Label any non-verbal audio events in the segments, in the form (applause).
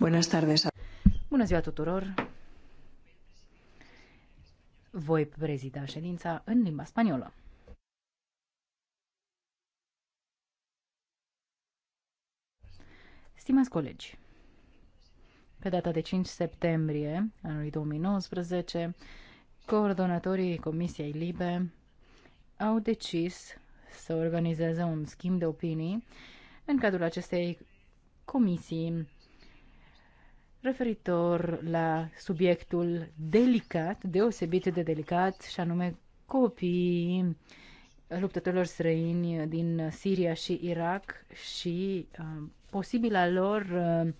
Buenas tardes. Bună ziua tuturor. Voi prezida ședința în limba spaniolă. Stimați colegi, pe data de 5 septembrie anului 2019, coordonatorii Comisiei Libe au decis să organizeze un schimb de opinii în cadrul acestei comisii referitor la subiectul delicat, deosebit de delicat, și anume copiii luptătorilor străini din Siria și Irak și uh, posibila lor uh,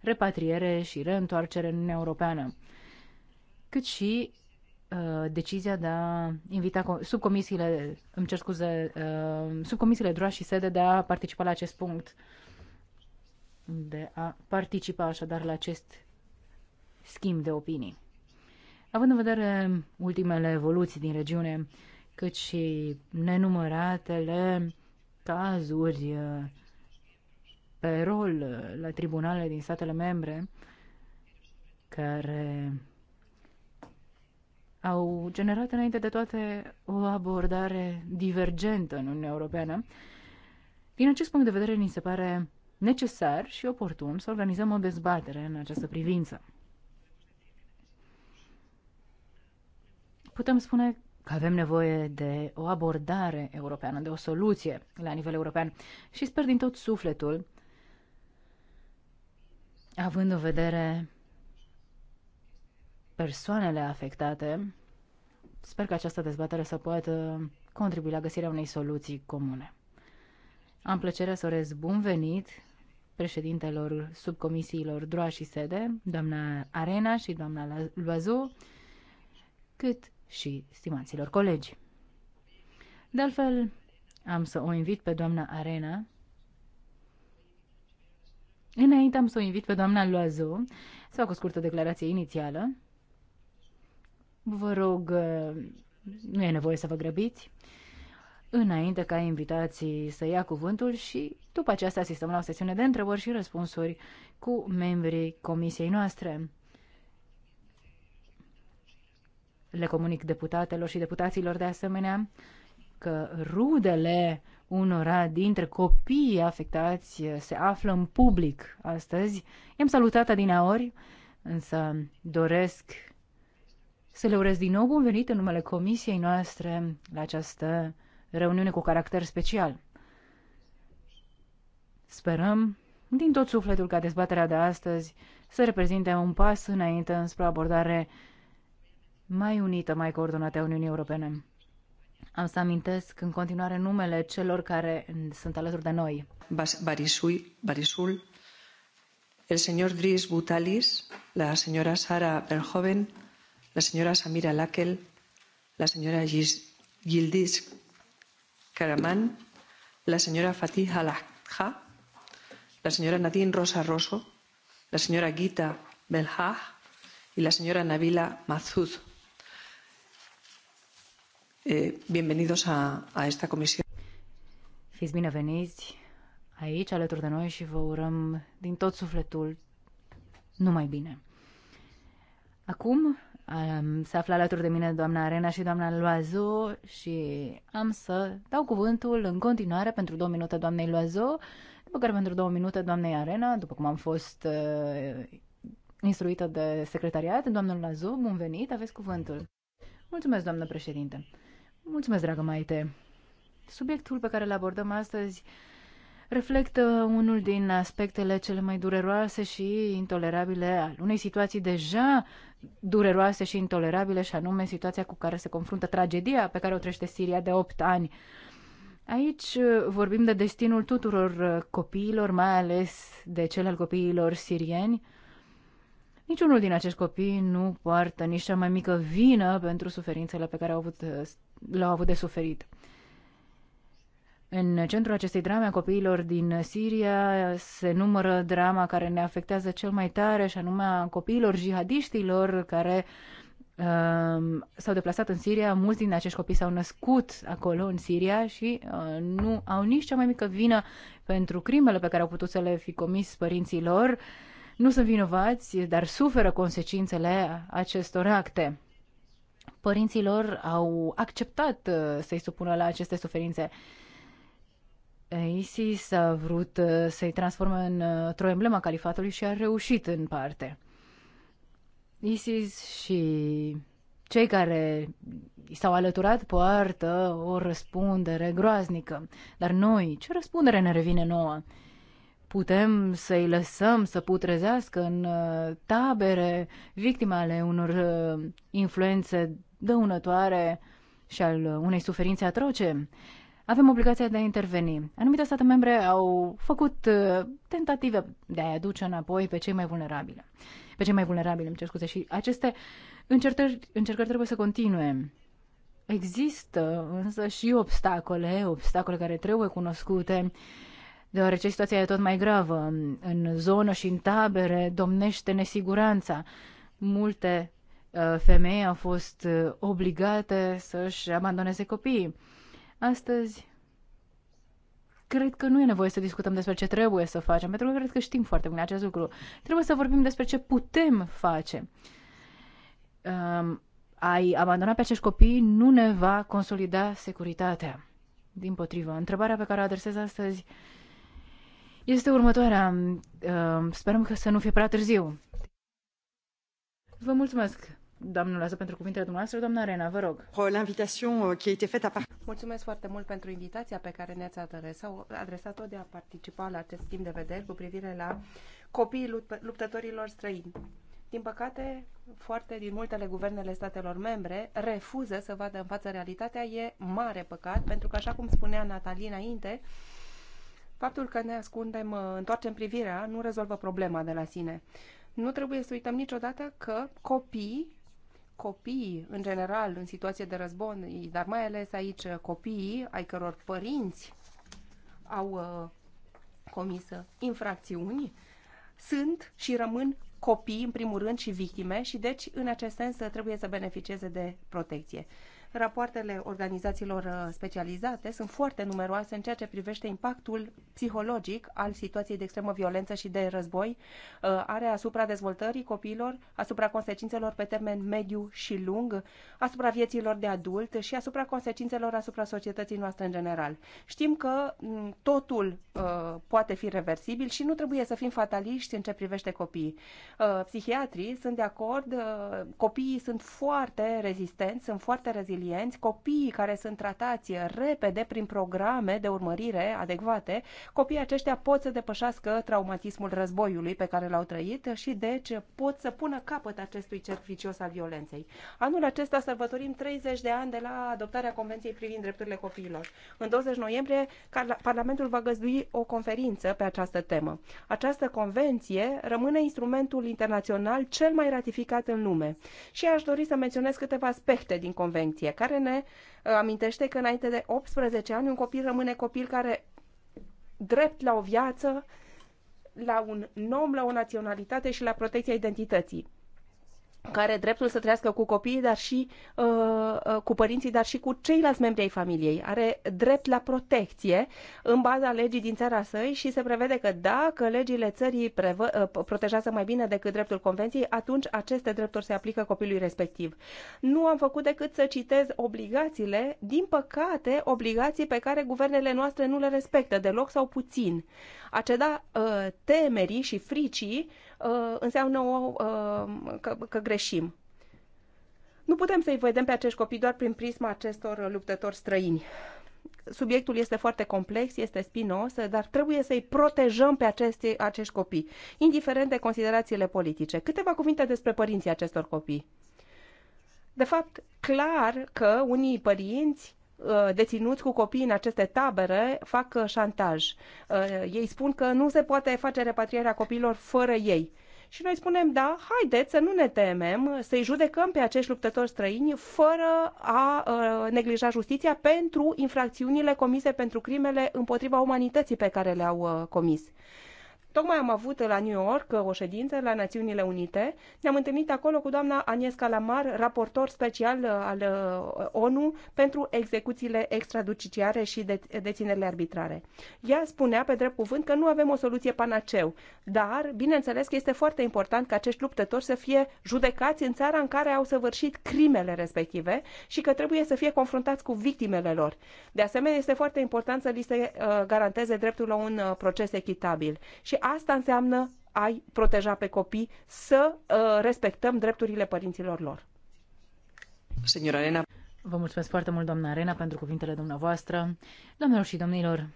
repatriere și reîntoarcere în Uniunea Europeană, cât și uh, decizia de a invita subcomisiile, îmi cer scuze, uh, subcomisiile DROA și SEDE de a participa la acest punct. Uh, de a participa așadar la acest schimb de opinii. Având în vedere ultimele evoluții din regiune, cât și nenumăratele cazuri uh, pe rol uh, la tribunale din statele membre care au generat înainte de toate o abordare divergentă în Uniunea Europeană. Din acest punct de vedere, ni se pare necesar și oportun să organizăm o dezbatere în această privință. Putem spune că avem nevoie de o abordare europeană, de o soluție la nivel european și sper din tot sufletul, având în vedere persoanele afectate, sper că această dezbatere să poată contribui la găsirea unei soluții comune. Am plăcerea să urez bun venit președintelor subcomisiilor DROA și SEDE, doamna Arena și doamna Loazu, cât și stimaților colegi. De altfel, am să o invit pe doamna Arena. Înainte am să o invit pe doamna Loazu să fac o scurtă declarație inițială. Vă rog, uh, nu e nevoie să vă grăbiți înainte ca invitații să ia cuvântul și după aceasta asistăm la o sesiune de întrebări și răspunsuri cu membrii comisiei noastre. Le comunic deputatelor și deputaților de asemenea că rudele unora dintre copiii afectați se află în public astăzi. I-am salutat adineaori, însă doresc să le urez din nou bun venit în numele comisiei noastre la această reuniune cu caracter special. Sperăm din tot sufletul ca dezbaterea de astăzi să reprezinte un pas înainte înspre o abordare mai unită, mai coordonată a Uniunii Europene. Am să amintesc în continuare numele celor care sunt alături de noi. Barisui, Barisul, el señor Dries Butalis, la señora Sara Verhoeven, la señora Samira Lackel, la señora Gildis Karaman, la señora Fatih al la señora Nadine Rosa Rosso, la señora Gita Belhaj y la señora Nabila Mazud. Eh, bienvenidos a, a esta comisión. Fiți bineveniți aici alături de noi și vă urăm din tot sufletul numai bine. Acum se află alături de mine doamna Arena și doamna Loazo și am să dau cuvântul în continuare pentru două minute doamnei Loazo, după care pentru două minute doamnei Arena, după cum am fost uh, instruită de secretariat. Doamnul Loazo, bun venit, aveți cuvântul. Mulțumesc, doamnă președinte. Mulțumesc, dragă Maite. Subiectul pe care îl abordăm astăzi reflectă unul din aspectele cele mai dureroase și intolerabile al unei situații deja dureroase și intolerabile, și anume situația cu care se confruntă tragedia pe care o trăiește Siria de 8 ani. Aici uh, vorbim de destinul tuturor uh, copiilor, mai ales de cel al copiilor sirieni. Niciunul din acești copii nu poartă nici cea mai mică vină pentru suferințele pe care au avut, uh, le-au avut de suferit. În centrul acestei drame a copiilor din Siria se numără drama care ne afectează cel mai tare, și anume a copiilor jihadiștilor care um, s-au deplasat în Siria. Mulți din acești copii s-au născut acolo, în Siria, și uh, nu au nici cea mai mică vină pentru crimele pe care au putut să le fi comis părinții lor. Nu sunt vinovați, dar suferă consecințele acestor acte Părinții lor au acceptat uh, să-i supună la aceste suferințe. ISIS a vrut uh, să-i transforme uh, într-o emblemă a califatului și a reușit în parte. ISIS și cei care i s-au alăturat poartă o răspundere groaznică. Dar noi, ce răspundere ne revine nouă? Putem să-i lăsăm să putrezească în uh, tabere victime ale unor influențe dăunătoare și al unei suferințe atroce? avem obligația de a interveni. Anumite state membre au făcut uh, tentative de a-i aduce înapoi pe cei mai vulnerabili. Pe cei mai vulnerabili, îmi cer scuze. Și aceste încercări, încercări trebuie să continue. Există însă și obstacole, obstacole care trebuie cunoscute, deoarece situația e tot mai gravă. În zonă și în tabere domnește nesiguranța. Multe uh, femei au fost uh, obligate să-și abandoneze copiii. Astăzi, cred că nu e nevoie să discutăm despre ce trebuie să facem, pentru că cred că știm foarte bine acest lucru. Trebuie să vorbim despre ce putem face. Um, ai abandona pe acești copii nu ne va consolida securitatea. Din potrivă, întrebarea pe care o adresez astăzi este următoarea. Um, sperăm că să nu fie prea târziu. Vă mulțumesc, Doamnul Lază, pentru cuvintele dumneavoastră, doamna Rena, vă rog. Uh, Mulțumesc foarte mult pentru invitația pe care ne-ați adresat-o adresat de a participa la acest schimb de vedere cu privire la copiii luptătorilor străini. Din păcate, foarte din multele guvernele statelor membre refuză să vadă în față realitatea. E mare păcat, pentru că, așa cum spunea Natalie înainte, faptul că ne ascundem, uh, întoarcem privirea, nu rezolvă problema de la sine. Nu trebuie să uităm niciodată că copiii copiii, în general, în situație de război, dar mai ales aici copiii ai căror părinți au uh, comis uh, infracțiuni, sunt și rămân copii, în primul rând, și victime și deci, în acest sens, trebuie să beneficieze de protecție. Rapoartele organizațiilor uh, specializate sunt foarte numeroase în ceea ce privește impactul psihologic al situației de extremă violență și de război, uh, are asupra dezvoltării copiilor, asupra consecințelor pe termen mediu și lung, asupra vieților de adult și asupra consecințelor asupra societății noastre în general. Știm că mm, totul uh, poate fi reversibil și nu trebuie să fim fataliști în ce privește copiii. Psihiatrii sunt de acord, copiii sunt foarte rezistenți, sunt foarte rezilienți rezilienți, copiii care sunt tratați repede prin programe de urmărire adecvate, copiii aceștia pot să depășească traumatismul războiului pe care l-au trăit și deci pot să pună capăt acestui cerc vicios al violenței. Anul acesta sărbătorim 30 de ani de la adoptarea Convenției privind drepturile copiilor. În 20 noiembrie, Parlamentul va găzdui o conferință pe această temă. Această convenție rămâne instrumentul internațional cel mai ratificat în lume. Și aș dori să menționez câteva aspecte din convenție familie, care ne uh, amintește că înainte de 18 ani un copil rămâne copil care drept la o viață, la un nom, la o naționalitate și la protecția identității care are dreptul să trăiască cu copiii, dar și uh, uh, cu părinții, dar și cu ceilalți membri ai familiei. Are drept la protecție în baza legii din țara săi și se prevede că dacă legile țării prevă, uh, protejează mai bine decât dreptul convenției, atunci aceste drepturi se aplică copilului respectiv. Nu am făcut decât să citez obligațiile, din păcate, obligații pe care guvernele noastre nu le respectă deloc sau puțin. Aceda uh, temerii și fricii uh, Uh, înseamnă o, uh, că, că greșim. Nu putem să-i vedem pe acești copii doar prin prisma acestor luptători străini. Subiectul este foarte complex, este spinos, dar trebuie să-i protejăm pe acești, acești copii, indiferent de considerațiile politice. Câteva cuvinte despre părinții acestor copii. De fapt, clar că unii părinți Uh, deținuți cu copii în aceste tabere fac uh, șantaj. Uh, ei spun că nu se poate face repatrierea copiilor fără ei. Și noi spunem, da, haideți să nu ne temem, să-i judecăm pe acești luptători străini fără a uh, neglija justiția pentru infracțiunile comise pentru crimele împotriva umanității pe care le-au uh, comis. Tocmai am avut la New York o ședință la Națiunile Unite. Ne-am întâlnit acolo cu doamna Agnieszka Calamar, raportor special uh, al uh, ONU pentru execuțiile extrajudiciare și de- deținerile arbitrare. Ea spunea pe drept cuvânt că nu avem o soluție panaceu, dar bineînțeles că este foarte important ca acești luptători să fie judecați în țara în care au săvârșit crimele respective și că trebuie să fie confruntați cu victimele lor. De asemenea, este foarte important să li se uh, garanteze dreptul la un proces echitabil. Și asta înseamnă ai proteja pe copii, să uh, respectăm drepturile părinților lor. Senora Arena. Vă mulțumesc foarte mult, doamna Arena, pentru cuvintele dumneavoastră. Doamnelor și domnilor,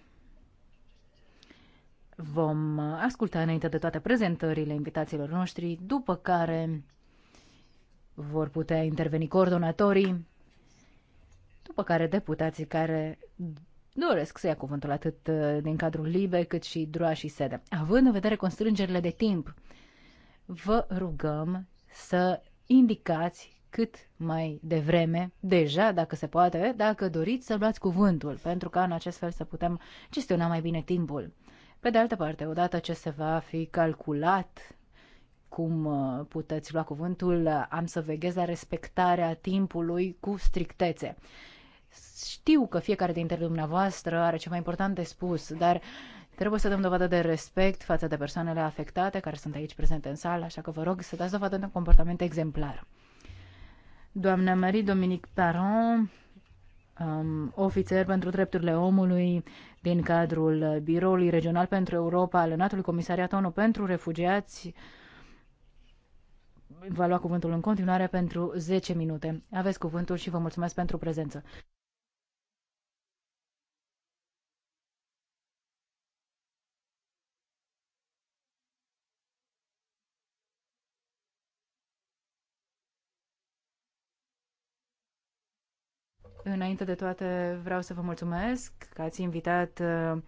vom asculta înainte de toate prezentările invitațiilor noștri, după care vor putea interveni coordonatorii, după care deputații care doresc să ia cuvântul atât uh, din cadrul LIBE cât și DROA și SEDE. Având în vedere constrângerile de timp, vă rugăm să indicați cât mai devreme, deja, dacă se poate, dacă doriți să luați cuvântul, pentru ca în acest fel să putem gestiona mai bine timpul. Pe de altă parte, odată ce se va fi calculat cum uh, puteți lua cuvântul, am să veghez la respectarea timpului cu strictețe. Știu că fiecare dintre dumneavoastră are ceva important de spus, dar trebuie să dăm dovadă de respect față de persoanele afectate care sunt aici prezente în sală, așa că vă rog să dați dovadă de un comportament exemplar. Doamna Marie Dominique Paron, um, ofițer pentru drepturile omului din cadrul Biroului Regional pentru Europa al Înaltului Comisariat ONU pentru Refugiați, va lua cuvântul în continuare pentru 10 minute. Aveți cuvântul și vă mulțumesc pentru prezență. Înainte de toate, vreau să vă mulțumesc că ați invitat uh,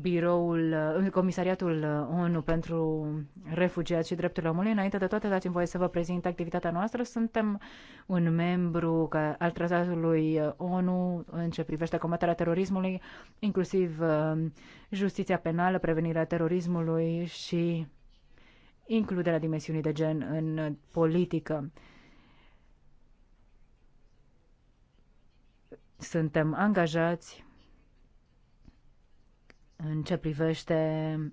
biroul, uh, comisariatul uh, ONU pentru refugiați și drepturile omului. Înainte de toate, dați-mi voie să vă prezint activitatea noastră. Suntem un membru al tratatului ONU în ce privește combaterea terorismului, inclusiv justiția penală, prevenirea terorismului și includerea dimensiunii de gen în politică. Suntem angajați în ce privește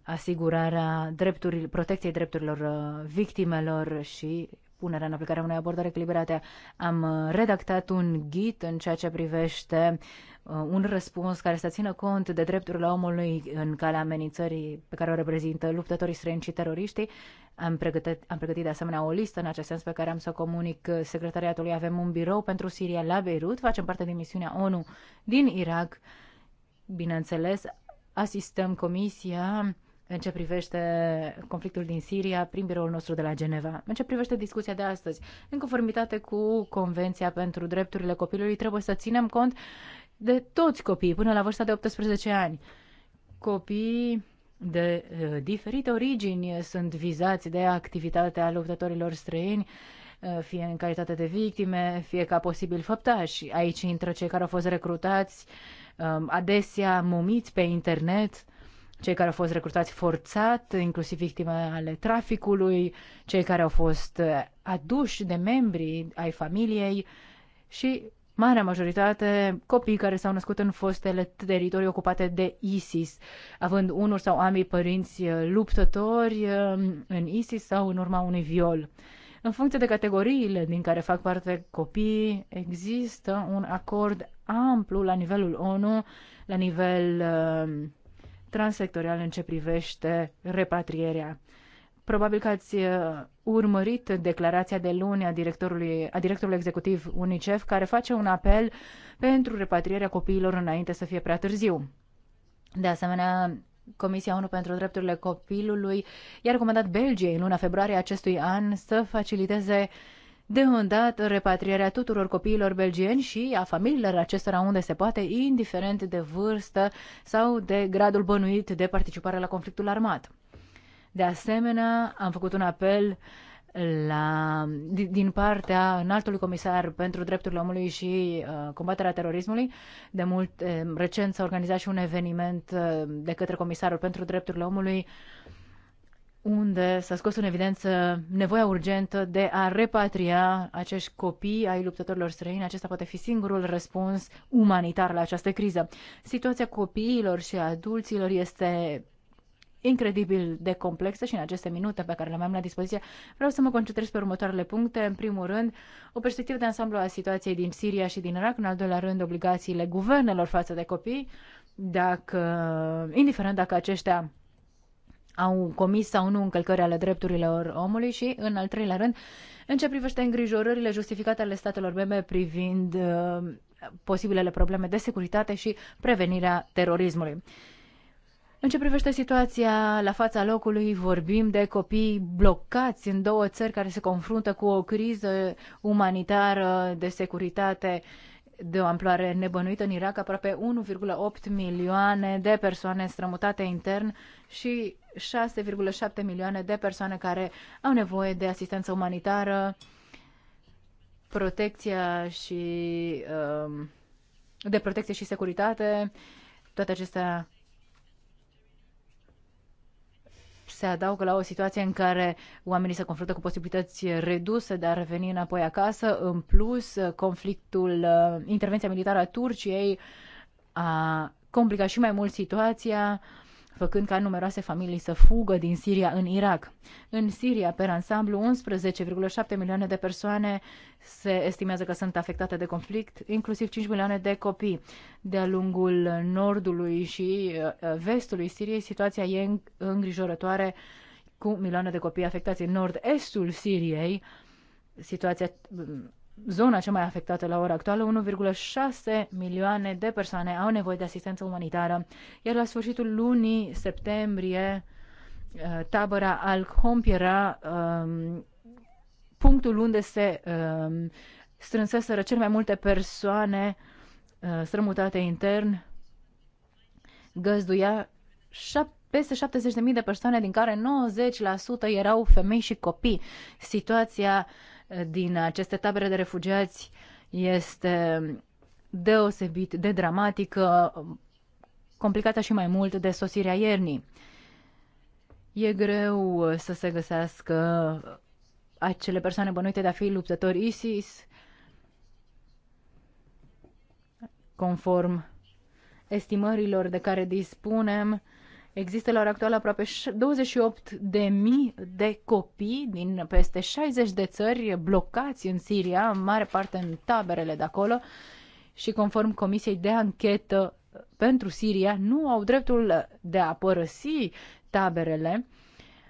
asigurarea drepturilor, protecției drepturilor uh, victimelor și punerea în aplicare a unei abordări echilibrate. Am redactat un ghid în ceea ce privește Uh, un răspuns care să țină cont de drepturile omului în calea amenințării pe care o reprezintă luptătorii străini și teroriștii. Am pregătit, am pregătit de asemenea o listă în acest sens pe care am să o comunic secretariatului. Avem un birou pentru Siria la Beirut, facem parte din misiunea ONU din Irak. Bineînțeles, asistăm comisia în ce privește conflictul din Siria prin biroul nostru de la Geneva. În ce privește discuția de astăzi, în conformitate cu Convenția pentru Drepturile Copilului, trebuie să ținem cont uh, de toți copiii până la vârsta de 18 ani. Copiii de uh, diferite origini sunt vizați de activitatea luptătorilor străini, uh, fie în calitate de victime, fie ca posibil făptași. Aici intră cei care au fost recrutați, um, adesea mumiți pe internet, cei care au fost recrutați forțat, inclusiv victime ale traficului, cei care au fost uh, aduși de membrii ai familiei și marea majoritate copii care s-au născut în fostele teritorii ocupate de ISIS, având unul sau ambii părinți uh, luptători uh, în ISIS sau în urma unui viol. În funcție de categoriile din care fac parte copii, există un acord amplu la nivelul ONU, la nivel uh, transsectorial în ce privește repatrierea. Probabil că ați uh, urmărit declarația de luni a directorului, a directorului executiv UNICEF, care face un apel pentru repatrierea copiilor înainte să fie prea târziu. De asemenea, Comisia ONU pentru Drepturile Copilului i-a recomandat Belgiei în luna februarie acestui an să faciliteze de îndată repatrierea tuturor copiilor belgieni și a familiilor acestora unde se poate, indiferent de vârstă sau de gradul bănuit de participare la conflictul armat. De asemenea, am făcut un apel la, din partea înaltului comisar pentru drepturile omului și uh, combaterea terorismului. De mult, eh, recent s-a organizat și un eveniment uh, de către comisarul pentru drepturile omului unde s-a scos în evidență nevoia urgentă de a repatria acești copii ai luptătorilor străini. Acesta poate fi singurul răspuns umanitar la această criză. Situația copiilor și adulților este incredibil de complexă și în aceste minute pe care le am la dispoziție vreau să mă concentrez pe următoarele puncte. În primul rând, o perspectivă de ansamblu a situației din Siria și din Irak, în al doilea rând, obligațiile guvernelor față de copii, dacă, indiferent dacă aceștia au comis sau nu încălcări ale drepturilor omului și, în al treilea rând, în ce privește îngrijorările justificate ale statelor membre privind uh, posibilele probleme de securitate și prevenirea terorismului. În ce privește situația la fața locului, vorbim de copii blocați în două țări care se confruntă cu o criză umanitară de securitate de o amploare nebănuită în Irak, aproape 1,8 milioane de persoane strămutate intern și 6,7 milioane de persoane care au nevoie de asistență umanitară, protecția și um, de protecție și securitate. Toate acestea se adaugă la o situație în care oamenii se confruntă cu posibilități reduse de a reveni înapoi acasă. În plus, conflictul, uh, intervenția militară a Turciei a complicat și mai mult situația făcând ca numeroase familii să fugă din Siria în Irak. În Siria, pe ansamblu, 11,7 milioane de persoane se estimează că sunt afectate de conflict, inclusiv 5 milioane de copii. De-a lungul nordului și uh, uh, vestului Siriei, situația e îngrijorătoare cu milioane de copii afectați. În nord-estul Siriei, situația mm, zona cea mai afectată la ora actuală, 1,6 milioane de persoane au nevoie de asistență umanitară, iar la sfârșitul lunii septembrie, eh, tabăra Al-Khomp era um, punctul unde se um, strânseseră cel mai multe persoane uh, strămutate intern, găzduia șap- peste 70.000 de persoane, din care 90% erau femei și copii. Situația uh, din aceste tabere de refugiați este deosebit de dramatică, complicată și mai mult de sosirea iernii. E greu să se găsească acele persoane bănuite de a fi luptători ISIS, conform estimărilor de care dispunem, Există la ora actuală aproape 28.000 de copii din peste 60 de țări blocați în Siria, în mare parte în taberele de acolo și conform Comisiei de Anchetă pentru Siria nu au dreptul de a părăsi taberele.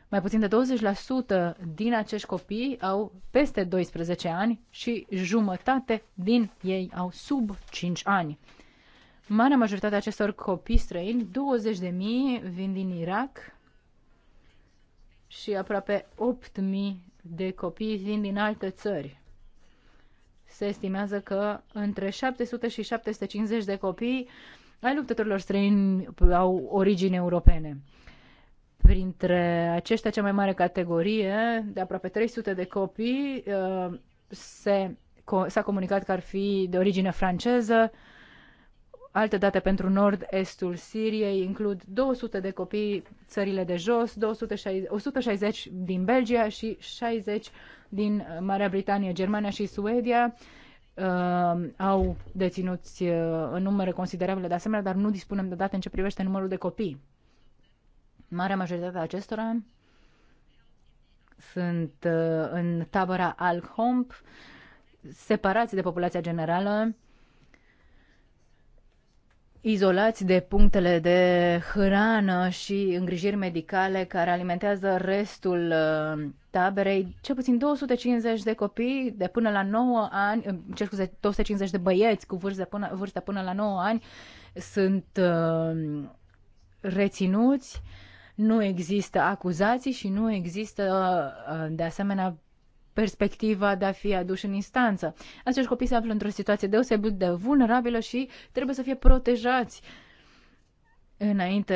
Mai puțin de 20% din acești copii au peste 12 ani și jumătate din ei au sub 5 ani. Marea majoritate a acestor copii străini, 20.000, vin din Irak și aproape 8.000 de copii vin din alte țări. Se estimează că între 700 și 750 de copii ai luptătorilor străini au origini europene. Printre aceștia, cea mai mare categorie, de aproape 300 de copii, uh, se, s-a comunicat că ar fi de origine franceză, Alte date pentru nord-estul Siriei includ 200 de copii țările de jos, 260, 160 din Belgia și 60 din uh, Marea Britanie, Germania și Suedia. Uh, au deținuți uh, în numere considerabile de asemenea, dar nu dispunem de date în ce privește numărul de copii. Marea majoritate a acestora sunt uh, în tabăra Al-Homp, separați de populația generală, izolați de punctele de hrană și îngrijiri medicale care alimentează restul uh, taberei. Cel puțin 250 de copii de până la 9 ani, uh, cel scuze, 250 de băieți cu vârste până, vârste până la 9 ani sunt uh, reținuți, nu există acuzații și nu există de asemenea perspectiva de a fi aduși în instanță. Acești copii se află într-o situație deosebit de vulnerabilă și trebuie să fie protejați. Înainte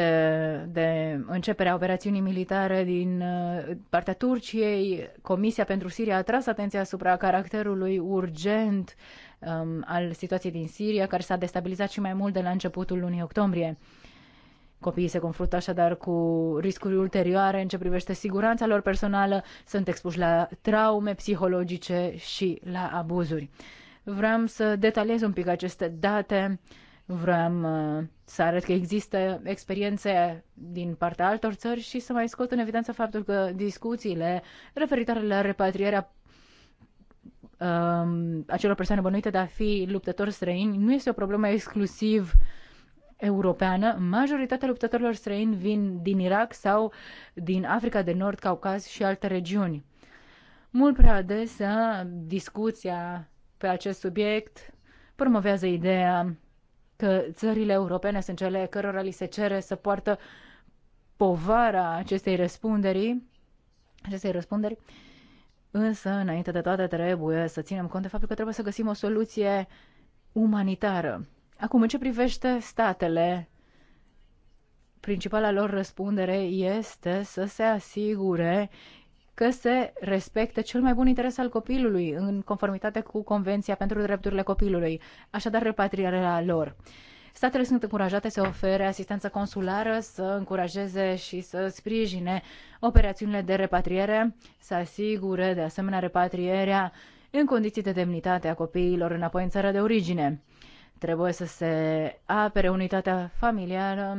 de începerea operațiunii militare din uh, partea Turciei, Comisia pentru Siria a tras atenția asupra caracterului urgent um, al situației din Siria, care s-a destabilizat și mai mult de la începutul lunii octombrie. Copiii se confruntă așadar cu riscuri ulterioare în ce privește siguranța lor personală, sunt expuși la traume psihologice și la abuzuri. Vreau să detaliez un pic aceste date, vreau uh, să arăt că există experiențe din partea altor țări și să mai scot în evidență faptul că discuțiile referitoare la repatrierea um, acelor persoane bănuite de a fi luptători străini nu este o problemă exclusiv uh, europeană, majoritatea luptătorilor străini vin din Irak sau din Africa de Nord, Caucaz și alte regiuni. Mult prea adesea discuția pe acest subiect promovează ideea că țările europene sunt cele cărora li se cere să poartă povara acestei răspunderi, acestei răspunderi. Însă, înainte de toate, trebuie să ținem cont de faptul că trebuie să găsim o soluție umanitară. Acum, în ce privește statele, principala lor răspundere este să se asigure că se respecte cel mai bun interes al copilului în conformitate cu Convenția pentru Drepturile Copilului, așadar repatrierea lor. Statele sunt încurajate să ofere asistență consulară, să încurajeze și să sprijine operațiunile de repatriere, să asigure de asemenea repatrierea în condiții de demnitate a copiilor înapoi în țara de origine. Trebuie să se apere unitatea familiară,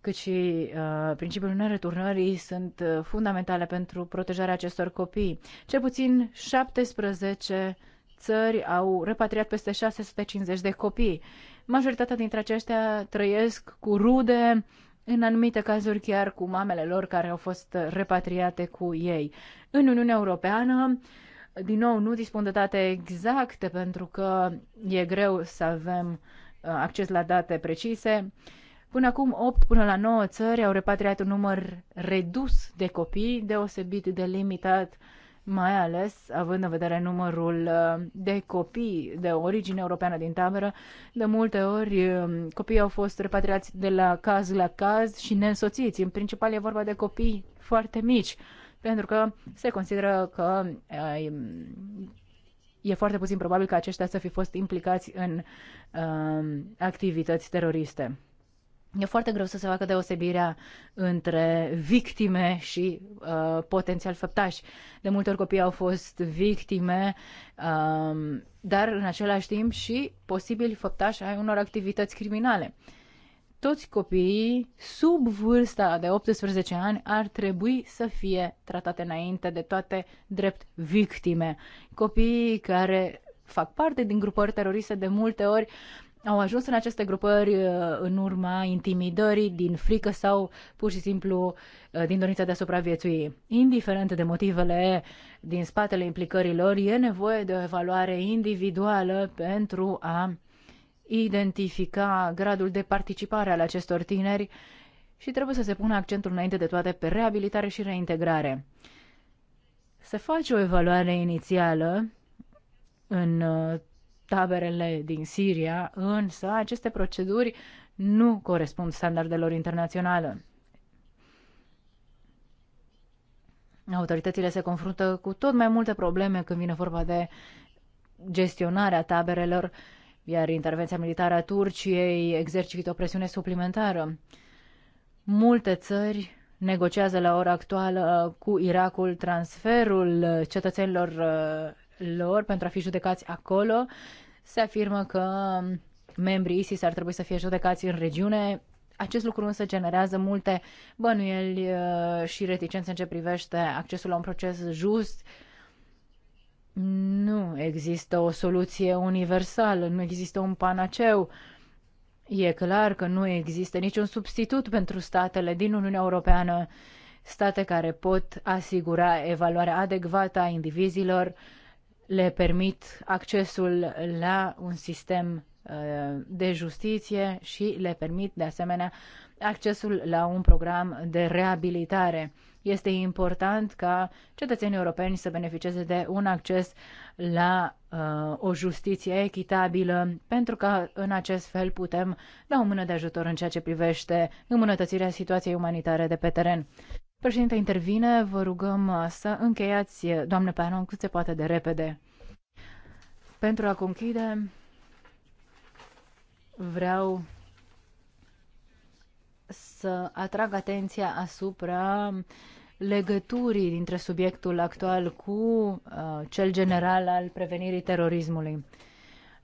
cât și uh, principiul nereturnării sunt uh, fundamentale pentru protejarea acestor copii. Cel puțin 17 țări au repatriat peste 650 de copii. Majoritatea dintre aceștia trăiesc cu rude, în anumite cazuri chiar cu mamele lor care au fost repatriate cu ei. În Uniunea Europeană, uh, din nou, nu dispun de date exacte pentru că e greu să avem uh, acces la date precise. Până acum, 8 până la 9 țări au repatriat un număr redus de copii, deosebit de limitat, mai ales având în vedere numărul uh, de copii de origine europeană din tabără. De multe ori, uh, copiii au fost repatriați de la caz la caz și neînsoțiți. În principal, e vorba de copii foarte mici pentru că se consideră că uh, e foarte puțin probabil că aceștia să fi fost implicați în uh, activități teroriste. E foarte greu să se facă deosebirea între victime și uh, potențial făptași. De multe ori copiii au fost victime, uh, dar în același timp și posibili făptași ai unor activități criminale. Uh, toți copiii sub vârsta de 18 ani ar trebui să fie tratate înainte de toate drept victime. Copiii care fac parte din grupări teroriste de multe ori au ajuns în aceste grupări uh, în urma intimidării, din frică sau pur și simplu uh, din dorința de a supraviețui. Indiferent de motivele din spatele implicărilor, e nevoie de o evaluare individuală pentru a identifica gradul de participare al acestor tineri și trebuie să se pună accentul înainte de toate pe reabilitare și reintegrare. Se face o evaluare inițială în uh, taberele din Siria, însă aceste proceduri nu corespund standardelor internaționale. Autoritățile se confruntă cu tot mai multe probleme când vine vorba de gestionarea taberelor iar intervenția militară a Turciei exercită o presiune suplimentară. Multe țări negociază la ora actuală cu Irakul transferul cetățenilor uh, lor pentru a fi judecați acolo. Se afirmă că membrii ISIS ar trebui să fie judecați în regiune. Acest lucru însă generează multe bănuieli uh, și reticențe în ce privește accesul la un proces just nu există o soluție universală, nu există un panaceu. E clar că nu există niciun substitut pentru statele din Uniunea Europeană, state care pot asigura evaluarea adecvată a indivizilor, le permit accesul la un sistem uh, de justiție și le permit de asemenea accesul la un program de reabilitare. Este important ca cetățenii europeni să beneficieze de un acces la uh, o justiție echitabilă, pentru că în acest fel putem da o mână de ajutor în ceea ce privește îmbunătățirea situației umanitare de pe teren. Președinte intervine, vă rugăm uh, să încheiați, uh, doamne Panon, cât se poate de repede. Pentru a conchide, vreau să atrag atenția asupra legăturii dintre subiectul actual cu uh, cel general al prevenirii terorismului.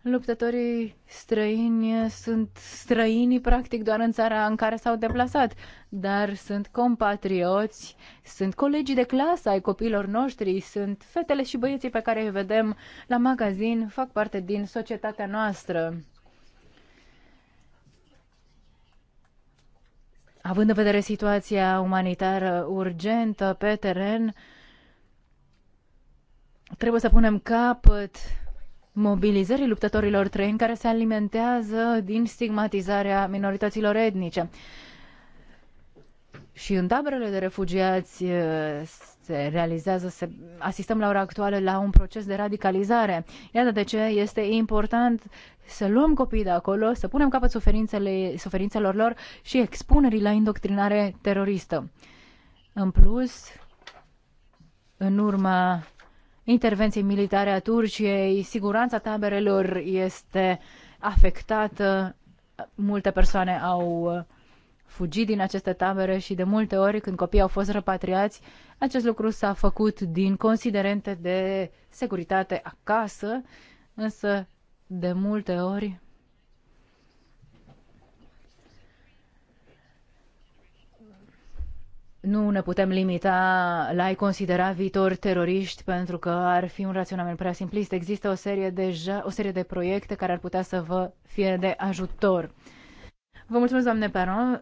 Luptătorii străini sunt străini practic doar în țara în care s-au deplasat, dar sunt compatrioți, sunt colegii de clasă ai copiilor noștri, sunt fetele și băieții pe care îi vedem la magazin, fac parte din societatea noastră. Având în vedere situația umanitară urgentă pe teren, trebuie să punem capăt mobilizării luptătorilor trăini care se alimentează din stigmatizarea minorităților etnice. Și în taberele de refugiați se realizează, se, asistăm la ora actuală la un proces de radicalizare. Iată de ce este important să luăm copiii de acolo, să punem capăt suferințele, suferințelor lor și expunerii la indoctrinare teroristă. În plus, în urma intervenției militare a Turciei, siguranța taberelor este afectată, multe persoane au fugi din aceste tabere și de multe ori când copiii au fost repatriați, acest lucru s-a făcut din considerente de securitate acasă, însă de multe ori nu ne putem limita la a-i considera viitor teroriști pentru că ar fi un raționament prea simplist. Există o serie, deja, o serie de proiecte care ar putea să vă fie de ajutor. Vă mulțumesc, doamne Peron.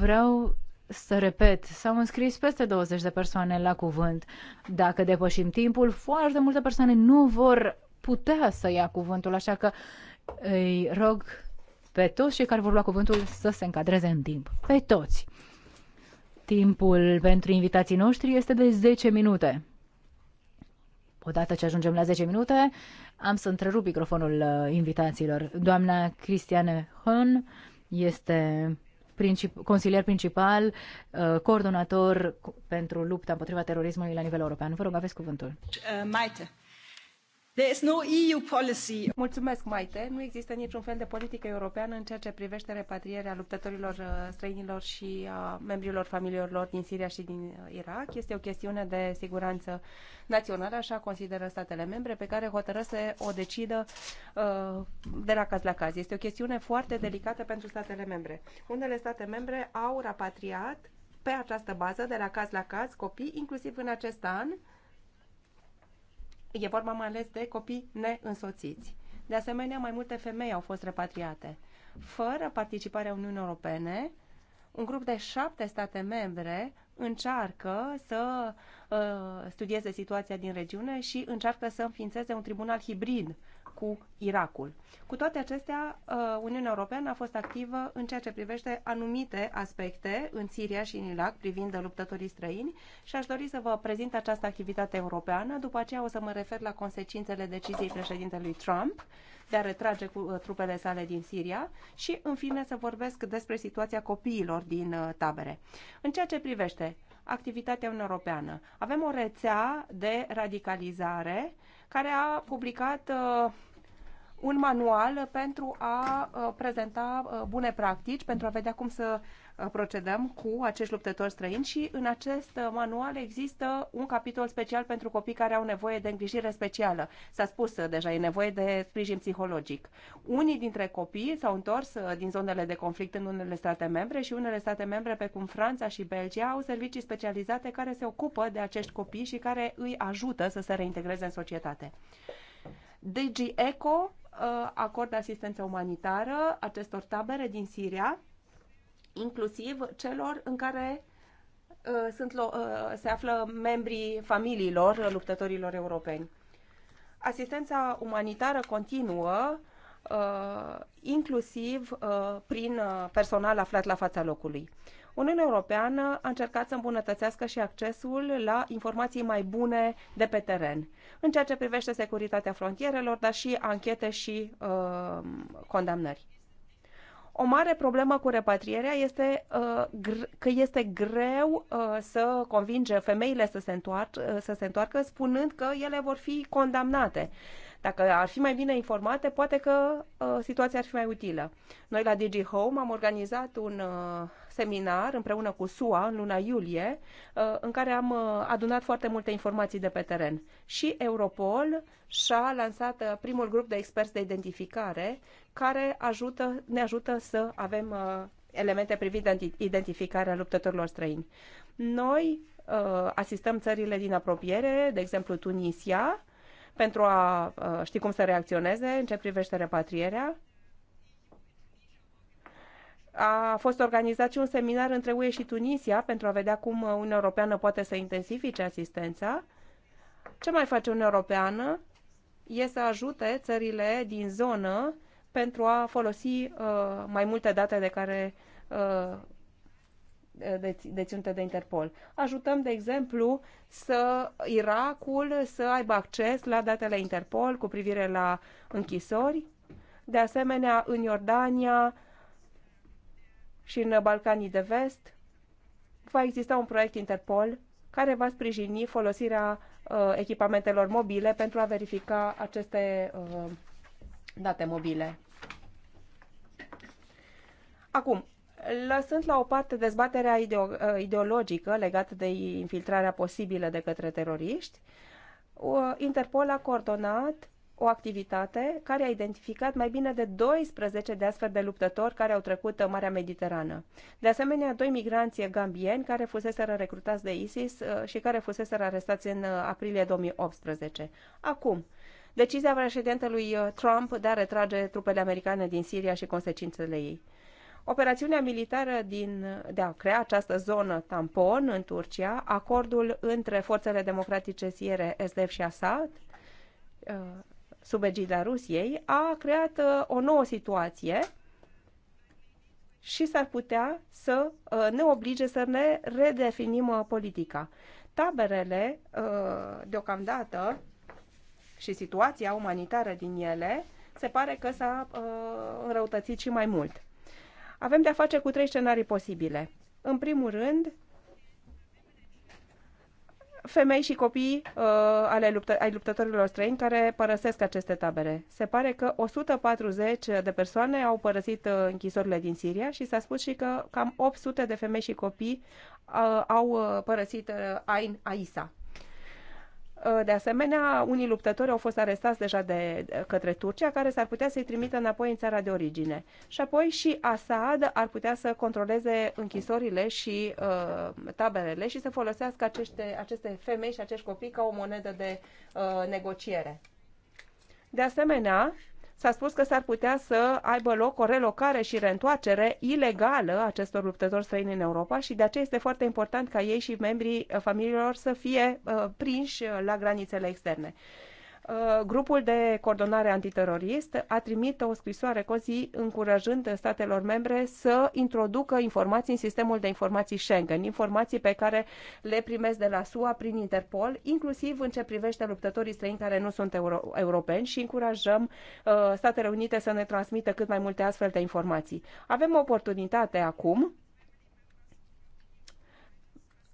Vreau să repet, s-au înscris peste 20 de persoane la cuvânt. Dacă depășim timpul, foarte multe persoane nu vor putea să ia cuvântul, așa că îi rog pe toți cei care vor lua cuvântul să se încadreze în timp. Pe toți. Timpul pentru invitații noștri este de 10 minute. Odată ce ajungem la 10 minute, am să întrerup microfonul uh, invitațiilor. Doamna Cristiane Hân, este princip- consilier principal, uh, coordonator pentru lupta împotriva terorismului la nivel european. Vă rog, aveți cuvântul. Uh, Maite. Mulțumesc, Maite. Nu există niciun fel de politică europeană în ceea ce privește repatrierea luptătorilor uh, străinilor și a uh, membrilor familiilor lor din Siria și din uh, Irak. Este o chestiune de siguranță națională, așa consideră statele membre, pe care hotără să o decidă de la caz la caz. Este o chestiune foarte delicată pentru statele membre. Unele state membre au repatriat, pe această bază, de la caz la caz, copii, inclusiv în acest an, E vorba mai ales de copii neînsoțiți. De asemenea, mai multe femei au fost repatriate. Fără participarea Uniunii Europene, un grup de șapte state membre încearcă să uh, studieze situația din regiune și încearcă să înființeze un tribunal hibrid cu Irakul. Cu toate acestea, uh, Uniunea Europeană a fost activă în ceea ce privește anumite aspecte în Siria și în Irak privind luptătorii străini și aș dori să vă prezint această activitate europeană. După aceea o să mă refer la consecințele deciziei președintelui Trump de a retrage cu uh, trupele sale din Siria și, în fine, să vorbesc despre situația copiilor din uh, tabere. În ceea ce privește activitatea europeană, avem o rețea de radicalizare care a publicat uh, un manual pentru a uh, prezenta uh, bune practici, pentru a vedea cum să Uh, procedăm cu acești luptători străini și în acest uh, manual există un capitol special pentru copii care au nevoie de îngrijire specială. S-a spus uh, deja, e nevoie de sprijin psihologic. Unii dintre copii s-au întors din zonele de conflict în unele state membre și unele state membre, precum Franța și Belgia, au servicii specializate care se ocupă de acești copii și care îi ajută să se reintegreze în societate. DG ECO acordă asistență umanitară acestor tabere din Siria inclusiv celor în care uh, sunt, uh, se află membrii familiilor luptătorilor europeni. Asistența umanitară continuă, uh, inclusiv prin personal aflat la fața locului. Uniunea Europeană a încercat să îmbunătățească și accesul la informații mai bune de pe teren, în ceea ce privește securitatea frontierelor, dar și anchete și uh, condamnări. O mare problemă cu repatrierea este uh, că este greu uh, să convinge femeile să se, întoarcă, uh, să se întoarcă, spunând că ele vor fi condamnate. Dacă ar fi mai bine informate, poate că situația ar fi mai utilă. Noi la DigiHome Home am organizat un seminar împreună cu SUA în luna iulie, uh, în care am uh, adunat foarte multe informații de pe teren. Și Europol și-a lansat uh, primul grup de experți de identificare care ajută, ne ajută să avem elemente privind identificarea luptătorilor străini. Noi asistăm țările din apropiere, de exemplu Tunisia, pentru a ști cum să reacționeze în ce privește repatrierea a fost organizat și un seminar între UE și Tunisia pentru a vedea cum Uniunea Europeană poate să intensifice asistența. Ce mai face Uniunea Europeană? E să ajute țările din zonă pentru a folosi uh, mai multe date de care uh, deținute de Interpol. Ajutăm, de exemplu, să Irakul să aibă acces la datele Interpol cu privire la închisori. De asemenea, în Iordania și în Balcanii de Vest, va exista un proiect Interpol care va sprijini folosirea uh, echipamentelor mobile pentru a verifica aceste uh, date mobile. Acum, lăsând la o parte dezbaterea ideo- uh, ideologică legată de infiltrarea posibilă de către teroriști, uh, Interpol a coordonat o activitate care a identificat mai bine de 12 de astfel de luptători care au trecut Marea Mediterană. De asemenea, doi migranți gambieni care fuseseră recrutați de ISIS uh, și care fuseseră arestați în uh, aprilie 2018. Acum, decizia președintelui uh, Trump de a retrage trupele americane din Siria și consecințele ei. Operațiunea militară din, de a crea această zonă tampon în Turcia, acordul între forțele democratice siere SDF și Assad, sub egida Rusiei, a creat uh, o nouă situație și s-ar putea să uh, ne oblige să ne redefinim uh, politica. Taberele, deocamdată, și situația umanitară din ele, se pare că s-a înrăutățit și mai mult. Avem de-a face cu trei scenarii posibile. În primul rând, femei și copii uh, ale luptă- ai luptătorilor străini care părăsesc aceste tabere. Se pare că 140 de persoane au părăsit uh, închisorile din Siria și s-a spus și că cam 800 de femei și copii uh, au uh, părăsit uh, Ain Aisa. Uh, de asemenea, unii luptători au fost arestați deja de către Turcia, care s-ar putea să-i trimită înapoi în țara de origine. Și apoi și Assad ar putea să controleze închisorile și uh, taberele și să folosească aceste, aceste femei și acești copii ca o monedă de uh, negociere. De asemenea, S-a spus că s-ar putea să aibă loc o relocare și reîntoarcere ilegală acestor luptători străini în Europa și de aceea este foarte important ca ei și membrii uh, familiilor să fie uh, prinși uh, la granițele externe. Uh, grupul de coordonare antiterorist a trimit o scrisoare COSI încurajând statelor membre să introducă informații în sistemul de informații Schengen, informații pe care le primesc de la SUA prin Interpol, inclusiv în ce privește luptătorii străini care nu sunt euro- europeni și încurajăm uh, Statele Unite să ne transmită cât mai multe astfel de informații. Avem o oportunitate acum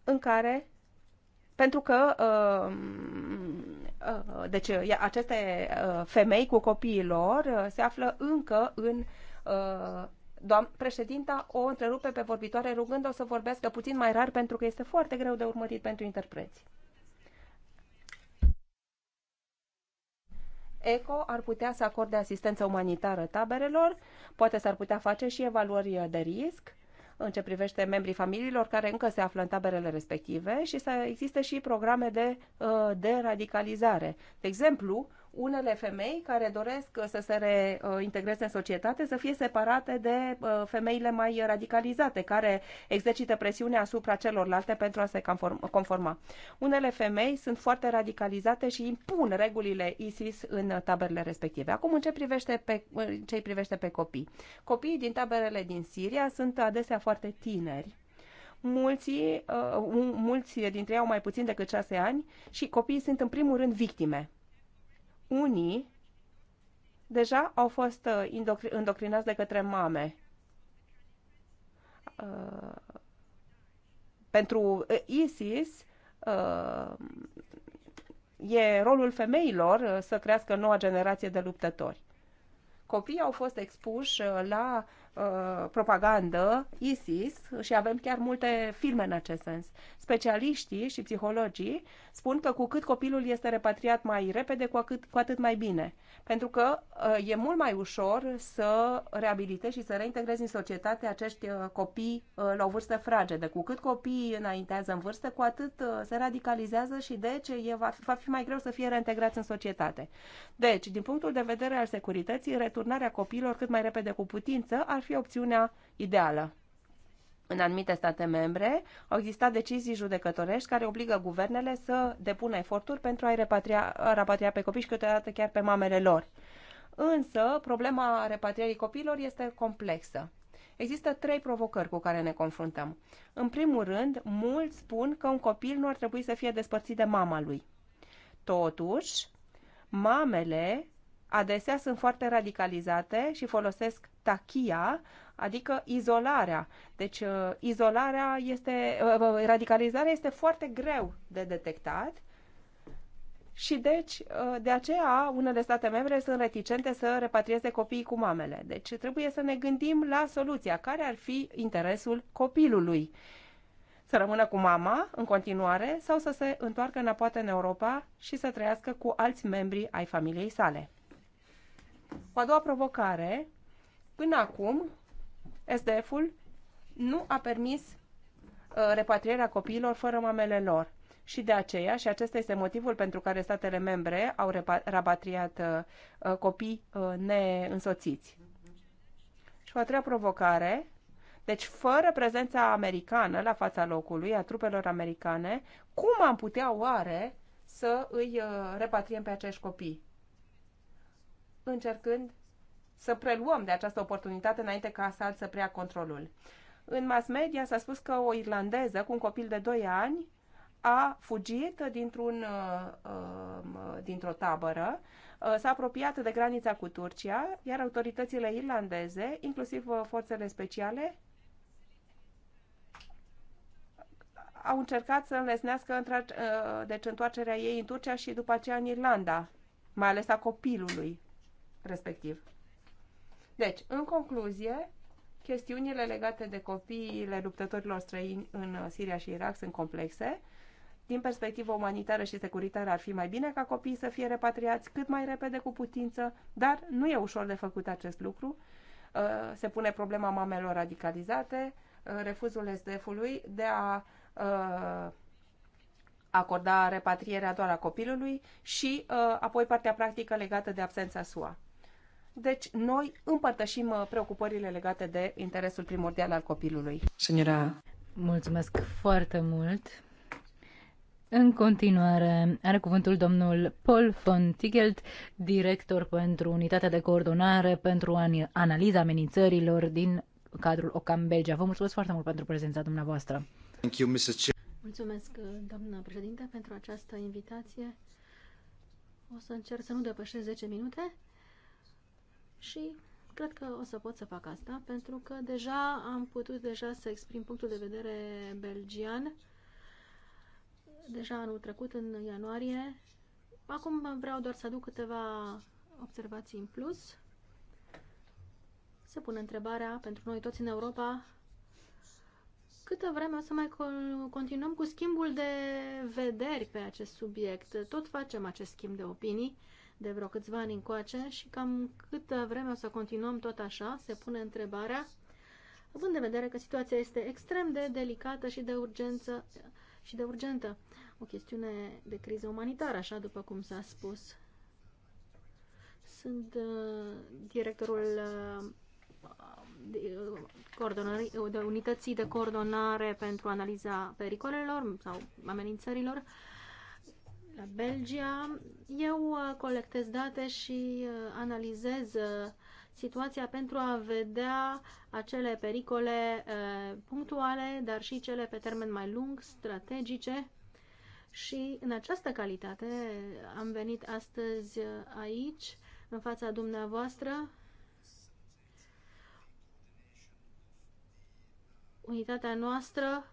în care pentru că uh, Uh, deci uh, aceste uh, femei cu copiilor se află încă în Doamna președinta o întrerupe pe vorbitoare rugând-o să vorbească puțin mai rar pentru că este foarte greu de urmărit pentru interpreți. ECO ar putea să acorde asistență umanitară taberelor, poate s-ar putea face și evaluări de risc, în ce privește membrii familiilor care încă se află în taberele respective și să existe și programe de uh, de radicalizare. De exemplu, unele femei care doresc să se reintegreze în societate să fie separate de uh, femeile mai radicalizate, care exercită presiune asupra celorlalte pentru a se conforma. Unele femei sunt foarte radicalizate și impun regulile ISIS în taberele respective. Acum, în ce privește pe, ce privește pe copii? Copiii din taberele din Siria sunt adesea foarte tineri mulți, uh, mulți dintre ei au mai puțin decât șase ani și copiii sunt în primul rând victime unii deja au fost uh, indoctrinați de către mame. Uh, pentru uh, ISIS, e rolul femeilor să crească noua generație de luptători. Copiii au fost expuși la Uh, propagandă ISIS și avem chiar multe filme în acest sens. Specialiștii și psihologii spun că cu cât copilul este repatriat mai repede, cu, cu atât mai bine pentru că uh, e mult mai ușor să reabilitezi și să reintegrezi în societate acești uh, copii uh, la o vârstă fragedă. Cu cât copiii înaintează în vârstă, cu atât se radicalizează și deci e, va, va fi mai greu să fie reintegrați în societate. Deci, din punctul de vedere al securității, returnarea copiilor cât mai repede cu putință ar fi opțiunea ideală. În anumite state membre au existat decizii judecătorești care obligă guvernele să depună eforturi pentru a-i repatria, repatria pe copii și câteodată chiar pe mamele lor. Însă, problema repatriării copiilor este complexă. Există trei provocări cu care ne confruntăm. În primul rând, mulți spun că un copil nu ar trebui să fie despărțit de mama lui. Totuși, mamele adesea sunt foarte radicalizate și folosesc tachia adică izolarea. Deci uh, izolarea este, uh, uh, radicalizarea este foarte greu de detectat și deci, de aceea, unele state membre sunt reticente să repatrieze copiii cu mamele. Deci trebuie să ne gândim la soluția. Care ar fi interesul copilului? Să rămână cu mama în continuare sau să se întoarcă înapoi în Europa și să trăiască cu alți membri ai familiei sale? O a doua provocare, până acum, SDF-ul nu a permis uh, repatrierea copiilor fără mamele lor. Și de aceea, și acesta este motivul pentru care statele membre au repatriat uh, uh, copii neînsoțiți. Și o a treia provocare, deci fără prezența americană la fața locului, a trupelor americane, cum am putea oare să îi repatriem pe acești copii? Încercând să preluăm de această oportunitate înainte ca Assad să preia controlul. În mass media s-a spus că o irlandeză cu un copil de 2 ani a fugit dintr-un, uh, uh, dintr-o tabără, uh, s-a apropiat de granița cu Turcia, iar autoritățile irlandeze, inclusiv forțele speciale, au încercat să înlesnească deci întoarcerea ei în Turcia și după aceea în Irlanda, mai ales a copilului respectiv. Deci, în concluzie, chestiunile legate de copiile luptătorilor străini în uh, Siria și Irak sunt complexe. Din perspectivă umanitară și securitară ar fi mai bine ca copiii să fie repatriați cât mai repede cu putință, dar nu e ușor de făcut acest lucru. Uh, se pune problema mamelor radicalizate, uh, refuzul SDF-ului de a acorda repatrierea doar a copilului și apoi partea practică legată de absența SUA. Deci noi împărtășim uh, preocupările legate de interesul primordial al copilului. Senora. Mulțumesc foarte mult. În continuare, are cuvântul domnul Paul von Tigelt, director pentru Unitatea de Coordonare pentru Analiza Amenințărilor din cadrul OCAM Belgia. Vă mulțumesc foarte mult pentru prezența dumneavoastră. Thank you, Mr. Mulțumesc, uh, doamnă președinte, pentru această invitație. O să încerc să nu depășesc 10 minute și cred că o să pot să fac asta pentru că deja am putut deja să exprim punctul de vedere belgian deja anul trecut, în ianuarie. Acum vreau doar să aduc câteva observații în plus. Se pune întrebarea pentru noi toți în Europa câtă vreme o să mai continuăm cu schimbul de vederi pe acest subiect. Tot facem acest schimb de opinii de vreo câțiva ani încoace și cam câtă vreme o să continuăm tot așa, se pune întrebarea, având în vedere că situația este extrem de delicată și de urgență și de urgentă, o chestiune de criză umanitară, așa după cum s-a spus. Sunt uh, directorul uh, de uh, unității de coordonare pentru analiza pericolelor sau amenințărilor la Belgia. Eu uh, colectez date și uh, analizez uh, situația pentru a vedea acele pericole punctuale, dar și cele pe termen mai lung, strategice. Și în această calitate am venit astăzi aici, în fața dumneavoastră, unitatea noastră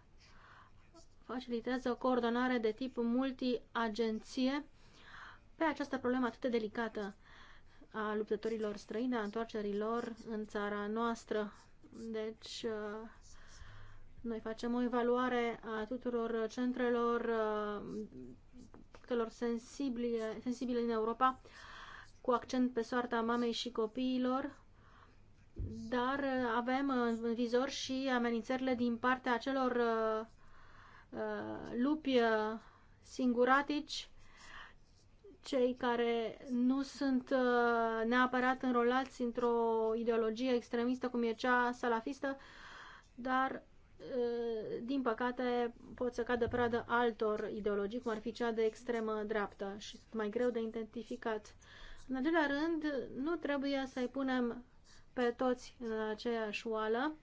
facilitează o coordonare de tip multi multi-agenție pe această problemă atât de delicată a luptătorilor străini, a întoarcerilor în țara noastră. Deci, uh, noi facem o evaluare a tuturor centrelor uh, punctelor sensibile, sensibile în Europa, cu accent pe soarta mamei și copiilor, dar avem în vizor și amenințările din partea celor uh, Uh, lupi uh, singuratici, cei care nu sunt uh, neapărat înrolați într-o ideologie extremistă cum e cea salafistă, dar din păcate pot să cadă pradă altor ideologii, cum ar fi cea de extremă dreaptă și sunt mai greu de identificat. În acelea rând, nu trebuie să-i punem pe toți în aceeași oală,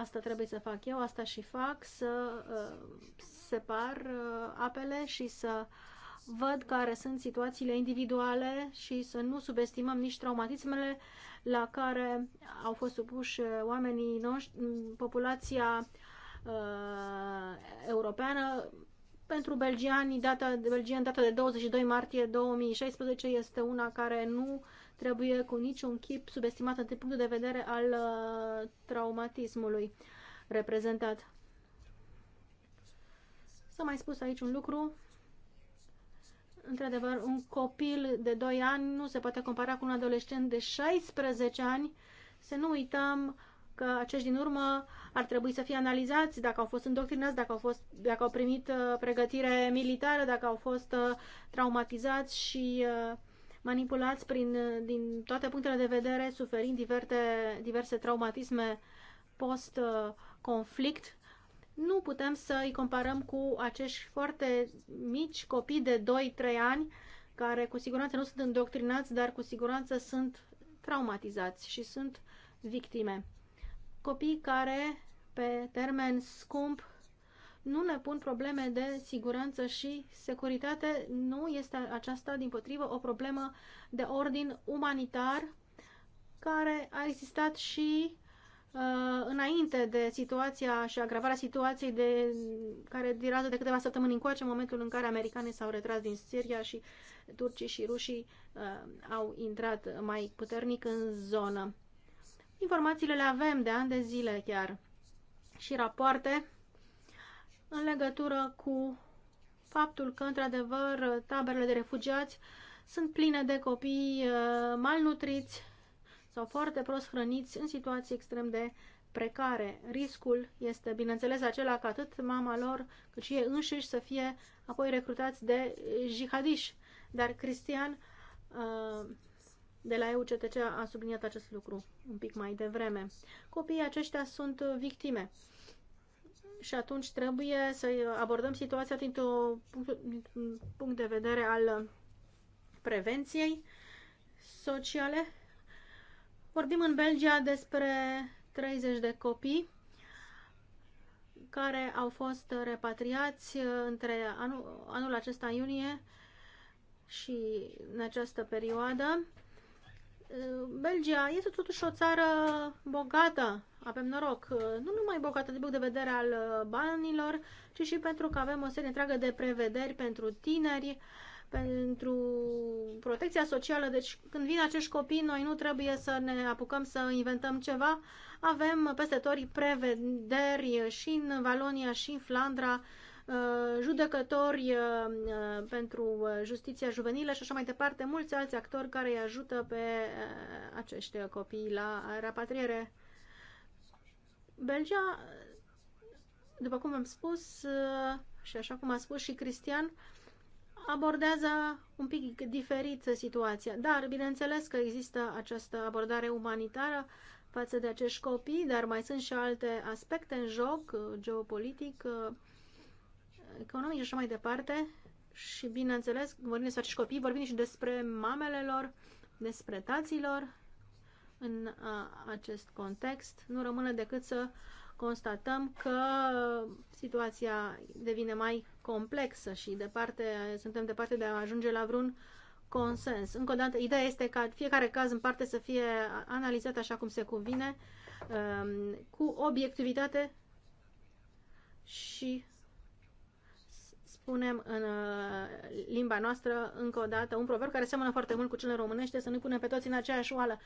asta trebuie să fac eu, asta și fac, să uh, separ uh, apele și să văd care sunt situațiile individuale și să nu subestimăm nici traumatismele la care au fost supuși uh, oamenii noștri, mm, populația uh, europeană. Pentru belgiani, data, belgian, data de 22 martie 2016 este una care nu uh, trebuie cu niciun chip subestimată din punctul de vedere al uh, traumatismului reprezentat. S-a mai spus aici un lucru. Într-adevăr, un copil de 2 ani nu se poate compara cu un adolescent de 16 ani. Să nu uităm că acești din urmă ar trebui să fie analizați dacă au fost îndoctrinați, dacă au, fost, dacă au primit uh, pregătire militară, dacă au fost uh, traumatizați și uh, manipulați prin, din toate punctele de vedere, suferind diverse, diverse traumatisme post-conflict, nu putem să îi comparăm cu acești foarte mici copii de 2-3 ani, care cu siguranță nu sunt îndoctrinați, dar cu siguranță sunt traumatizați și sunt victime. Copii care, pe termen scump, nu ne pun probleme de siguranță și securitate, nu este aceasta, din potrivă, o problemă de ordin umanitar care a existat și uh, înainte de situația și agravarea situației de, care durează de câteva săptămâni încoace, în momentul în care americanii s-au retras din Siria și turcii și rușii uh, au intrat mai puternic în zonă. Informațiile le avem de ani de zile chiar și rapoarte în legătură cu faptul că, într-adevăr, taberele de refugiați sunt pline de copii uh, malnutriți sau foarte prost hrăniți în situații extrem de precare. Riscul este, bineînțeles, acela că atât mama lor cât și ei înșiși să fie apoi recrutați de jihadiși. Dar Cristian uh, de la EUCTC a subliniat acest lucru un pic mai devreme. Copiii aceștia sunt victime și atunci trebuie să abordăm situația dintr-un punct de vedere al prevenției sociale. Vorbim în Belgia despre 30 de copii care au fost repatriați între anul, anul acesta iunie și în această perioadă Belgia este totuși o țară bogată, avem noroc, nu numai bogată din punct de vedere al uh, banilor, ci și pentru că avem o serie întreagă de prevederi pentru tineri, pentru protecția socială. Deci când vin acești copii, noi nu trebuie să ne apucăm să inventăm ceva. Avem peste tot prevederi și în Valonia și în Flandra Uh, judecători uh, uh, pentru justiția juvenilă și așa mai departe, mulți alți actori care îi ajută pe acești copii la repatriere. Belgia, după cum am spus și așa cum a spus și Cristian, abordează un pic diferit situația. Dar, bineînțeles că există această abordare umanitară față de acești copii, dar mai sunt și alte aspecte în joc, geopolitic, economice și așa mai departe. Și, bineînțeles, vorbim despre acești copii, vorbim și despre mamele lor, despre taților în acest context. Nu rămâne decât să constatăm că situația devine mai complexă și departe, suntem departe de a ajunge la vreun consens. Încă o dată, ideea este ca fiecare caz în parte să fie analizat așa cum se cuvine, um, cu obiectivitate și punem în uh, limba noastră încă o dată un proverb care seamănă foarte mult cu cel românește, să nu punem pe toți în aceeași oală.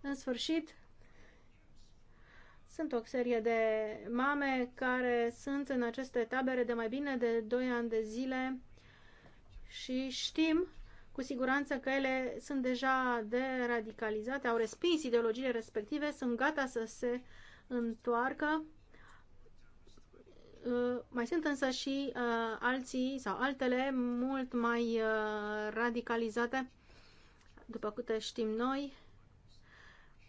În sfârșit, sunt o serie de mame care sunt în aceste tabere de mai bine de 2 ani de zile și știm cu siguranță că ele sunt deja de radicalizate, au respins ideologiile respective, sunt gata să se întoarcă Uh, mai sunt însă și uh, alții sau altele mult mai uh, radicalizate, după câte știm noi,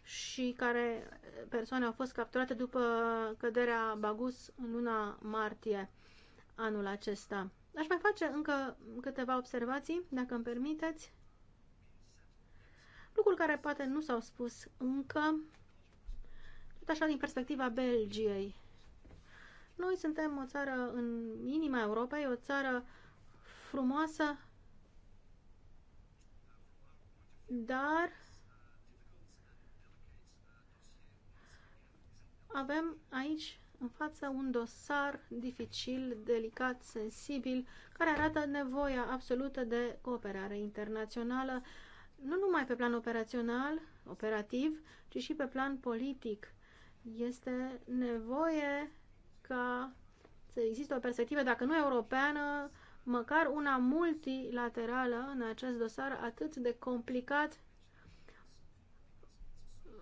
și care persoane au fost capturate după căderea Bagus în luna martie anul acesta. Aș mai face încă câteva observații, dacă îmi permiteți. Lucruri care poate nu s-au spus încă, tot așa din perspectiva Belgiei. Noi suntem o țară în inima Europei, o țară frumoasă, dar avem aici în față un dosar dificil, delicat, sensibil, care arată nevoia absolută de cooperare internațională, nu numai pe plan operațional, operativ, ci și pe plan politic. Este nevoie ca să există o perspectivă, dacă nu europeană, măcar una multilaterală în acest dosar atât de complicat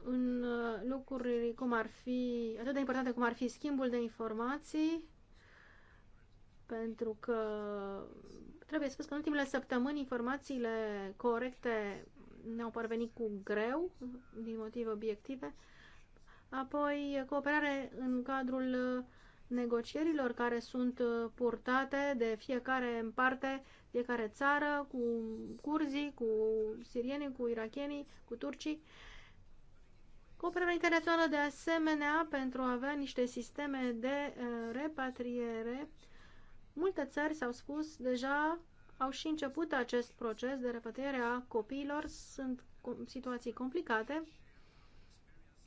în uh, lucruri cum ar fi, atât de importante cum ar fi schimbul de informații, pentru că trebuie spus că în ultimele săptămâni informațiile corecte ne-au parvenit cu greu, din motive obiective. Apoi, cooperare în cadrul uh, negocierilor care sunt uh, purtate de fiecare în parte, fiecare țară, cu curzii, cu sirienii, cu irachienii, cu turcii. Cooperarea internațională de asemenea pentru a avea niște sisteme de uh, repatriere. Multe țări s-au spus deja au și început acest proces de repatriere a copiilor. Sunt situații complicate.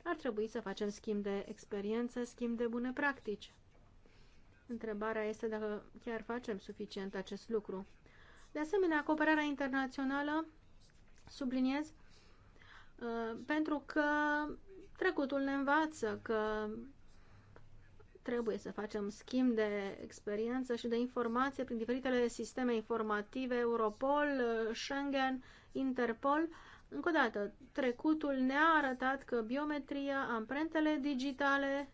Ar trebui să facem schimb de experiență, schimb de bune practici. Întrebarea este dacă chiar facem suficient acest lucru. De asemenea, cooperarea internațională, subliniez, uh, pentru că trecutul ne învață că trebuie să facem schimb de experiență și de informație prin diferitele sisteme informative, Europol, uh, Schengen, Interpol. Încă o dată, trecutul ne-a arătat că biometria, amprentele digitale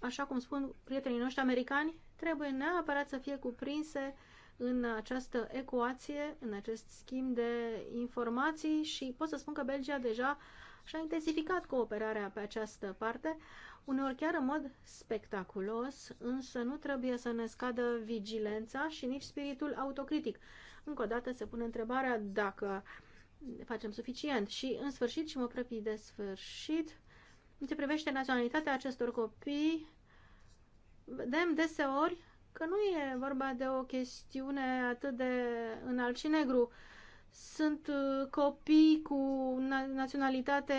așa cum spun prietenii noștri americani, trebuie neapărat să fie cuprinse în această ecuație, în acest schimb de informații și pot să spun că Belgia deja și-a intensificat cooperarea pe această parte, uneori chiar în mod spectaculos, însă nu trebuie să ne scadă vigilența și nici spiritul autocritic. Încă o dată se pune întrebarea dacă facem suficient și, în sfârșit, și mă prăpii de sfârșit, în ce privește naționalitatea acestor copii, vedem deseori că nu e vorba de o chestiune atât de înalt și negru. Sunt uh, copii cu naționalitate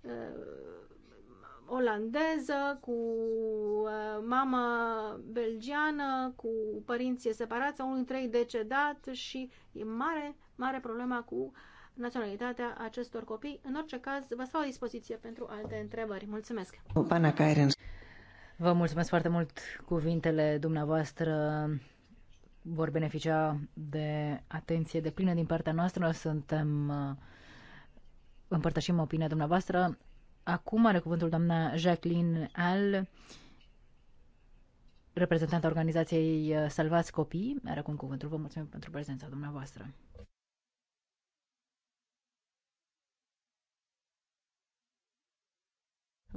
uh, olandeză, cu uh, mamă belgiană, cu părinții separați, unul dintre ei decedat și e mare, mare problema cu uh, naționalitatea acestor copii. În orice caz, vă stau la dispoziție pentru alte întrebări. Mulțumesc! Vă mulțumesc foarte mult cuvintele dumneavoastră vor beneficia de atenție de plină din partea noastră. Noi suntem, uh, împărtășim opinia dumneavoastră. Acum are cuvântul doamna Jacqueline Al, reprezentanta organizației uh, Salvați Copii. Are acum cuvântul. Vă mulțumim pentru prezența dumneavoastră.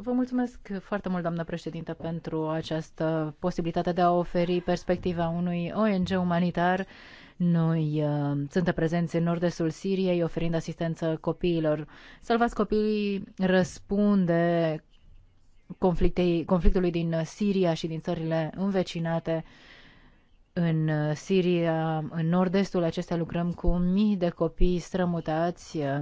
Vă mulțumesc foarte mult, doamnă președintă, pentru această posibilitate de a oferi perspectiva unui ONG umanitar. Noi uh, suntem prezenți în nord-estul Siriei, oferind asistență copiilor. Salvați copiii răspunde conflictului din Siria și din țările învecinate. În Siria, în nord-estul acestea, lucrăm cu mii de copii strămutați uh,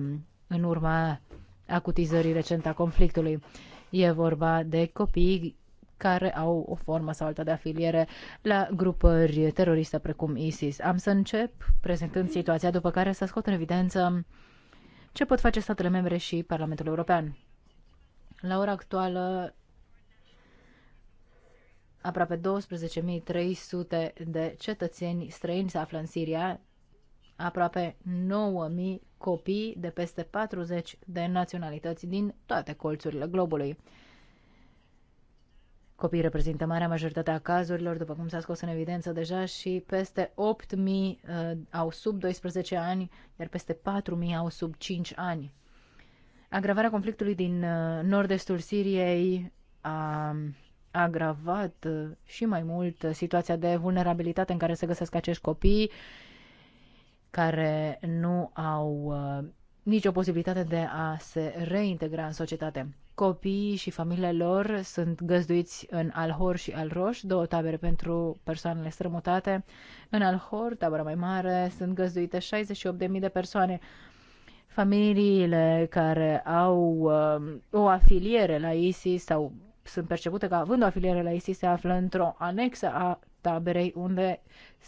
în urma acutizării recente a conflictului. E vorba de copii care au o formă sau alta de afiliere la grupări teroriste precum ISIS. Am să încep prezentând situația, după care să scot în evidență ce pot face statele membre și Parlamentul European. La ora actuală, aproape 12.300 de cetățeni străini se află în Siria, aproape 9.000 copii de peste 40 de naționalități din toate colțurile globului. Copiii reprezintă marea majoritate a cazurilor, după cum s-a scos în evidență deja, și peste 8.000 uh, au sub 12 ani, iar peste 4.000 au sub 5 ani. Agravarea conflictului din uh, nord-estul Siriei a agravat uh, și mai mult uh, situația de vulnerabilitate în care se găsesc acești copii. Uh, care nu au uh, nicio posibilitate de a se reintegra în societate. Copiii și familiile lor sunt găzduiți în Alhor și Alroș, două tabere pentru persoanele strămutate. În Alhor, tabăra mai mare, sunt găzduite 68.000 de persoane. Familiile care au uh, o afiliere la ISIS sau sunt percepute ca având o afiliere la ISIS se află într-o anexă a taberei unde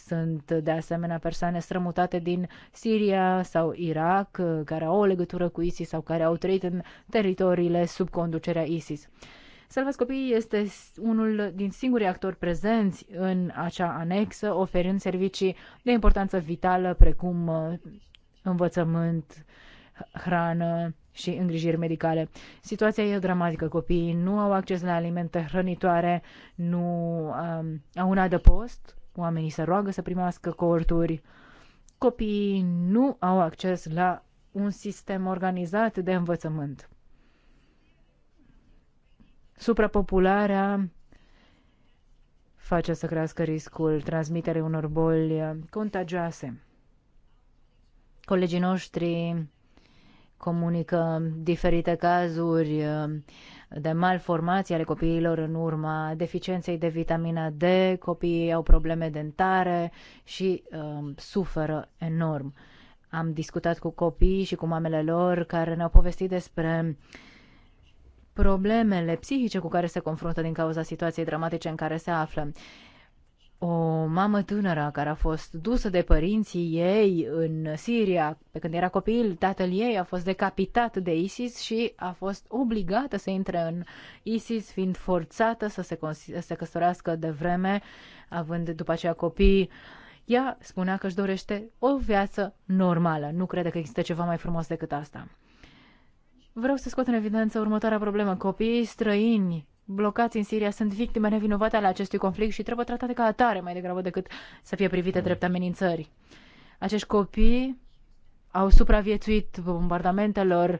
sunt de asemenea persoane strămutate din Siria sau Irak uh, care au o legătură cu ISIS sau care au trăit în teritoriile sub conducerea ISIS. Salvați Copiii este unul din singurii actori prezenți în acea anexă, oferind servicii de importanță vitală precum uh, învățământ, hrană, și îngrijiri medicale. Situația e dramatică. Copiii nu au acces la alimente hrănitoare, nu um, au un adăpost, oamenii se roagă să primească corturi. Copiii nu au acces la un sistem organizat de învățământ. Suprapopularea face să crească riscul transmiterei unor boli contagioase. Colegii noștri comunică diferite cazuri uh, de malformații ale copiilor în urma deficienței de vitamina D, copiii au probleme dentare și uh, suferă enorm. Am discutat cu copiii și cu mamele lor care ne-au povestit despre problemele psihice cu care se confruntă din cauza situației dramatice în care se află o mamă tânără care a fost dusă de părinții ei în Siria, pe când era copil, tatăl ei a fost decapitat de ISIS și a fost obligată să intre în ISIS, fiind forțată să se, să se căsătorească de vreme, având după aceea copii. Ea spunea că își dorește o viață normală. Nu crede că există ceva mai frumos decât asta. Vreau să scot în evidență următoarea problemă. Copiii străini blocați în Siria sunt victime nevinovate ale acestui conflict și trebuie tratate ca atare mai degrabă decât să fie privite drept amenințări. Acești copii au supraviețuit bombardamentelor,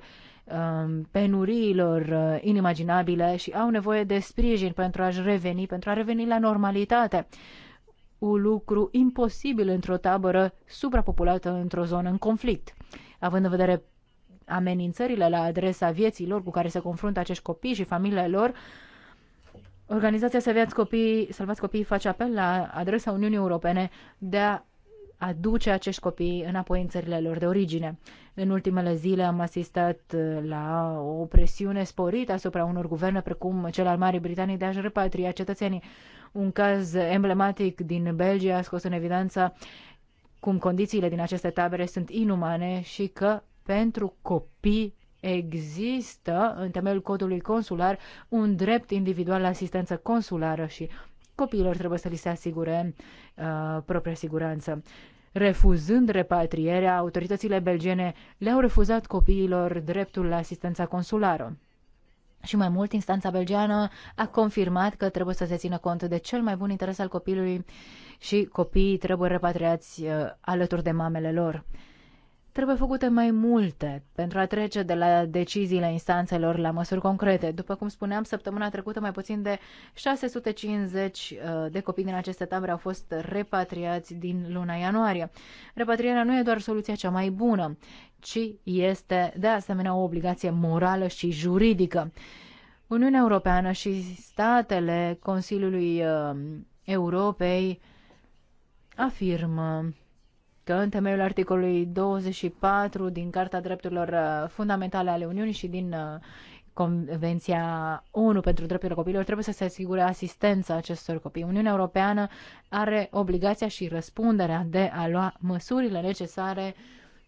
um, penuriilor uh, inimaginabile și au nevoie de sprijin pentru a-și reveni, pentru a reveni la normalitate. Un lucru imposibil într-o tabără suprapopulată într-o zonă în conflict. Având în vedere amenințările la adresa vieții lor cu care se confruntă acești copii și familiile lor, uh, Organizația Salvați Copii, Salvați Copii face apel la adresa Uniunii Europene de a aduce acești copii înapoi în țările lor de origine. În ultimele zile am asistat uh, la o presiune sporită asupra unor guverne precum cel al Marii Britanii de a-și repatria cetățenii. Un caz emblematic din Belgia a scos în evidență cum condițiile din aceste tabere sunt inumane și că pentru copii există, în temeiul codului consular, un drept individual la asistență consulară și copiilor trebuie să li se asigure uh, propria siguranță. Refuzând repatrierea, autoritățile belgene le-au refuzat copiilor dreptul la asistența consulară. Și mai mult, instanța belgeană a confirmat că trebuie să se țină cont de cel mai bun interes al copilului și copiii trebuie repatriați uh, alături de mamele lor. Trebuie făcute mai multe pentru a trece de la deciziile instanțelor la măsuri concrete. După cum spuneam, săptămâna trecută mai puțin de 650 uh, de copii din aceste tabere au fost repatriați din luna ianuarie. Repatrierea nu e doar soluția cea mai bună, ci este de asemenea o obligație morală și juridică. Uniunea Europeană și statele Consiliului uh, Europei afirmă că în temeiul articolului 24 din Carta Drepturilor uh, Fundamentale ale Uniunii și din uh, Convenția ONU pentru drepturile copiilor trebuie să se asigure asistența acestor copii. Uniunea Europeană are obligația și răspunderea de a lua măsurile necesare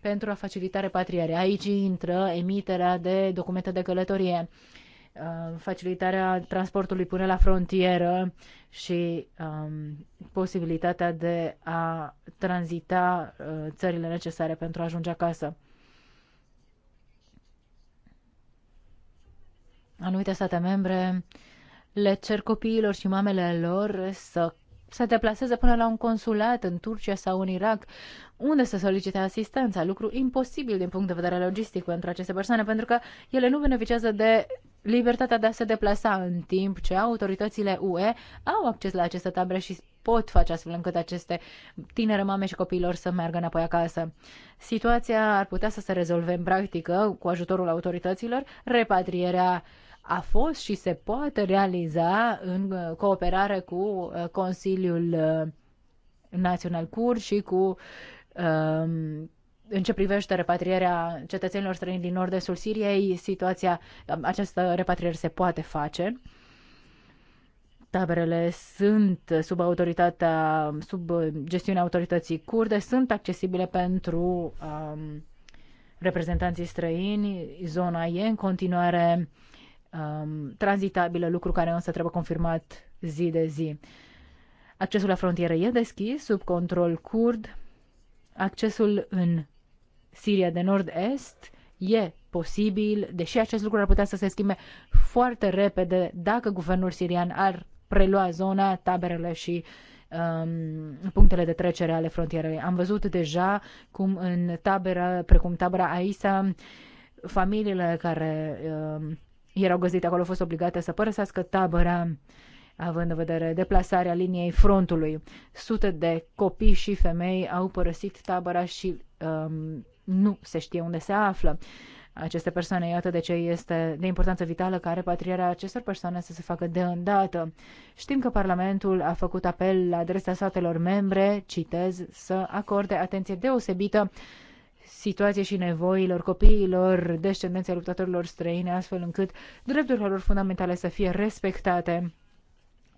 pentru a facilita repatriarea. Aici intră emiterea de documente de călătorie. Uh, Uh, facilitarea transportului până la frontieră și um, posibilitatea de a tranzita uh, țările necesare pentru a ajunge acasă. Anumite state membre le cer copiilor și mamele lor să se deplaseze până la un consulat în Turcia sau în Irak, unde să solicite asistența, lucru imposibil din punct de vedere logistic pentru aceste persoane, pentru că ele nu beneficiază de libertatea de a se deplasa în timp ce autoritățile UE au acces la aceste tabere și pot face astfel încât aceste tinere mame și copiilor să meargă înapoi acasă. Situația ar putea să se rezolve în practică cu ajutorul autorităților. Repatrierea a fost și se poate realiza în uh, cooperare cu uh, Consiliul uh, Național Cur și cu um, în ce privește repatrierea cetățenilor străini din nord-estul Siriei, situația, această repatriere se poate face. Taberele sunt sub autoritatea, sub gestiunea autorității kurde, sunt accesibile pentru um, reprezentanții străini. Zona e în continuare um, tranzitabilă, lucru care însă trebuie confirmat zi de zi. Accesul la frontieră e deschis, sub control kurd. Accesul în Siria de Nord-Est e posibil, deși acest lucru ar putea să se schimbe foarte repede dacă guvernul sirian ar prelua zona, taberele și um, punctele de trecere ale frontierei. Am văzut deja cum în tabera, precum tabera Aisa, familiile care um, erau găzite acolo au fost obligate să părăsească tabăra având în vedere deplasarea liniei frontului. Sute de copii și femei au părăsit tabăra și um, nu se știe unde se află aceste persoane. Iată de ce este de importanță vitală ca repatrierea acestor persoane să se facă de îndată. Știm că Parlamentul a făcut apel la adresa statelor membre, citez, să acorde atenție deosebită situației și nevoilor copiilor, descendenței luptătorilor străine, astfel încât drepturile lor fundamentale să fie respectate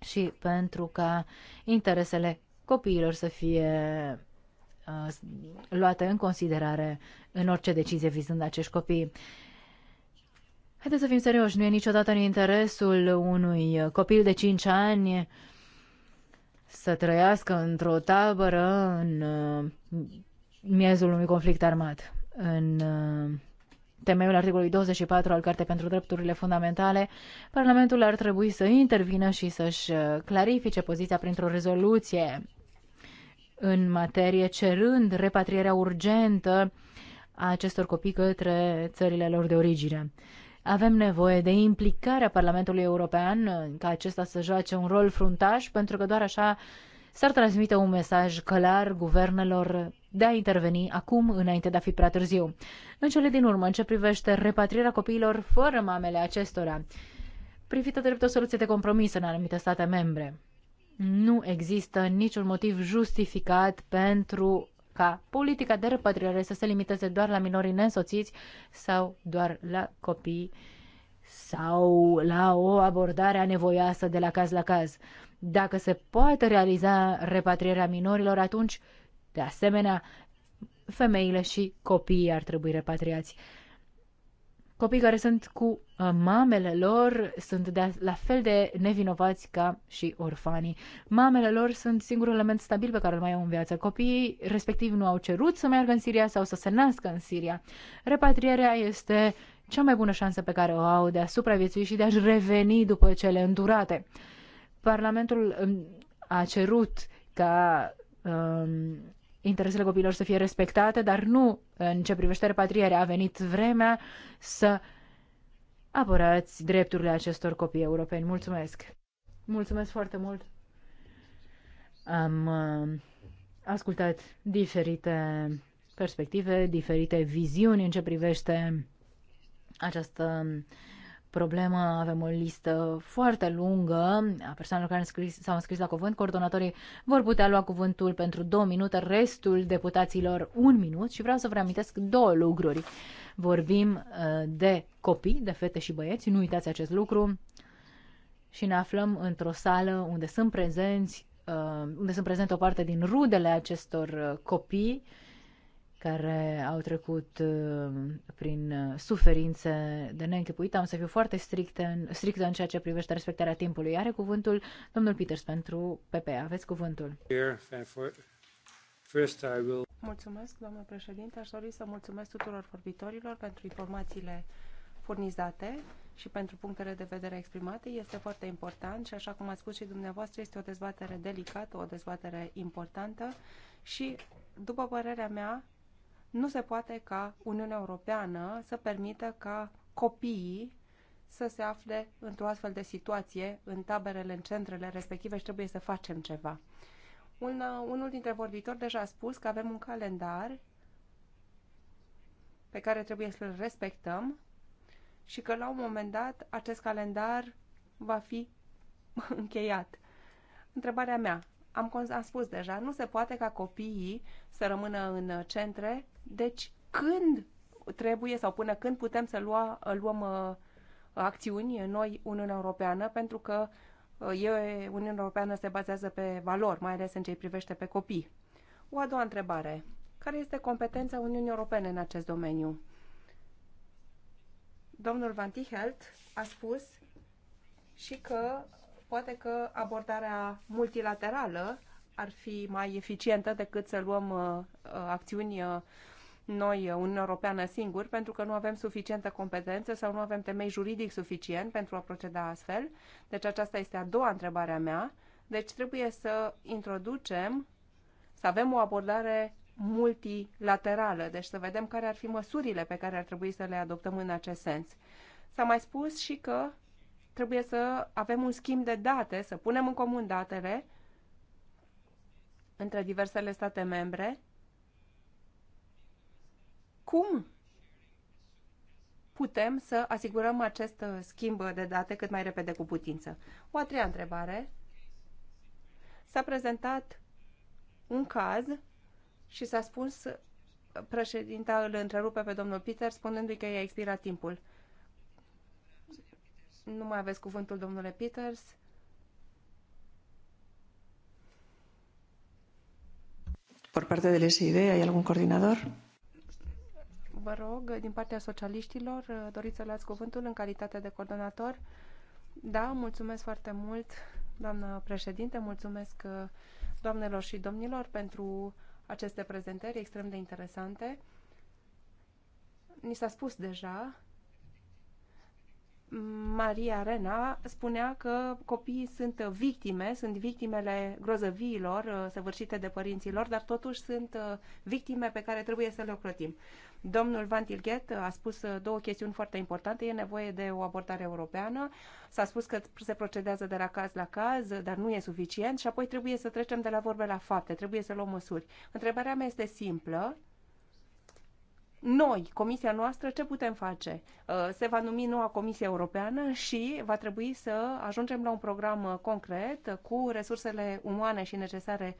și pentru ca interesele copiilor să fie uh, luate în considerare în orice decizie vizând acești copii. Haideți să fim serioși, nu e niciodată în interesul unui copil de 5 ani să trăiască într-o tabără în uh, miezul unui conflict armat. În uh, temeiul articolului 24 al Cartei pentru Drepturile Fundamentale, Parlamentul ar trebui să intervină și să-și uh, clarifice poziția printr-o rezoluție în materie, cerând repatrierea urgentă a acestor copii către țările lor de origine. Avem nevoie de implicarea Parlamentului European ca acesta să joace un rol fruntaș, pentru că doar așa s-ar transmite un mesaj clar guvernelor de a interveni acum, înainte de a fi prea târziu. În cele din urmă, în ce privește repatrierea copiilor fără mamele acestora, privită drept o soluție de compromis în anumite state membre nu există niciun motiv justificat pentru ca politica de repatriere să se limiteze doar la minorii neînsoțiți sau doar la copii sau la o abordare anevoioasă de la caz la caz. Dacă se poate realiza repatrierea minorilor, atunci, de asemenea, femeile și copiii ar trebui repatriați. Copii care sunt cu uh, mamele lor sunt de la fel de nevinovați ca și orfanii. Mamele lor sunt singurul element stabil pe care îl mai au în viață. Copiii respectiv nu au cerut să meargă în Siria sau să se nască în Siria. Repatrierea este cea mai bună șansă pe care o au de a supraviețui și de a-și reveni după cele îndurate. Parlamentul um, a cerut ca um, interesele copiilor să fie respectate, dar nu în ce privește repatrierea, a venit vremea să apărați drepturile acestor copii europeni. Mulțumesc! Mulțumesc foarte mult! Am uh, ascultat diferite perspective, diferite viziuni în ce privește această problemă. Avem o listă foarte lungă a persoanelor care s-au înscris la cuvânt. Coordonatorii vor putea lua cuvântul pentru două minute, restul deputaților un minut și vreau să vă reamintesc două lucruri. Vorbim uh, de copii, de fete și băieți, nu uitați acest lucru și ne aflăm într-o sală unde sunt prezenți uh, unde sunt prezente o parte din rudele acestor uh, copii care au trecut uh, prin uh, suferințe de neînchipuit. Am să fiu foarte strictă în, strictă în ceea ce privește respectarea timpului. Are cuvântul domnul Peters pentru PP. Aveți cuvântul. Mulțumesc, domnule președinte. Aș dori să mulțumesc tuturor vorbitorilor pentru informațiile furnizate și pentru punctele de vedere exprimate este foarte important și, așa cum ați spus și dumneavoastră, este o dezbatere delicată, o dezbatere importantă și, după părerea mea, nu se poate ca Uniunea Europeană să permită ca copiii să se afle într-o astfel de situație în taberele, în centrele respective și trebuie să facem ceva. Un, unul dintre vorbitori deja a spus că avem un calendar pe care trebuie să-l respectăm și că la un moment dat acest calendar va fi (laughs) încheiat. Întrebarea mea, am, am spus deja, nu se poate ca copiii să rămână în centre deci când trebuie sau până când putem să lua, uh, luăm uh, acțiuni noi, Uniunea Europeană, pentru că uh, Uniunea Europeană se bazează pe valori, mai ales în ce privește pe copii. O a doua întrebare. Care este competența Uniunii Europene în acest domeniu? Domnul Van Tichelt a spus și că poate că abordarea multilaterală ar fi mai eficientă decât să luăm uh, uh acțiuni uh, noi, Uniunea Europeană, singuri, pentru că nu avem suficientă competență sau nu avem temei juridic suficient pentru a proceda astfel. Deci aceasta este a doua întrebare a mea. Deci trebuie să introducem, să avem o abordare multilaterală, deci să vedem care ar fi măsurile pe care ar trebui să le adoptăm în acest sens. S-a mai spus și că trebuie să avem un schimb de date, să punem în comun datele între diversele state membre cum putem să asigurăm acest uh, schimb de date cât mai repede cu putință? O a treia întrebare. S-a prezentat un caz și s-a spus președinta îl întrerupe pe domnul Peter spunându-i că i-a expirat timpul. Nu mai aveți cuvântul, domnule Peters. Por parte del SID, ¿hay algún coordinador? vă rog, din partea socialiștilor, doriți să luați cuvântul în calitate de coordonator? Da, mulțumesc foarte mult, doamnă președinte, mulțumesc uh, doamnelor și domnilor pentru aceste prezentări extrem de interesante. Ni s-a spus deja Maria Rena spunea că copiii sunt victime, sunt victimele grozăviilor uh, săvârșite de părinții lor, dar totuși sunt uh, victime pe care trebuie să le ocrotim. Domnul Van Tilghet a spus uh, două chestiuni foarte importante. E nevoie de o abordare europeană. S-a spus că se procedează de la caz la caz, dar nu e suficient și apoi trebuie să trecem de la vorbe la fapte, trebuie să luăm măsuri. Întrebarea mea este simplă noi, comisia noastră, ce putem face? Uh, se va numi noua Comisie Europeană și va trebui să ajungem la un program uh, concret uh, cu resursele umane și necesare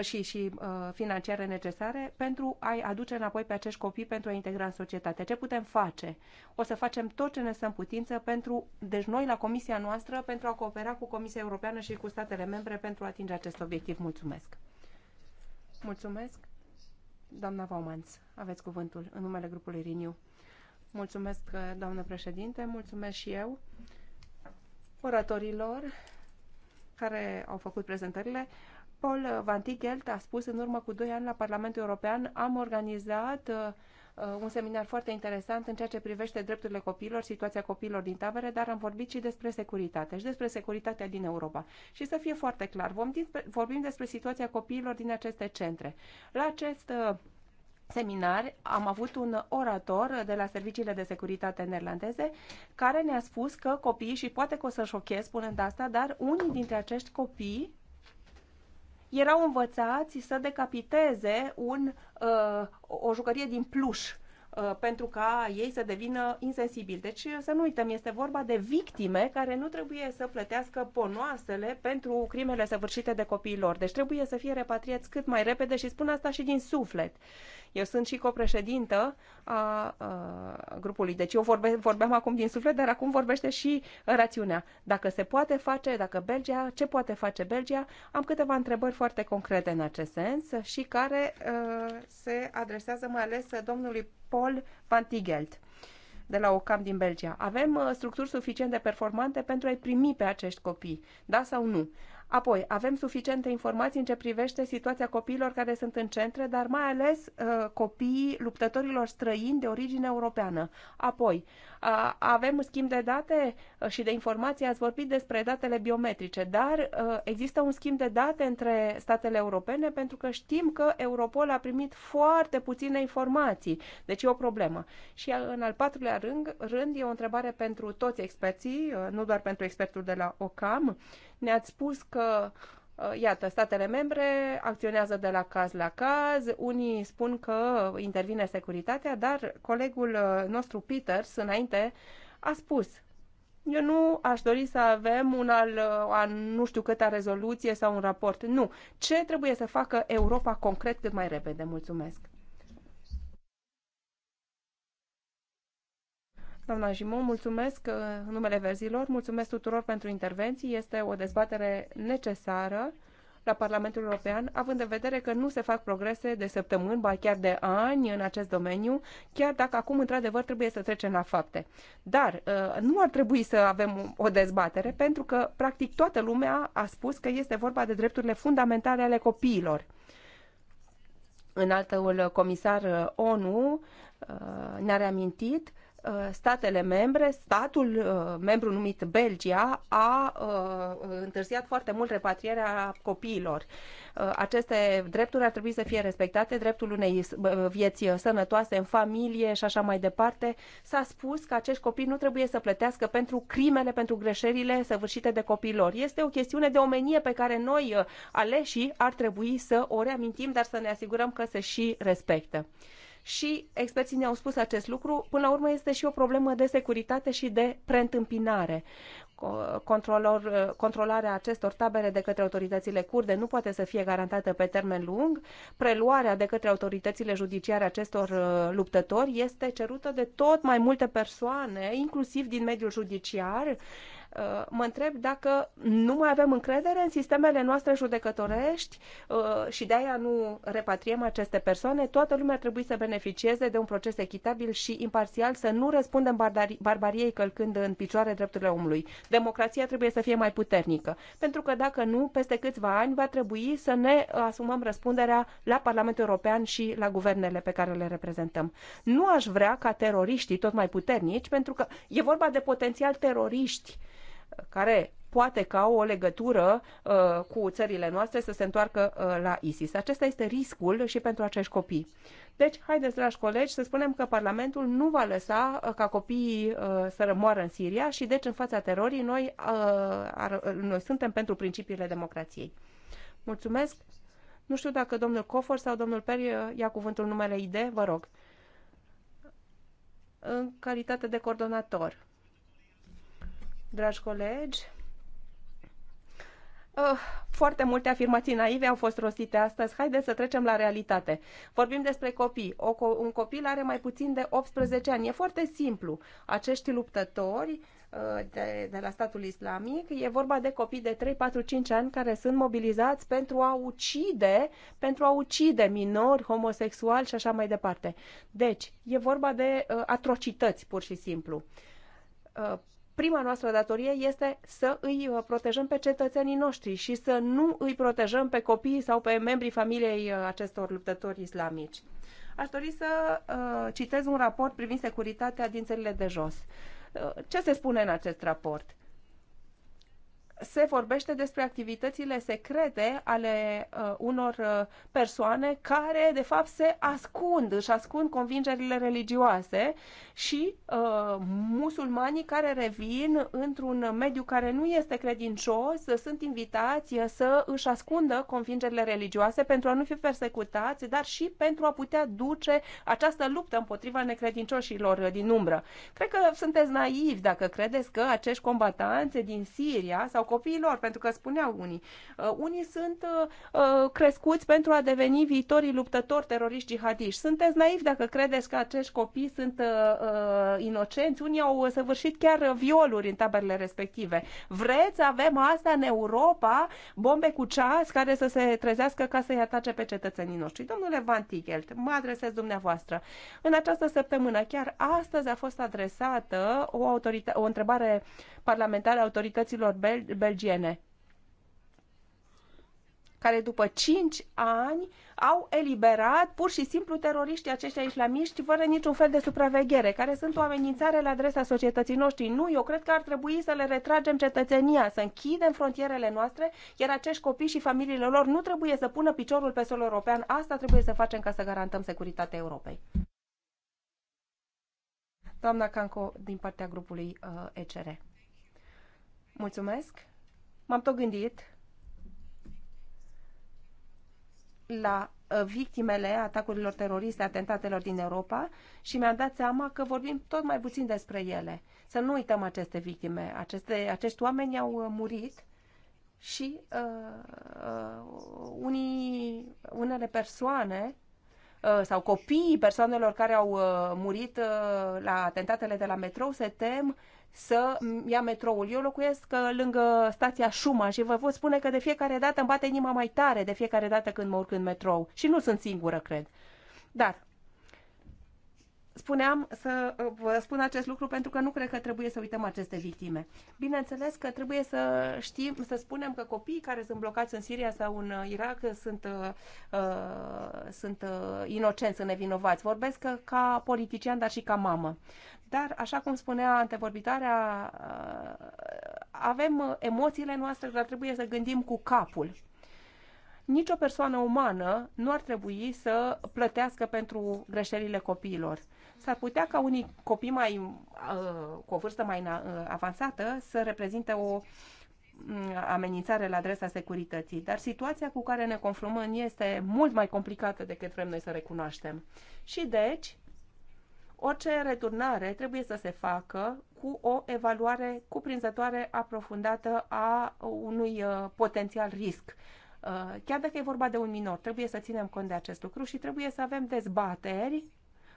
și, și financiare necesare pentru a-i aduce înapoi pe acești copii pentru a integra în societate. Ce putem face? O să facem tot ce ne stă în putință pentru, deci noi la comisia noastră, pentru a coopera cu Comisia Europeană și cu statele membre pentru a atinge acest obiectiv. Mulțumesc! Mulțumesc! Doamna Vaumanț, aveți cuvântul în numele grupului Riniu. Mulțumesc, uh, doamnă președinte, mulțumesc și eu oratorilor care au făcut prezentările. Paul Van Tichelt a spus în urmă cu 2 ani la Parlamentul European am organizat uh, Uh, un seminar foarte interesant în ceea ce privește drepturile copiilor, situația copiilor din tabere, dar am vorbit și despre securitate și despre securitatea din Europa. Și să fie foarte clar, vom dispre, vorbim despre situația copiilor din aceste centre. La acest uh, seminar am avut un orator de la serviciile de securitate neerlandeze care ne-a spus că copiii, și poate că o să șochez spunând asta, dar unii dintre acești copii erau învățați să decapiteze un, uh, o jucărie din pluș uh, pentru ca ei să devină insensibili. Deci să nu uităm, este vorba de victime care nu trebuie să plătească ponoasele pentru crimele săvârșite de copiii lor. Deci trebuie să fie repatriați cât mai repede și spun asta și din suflet. Eu sunt și copreședintă a, a grupului, deci eu vorbe, vorbeam acum din suflet, dar acum vorbește și rațiunea. Dacă se poate face, dacă Belgia, ce poate face Belgia? Am câteva întrebări foarte concrete în acest sens și care a, se adresează mai ales domnului Paul Van Tigelt de la OCAM din Belgia. Avem structuri suficient de performante pentru a-i primi pe acești copii, da sau nu? Apoi, avem suficiente informații în ce privește situația copiilor care sunt în centre, dar mai ales uh, copiii luptătorilor străini de origine europeană. Apoi, uh, avem schimb de date uh, și de informații, ați vorbit despre datele biometrice, dar uh, există un schimb de date între statele europene pentru că știm că Europol a primit foarte puține informații, deci e o problemă. Și uh, în al patrulea rând, rând e o întrebare pentru toți experții, uh, nu doar pentru expertul de la OCAM, ne-ați spus că uh, Iată, statele membre acționează de la caz la caz, unii spun că intervine securitatea, dar colegul uh, nostru Peters, înainte, a spus eu nu aș dori să avem un al, uh, a nu știu câta rezoluție sau un raport. Nu. Ce trebuie să facă Europa concret cât mai repede? Mulțumesc. Doamna Jimon, mulțumesc uh, în numele verzilor, mulțumesc tuturor pentru intervenții. Este o dezbatere necesară la Parlamentul European, având în vedere că nu se fac progrese de săptămâni, ba chiar de ani în acest domeniu, chiar dacă acum, într-adevăr, trebuie să trecem la fapte. Dar uh, nu ar trebui să avem o dezbatere, pentru că, practic, toată lumea a spus că este vorba de drepturile fundamentale ale copiilor. altul, comisar uh, ONU ne-a reamintit Uh, statele membre, statul uh, membru numit Belgia, a uh, întârziat foarte mult repatrierea copiilor. Aceste drepturi ar trebui să fie respectate, dreptul unei vieți sănătoase în familie și așa mai departe. S-a spus că acești copii nu trebuie să plătească pentru crimele, pentru greșelile săvârșite de copiilor. Este o chestiune de omenie pe care noi, aleșii, ar trebui să o reamintim, dar să ne asigurăm că se și respectă și experții ne-au spus acest lucru. Până la urmă este și o problemă de securitate și de preîntâmpinare. Controlor, controlarea acestor tabere de către autoritățile curde nu poate să fie garantată pe termen lung. Preluarea de către autoritățile judiciare acestor uh, luptători este cerută de tot mai multe persoane, inclusiv din mediul judiciar, mă întreb dacă nu mai avem încredere în sistemele noastre judecătorești uh, și de aia nu repatriem aceste persoane. Toată lumea trebuie să beneficieze de un proces echitabil și imparțial, să nu răspundem barbariei călcând în picioare drepturile omului. Democrația trebuie să fie mai puternică, pentru că dacă nu, peste câțiva ani va trebui să ne asumăm răspunderea la Parlamentul European și la guvernele pe care le reprezentăm. Nu aș vrea ca teroriștii tot mai puternici, pentru că e vorba de potențial teroriști care poate au o legătură uh, cu țările noastre să se întoarcă uh, la ISIS. Acesta este riscul și pentru acești copii. Deci, haideți, dragi colegi, să spunem că Parlamentul nu va lăsa uh, ca copiii uh, să rămoară în Siria și deci în fața terorii noi, uh, ar, noi suntem pentru principiile democrației. Mulțumesc. Nu știu dacă domnul Cofor sau domnul Peri uh, ia cuvântul numele ID, vă rog. În calitate de coordonator dragi colegi. Uh, foarte multe afirmații naive au fost rostite astăzi. Haideți să trecem la realitate. Vorbim despre copii. O, un copil are mai puțin de 18 ani. E foarte simplu. Acești luptători uh, de, de la statul islamic, e vorba de copii de 3, 4, 5 ani care sunt mobilizați pentru a ucide, pentru a ucide minori, homosexuali și așa mai departe. Deci, e vorba de uh, atrocități, pur și simplu. Uh, prima noastră datorie este să îi uh, protejăm pe cetățenii noștri și să nu îi protejăm pe copiii sau pe membrii familiei uh, acestor luptători islamici. Aș dori să uh, citez un raport privind securitatea din țările de jos. Uh, ce se spune în acest raport? se vorbește despre activitățile secrete ale uh, unor uh, persoane care, de fapt, se ascund, își ascund convingerile religioase și uh, musulmanii care revin într-un mediu care nu este credincios sunt invitați să își ascundă convingerile religioase pentru a nu fi persecutați, dar și pentru a putea duce această luptă împotriva necredincioșilor din umbră. Cred că sunteți naivi dacă credeți că acești combatanți din Siria sau copiilor, pentru că spuneau unii. Uh, unii sunt uh, uh, crescuți pentru a deveni viitorii luptători teroriști jihadiști. Sunteți naivi dacă credeți că acești copii sunt inocenți. Unii au săvârșit chiar violuri în taberele respective. Vreți să avem asta în Europa, bombe cu ceas care să se trezească ca să-i atace pe cetățenii noștri. Domnule Van Tichelt, mă adresez dumneavoastră. În această săptămână, chiar astăzi a fost adresată o, autorita- o întrebare uh, parlamentare autorităților bel belgiene care după 5 ani au eliberat pur și simplu teroriștii aceștia islamiști fără niciun fel de supraveghere, care sunt o amenințare la adresa societății noștri. Nu, eu cred că ar trebui să le retragem cetățenia, să închidem frontierele noastre, iar acești copii și familiile lor nu trebuie să pună piciorul pe sol european. Asta trebuie să facem ca să garantăm securitatea Europei. Doamna Canco, din partea grupului uh, ECR. Mulțumesc. M-am tot gândit la uh, victimele atacurilor teroriste, atentatelor din Europa și mi-am dat seama că vorbim tot mai puțin despre ele. Să nu uităm aceste victime. Aceste, acești oameni au uh, murit și uh, uh, unii, unele persoane uh, sau copiii persoanelor care au uh, murit uh, la atentatele de la metrou se tem uh, să ia metroul. Eu locuiesc uh, lângă stația Șuma și vă pot spune că de fiecare dată îmi bate inima mai tare de fiecare dată când mă urc în metrou. Și nu sunt singură, cred. Dar spuneam să uh, vă spun acest lucru pentru că nu cred că trebuie să uităm aceste victime. Bineînțeles că trebuie să știm, să spunem că copiii care sunt blocați în Siria sau în uh, Irak sunt, uh, uh, sunt uh, inocenți, sunt nevinovați. Vorbesc că, ca politician, dar și ca mamă. Dar, așa cum spunea antevorbitarea, uh, avem emoțiile noastre, dar trebuie să gândim cu capul nicio persoană umană nu ar trebui să plătească pentru greșelile copiilor s-ar putea ca unii copii mai, uh, cu o vârstă mai uh, avansată să reprezinte o mm, amenințare la adresa securității, dar situația cu care ne confruntăm este mult mai complicată decât vrem noi să recunoaștem. Și deci, orice returnare trebuie să se facă cu o evaluare cuprinzătoare aprofundată a unui uh, potențial risc. Chiar dacă e vorba de un minor, trebuie să ținem cont de acest lucru și trebuie să avem dezbateri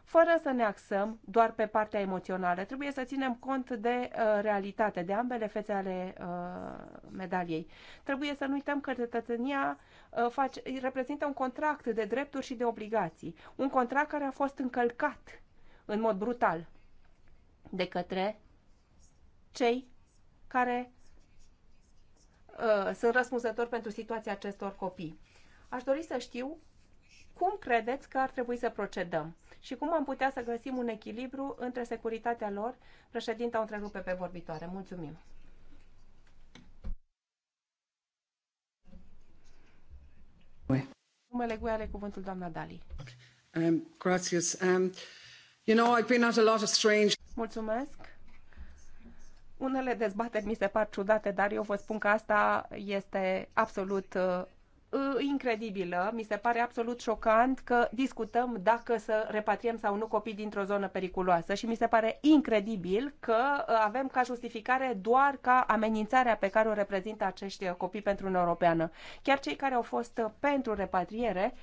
fără să ne axăm doar pe partea emoțională. Trebuie să ținem cont de uh, realitate, de ambele fețe ale uh, medaliei. Trebuie să nu uităm că cetățenia uh, face, reprezintă un contract de drepturi și de obligații, un contract care a fost încălcat în mod brutal de către cei care uh, sunt răspunzători pentru situația acestor copii. Aș dori să știu cum credeți că ar trebui să procedăm și cum am putea să găsim un echilibru între securitatea lor? Președinta o întrerupe pe vorbitoare. Mulțumim! Numele Gui are cuvântul doamna Dali. Um, gracias. Um, you know, I've been at a lot of strange... Mulțumesc. Unele dezbateri mi se par ciudate, dar eu vă spun că asta este absolut uh, incredibilă, mi se pare absolut șocant că discutăm dacă să repatriem sau nu copii dintr-o zonă periculoasă și mi se pare incredibil că avem ca justificare doar ca amenințarea pe care o reprezintă acești copii pentru Uniunea Europeană. Chiar cei care au fost pentru repatriere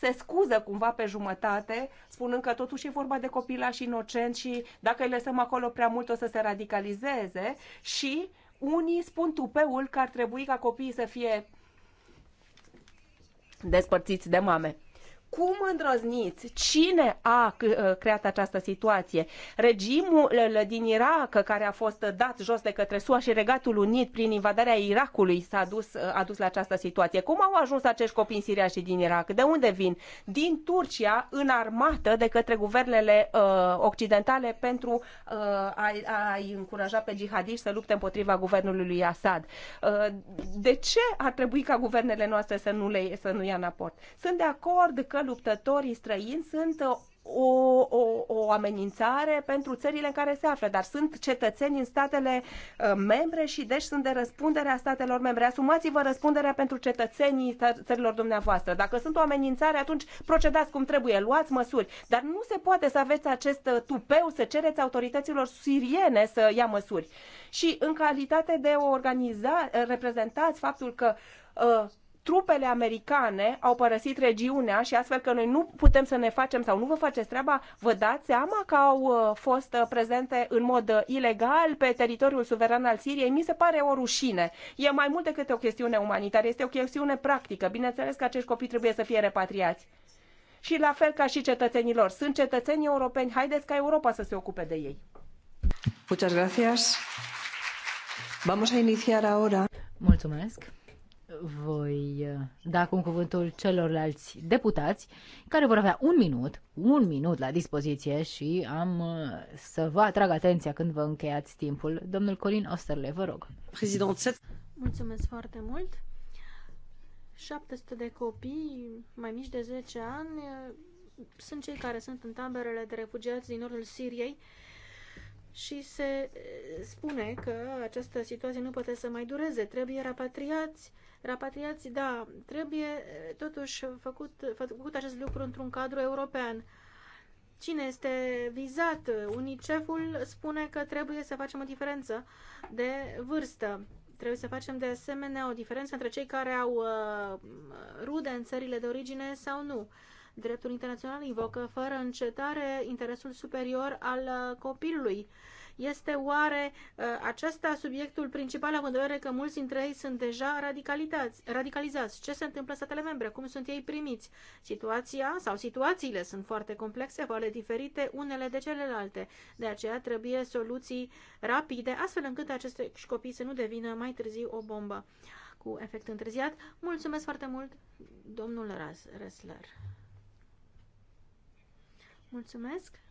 se scuză cumva pe jumătate, spunând că totuși e vorba de copilași inocenți și dacă îi lăsăm acolo prea mult o să se radicalizeze și unii spun tupeul că ar trebui ca copiii să fie despărțiți de mame. Cum îndrăzniți? Cine a uh, creat această situație? Regimul uh, din Irak, care a fost dat jos de către SUA și Regatul Unit prin invadarea Irakului, s-a dus, uh, a dus la această situație. Cum au ajuns acești copii în Siria și din Irak? De unde vin? Din Turcia, în armată de către guvernele uh, occidentale pentru uh, a, a încuraja pe jihadiști să lupte împotriva guvernului lui Assad. Uh, de ce ar trebui ca guvernele noastre să nu, le, să nu ia în aport? Sunt de acord că luptătorii străini sunt o, o, o amenințare pentru țările în care se află, dar sunt cetățeni în statele uh, membre și deci sunt de a statelor membre. Asumați-vă răspunderea pentru cetățenii țărilor dumneavoastră. Dacă sunt o amenințare, atunci procedați cum trebuie, luați măsuri. Dar nu se poate să aveți acest uh, tupeu, să cereți autorităților siriene să ia măsuri. Și în calitate de o organiza, reprezentați faptul că uh, trupele americane au părăsit regiunea și astfel că noi nu putem să ne facem sau nu vă faceți treaba, vă dați seama că au uh, fost uh, prezente în mod uh, ilegal pe teritoriul suveran al Siriei? Mi se pare o rușine. E mai mult decât o chestiune umanitară, este o chestiune practică. Bineînțeles că acești copii trebuie să fie repatriați. Și la fel ca și cetățenilor. Sunt cetățeni europeni, haideți ca Europa să se ocupe de ei. Muchas gracias. Vamos a iniciar ahora. Mulțumesc voi uh, da acum cuvântul celorlalți deputați care vor avea un minut, un minut la dispoziție și am uh, să vă atrag atenția când vă încheiați timpul. Domnul Colin Osterle, vă rog. Prezidențe. Mulțumesc foarte mult. 700 de copii mai mici de 10 ani uh, sunt cei care sunt în taberele de refugiați din nordul Siriei și se spune că această situație nu poate să mai dureze, trebuie rapatriați Rapatriați, da, trebuie totuși făcut, făcut acest lucru într-un cadru european. Cine este vizat? UNICEF-ul spune că trebuie să facem o diferență de vârstă. Trebuie să facem de asemenea o diferență între cei care au uh, rude în țările de origine sau nu. Dreptul internațional invocă fără încetare interesul superior al uh, copilului este oare ă, acesta subiectul principal, având în vedere că mulți dintre ei sunt deja radicalizați? Ce se întâmplă în statele membre? Cum sunt ei primiți? Situația sau situațiile sunt foarte complexe, foarte diferite unele de celelalte. De aceea trebuie soluții rapide, astfel încât aceste copii să nu devină mai târziu o bombă cu efect întârziat. Mulțumesc foarte mult, domnul Ressler. Mulțumesc.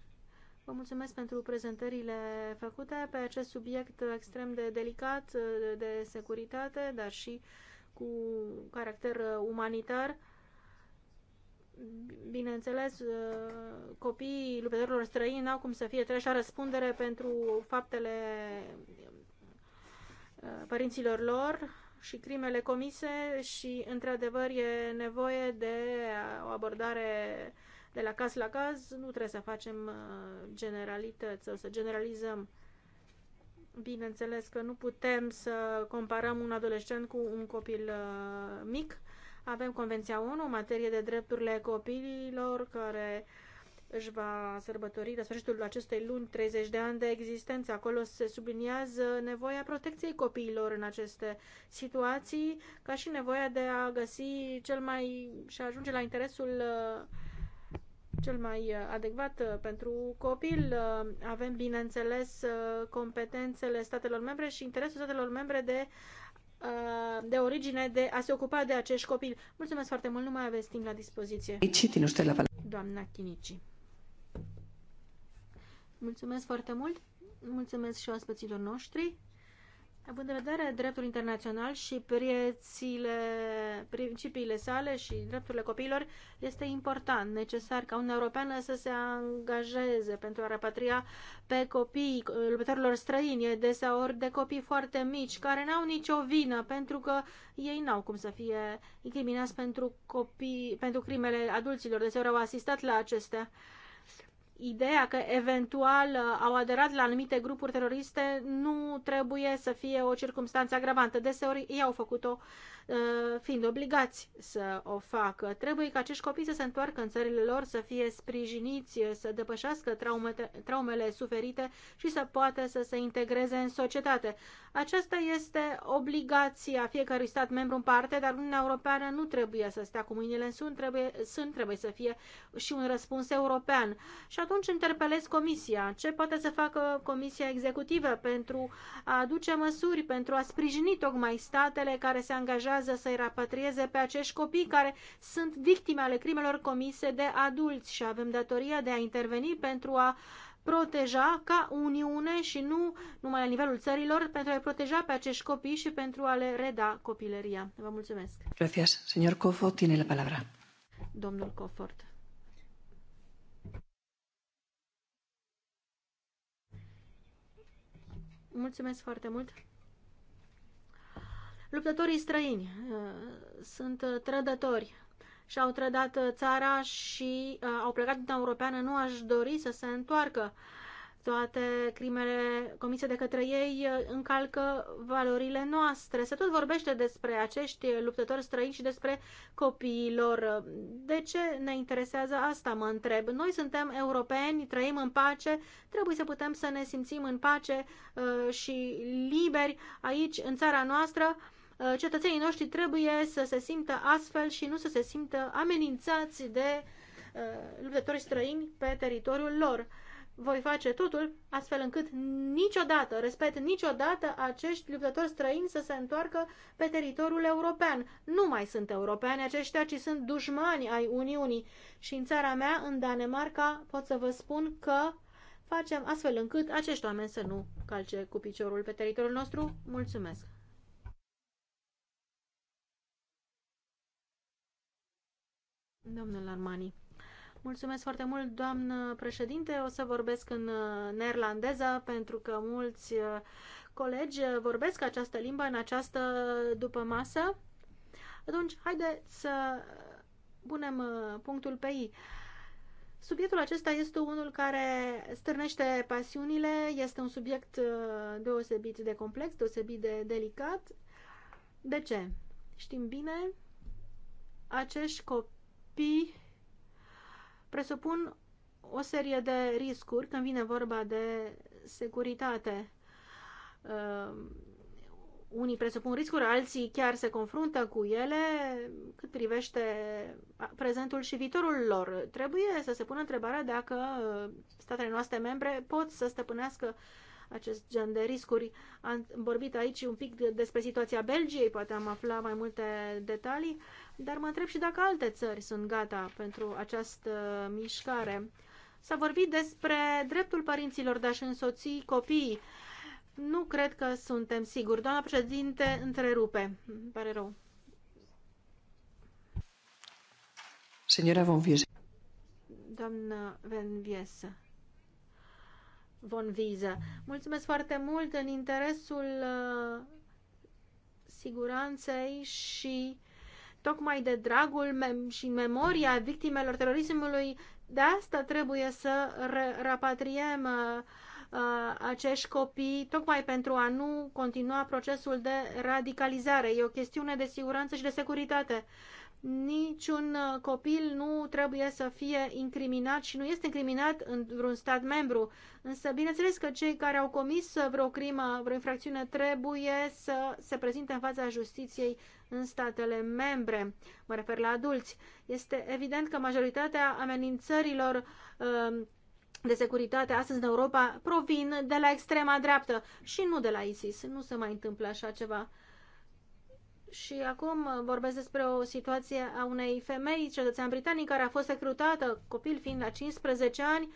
Vă mulțumesc pentru prezentările făcute pe acest subiect extrem de delicat, de securitate, dar și cu caracter umanitar. Bineînțeles, copiii luptătorilor străini n-au cum să fie treși la răspundere pentru faptele uh, părinților lor și crimele comise și, într-adevăr, e nevoie de o abordare de la caz la caz, nu trebuie să facem uh, generalități sau să generalizăm. Bineînțeles că nu putem să comparăm un adolescent cu un copil uh, mic. Avem Convenția 1 în materie de drepturile copiilor care își va sărbători la sfârșitul acestei luni 30 de ani de existență. Acolo se subliniază nevoia protecției copiilor în aceste situații, ca și nevoia de a găsi cel mai și a ajunge la interesul uh, cel mai uh, adecvat uh, pentru copil. Uh, avem, bineînțeles, competențele statelor membre și interesul statelor membre de, de origine de a se ocupa de acești copil. Mulțumesc foarte mult, nu mai aveți timp la dispoziție. Doamna Chinici. Mulțumesc foarte mult, mulțumesc și oaspeților noștri. Având în vedere dreptul internațional și priețile, principiile sale și drepturile copiilor, este important, necesar ca Uniunea Europeană să se angajeze pentru a repatria pe copii luptătorilor străini, deseori de copii foarte mici, care n-au nicio vină, pentru că ei n-au cum să fie incriminați pentru, copii, pentru crimele adulților, deseori au asistat la acestea ideea că eventual uh, au aderat la anumite grupuri teroriste nu trebuie să fie o circumstanță agravantă. Deseori ei au făcut-o Uh, fiind obligați să o facă. Trebuie ca acești copii să se întoarcă în țările lor, să fie sprijiniți, să depășească traumete, traumele suferite și să poată să se integreze în societate. Aceasta este obligația fiecărui stat membru în parte, dar Uniunea Europeană nu trebuie să stea cu mâinile în sunt, trebuie, sunt, trebuie să fie și un răspuns european. Și atunci interpelez Comisia. Ce poate să facă Comisia Executivă pentru a aduce măsuri, pentru a sprijini tocmai statele care se angajează încurajează să-i rapatrieze pe acești copii care sunt victime ale crimelor comise de adulți și avem datoria de a interveni pentru a proteja ca Uniune și nu numai la nivelul țărilor, pentru a-i proteja pe acești copii și pentru a le reda copilăria. Vă mulțumesc. Gracias. Señor Cofo, tiene la palabra. Domnul Cofort. Mulțumesc foarte mult. Luptătorii străini uh, sunt uh, trădători și au trădat uh, țara și au plecat din Europeană, nu aș dori să se întoarcă. Toate crimele comise de către ei încalcă valorile noastre. Se tot vorbește despre acești luptători străini și despre copiilor. De ce ne interesează asta, mă întreb? Noi suntem europeni, trăim în pace, trebuie să putem să ne simțim în pace și liberi aici, în țara noastră Uh, cetățenii noștri trebuie să se simtă astfel și nu să se simtă amenințați de uh, luptători străini pe teritoriul lor. Voi face totul astfel încât niciodată, respect, niciodată acești luptători străini să se întoarcă pe teritoriul european. Nu mai sunt europeni aceștia, ci sunt dușmani ai Uniunii. Și în țara mea, în Danemarca, pot să vă spun că facem astfel încât acești oameni să nu calce cu piciorul pe teritoriul nostru. Mulțumesc! Domnul Armani. Mulțumesc foarte mult, doamnă președinte. O să vorbesc în uh, neerlandeză pentru că mulți uh, colegi uh, vorbesc această limbă în această după masă. Atunci, haideți să punem punctul pe I. Subiectul acesta este unul care stârnește pasiunile, este un subiect deosebit de complex, deosebit de delicat. De ce? Știm bine, acești copii copii presupun o serie de riscuri când vine vorba de securitate. Uh, unii presupun riscuri, alții chiar se confruntă cu ele cât privește prezentul și viitorul lor. Trebuie să se pună întrebarea dacă ă, statele noastre membre pot să stăpânească acest gen de riscuri. Am vorbit aici un pic despre situația Belgiei, poate am aflat mai multe detalii, dar mă întreb și dacă alte țări sunt gata pentru această mișcare. S-a vorbit despre dreptul părinților de a-și însoți copiii. Nu cred că suntem siguri. Doamna președinte, întrerupe. Îmi pare rău. Señora Von Viese. Doamna Van von Wiese. Mulțumesc foarte mult în interesul uh, siguranței și tocmai de dragul mem și memoria victimelor terorismului, de asta trebuie să repatriem uh, uh, acești copii, tocmai pentru a nu continua procesul de radicalizare. E o chestiune de siguranță și de securitate niciun uh, copil nu trebuie să fie incriminat și nu este incriminat în vreun stat membru. Însă, bineînțeles că cei care au comis vreo crimă, vreo infracțiune, trebuie să se prezinte în fața justiției în statele membre. Mă refer la adulți. Este evident că majoritatea amenințărilor uh, de securitate astăzi în Europa provin de la extrema dreaptă și nu de la ISIS. Nu se mai întâmplă așa ceva. Și acum uh, vorbesc despre o situație a unei femei cetățean britanic care a fost recrutată, copil fiind la 15 ani,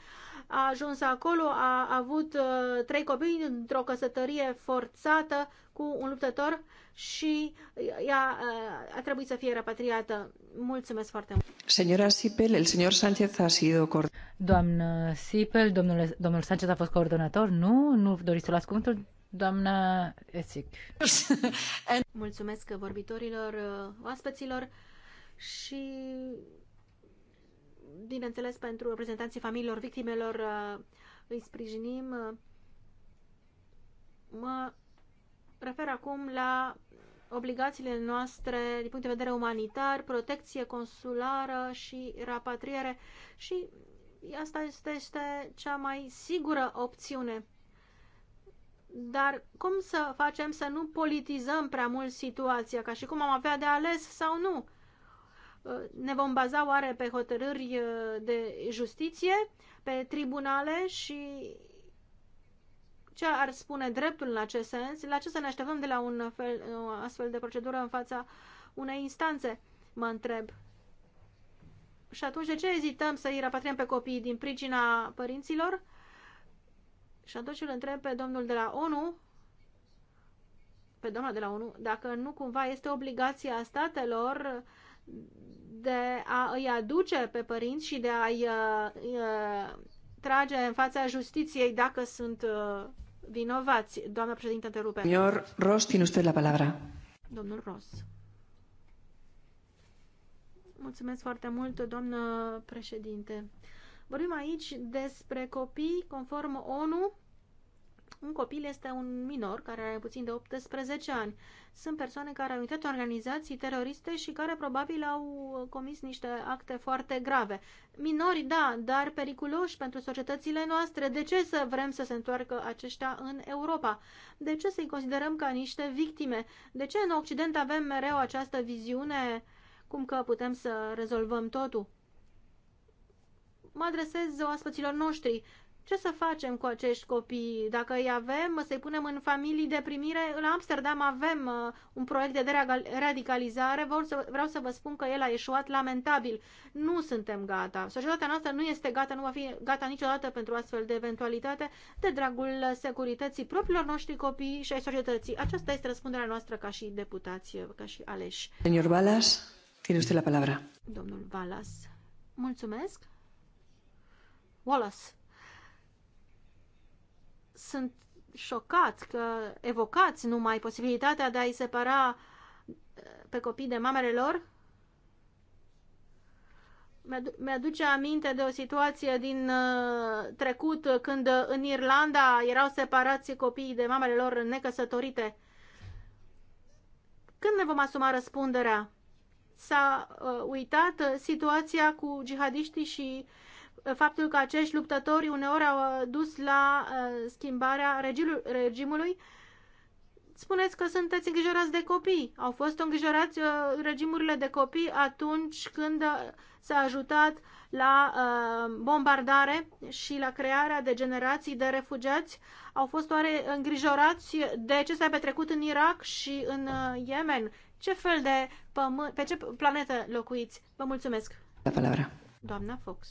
a ajuns acolo, a avut uh, trei copii într-o căsătorie forțată cu un luptător și ea uh, a trebuit să fie repatriată. Mulțumesc foarte mult. Señora Sipel, el señor Sánchez a sido Doamnă Sipel, domnule, domnul Sánchez a fost coordonator, nu? Nu doriți să luați cuvântul? Doamna Esic. (laughs) Mulțumesc vorbitorilor, oaspeților și, bineînțeles, pentru reprezentanții familiilor victimelor uh, îi sprijinim. Mă refer acum la obligațiile noastre din punct de vedere umanitar, protecție consulară și rapatriere și asta este, este cea mai sigură opțiune dar cum să facem să nu politizăm prea mult situația, ca și cum am avea de ales sau nu? Uh, ne vom baza oare pe hotărâri uh, de justiție, pe tribunale și ce ar spune dreptul în acest sens? La ce să ne așteptăm de la un fel, o astfel de procedură în fața unei instanțe? Mă întreb. Și atunci de ce ezităm să îi rapatriem pe copii din pricina părinților? Și atunci îl întreb pe domnul de la ONU, pe doamna de la ONU, dacă nu cumva este obligația statelor de a îi aduce pe părinți și de a-i uh, uh, trage în fața justiției dacă sunt uh, vinovați. Doamna președinte, întrerupe. Domnul Ross, tine usted la palabra. Domnul Ross. Mulțumesc foarte mult, doamnă președinte. Vorbim aici despre copii conform ONU. Un copil este un minor care are puțin de 18 ani. Sunt persoane care au intrat în organizații teroriste și care probabil au comis niște acte foarte grave. Minori, da, dar periculoși pentru societățile noastre. De ce să vrem să se întoarcă aceștia în Europa? De ce să-i considerăm ca niște victime? De ce în Occident avem mereu această viziune cum că putem să rezolvăm totul? mă adresez oaspeților noștri. Ce să facem cu acești copii? Dacă îi avem, să-i punem în familii de primire. În Amsterdam avem uh, un proiect de radicalizare. Vreau să, vă spun că el a ieșuat lamentabil. Nu suntem gata. Societatea noastră nu este gata, nu va fi gata niciodată pentru astfel de eventualitate de dragul securității propriilor noștri copii și ai societății. Aceasta este răspunderea noastră ca și deputați, uh, ca și aleși. Domnul Balas, tine la palabra. Domnul Balas, mulțumesc. Wallace. Sunt șocați că evocați numai posibilitatea de a-i separa eh, pe copii de mamele lor. Mi-aduce aminte de o situație din eh, trecut eh, când în Irlanda erau separați copiii de mamele lor necăsătorite. Când ne vom asuma răspunderea? S-a uitat situația cu jihadiștii și uh, faptul că acești luptători uneori au uh, dus la uh, schimbarea regimului. Spuneți că sunteți îngrijorați de copii. Au fost îngrijorați uh, regimurile de copii atunci când s-a ajutat la bombardare și la crearea de generații de refugiați. Au fost oare îngrijorați de ce s-a petrecut în Irak și în Yemen? Ce fel de pământ, pe ce planetă locuiți? Vă mulțumesc! La palabra. Doamna Fox.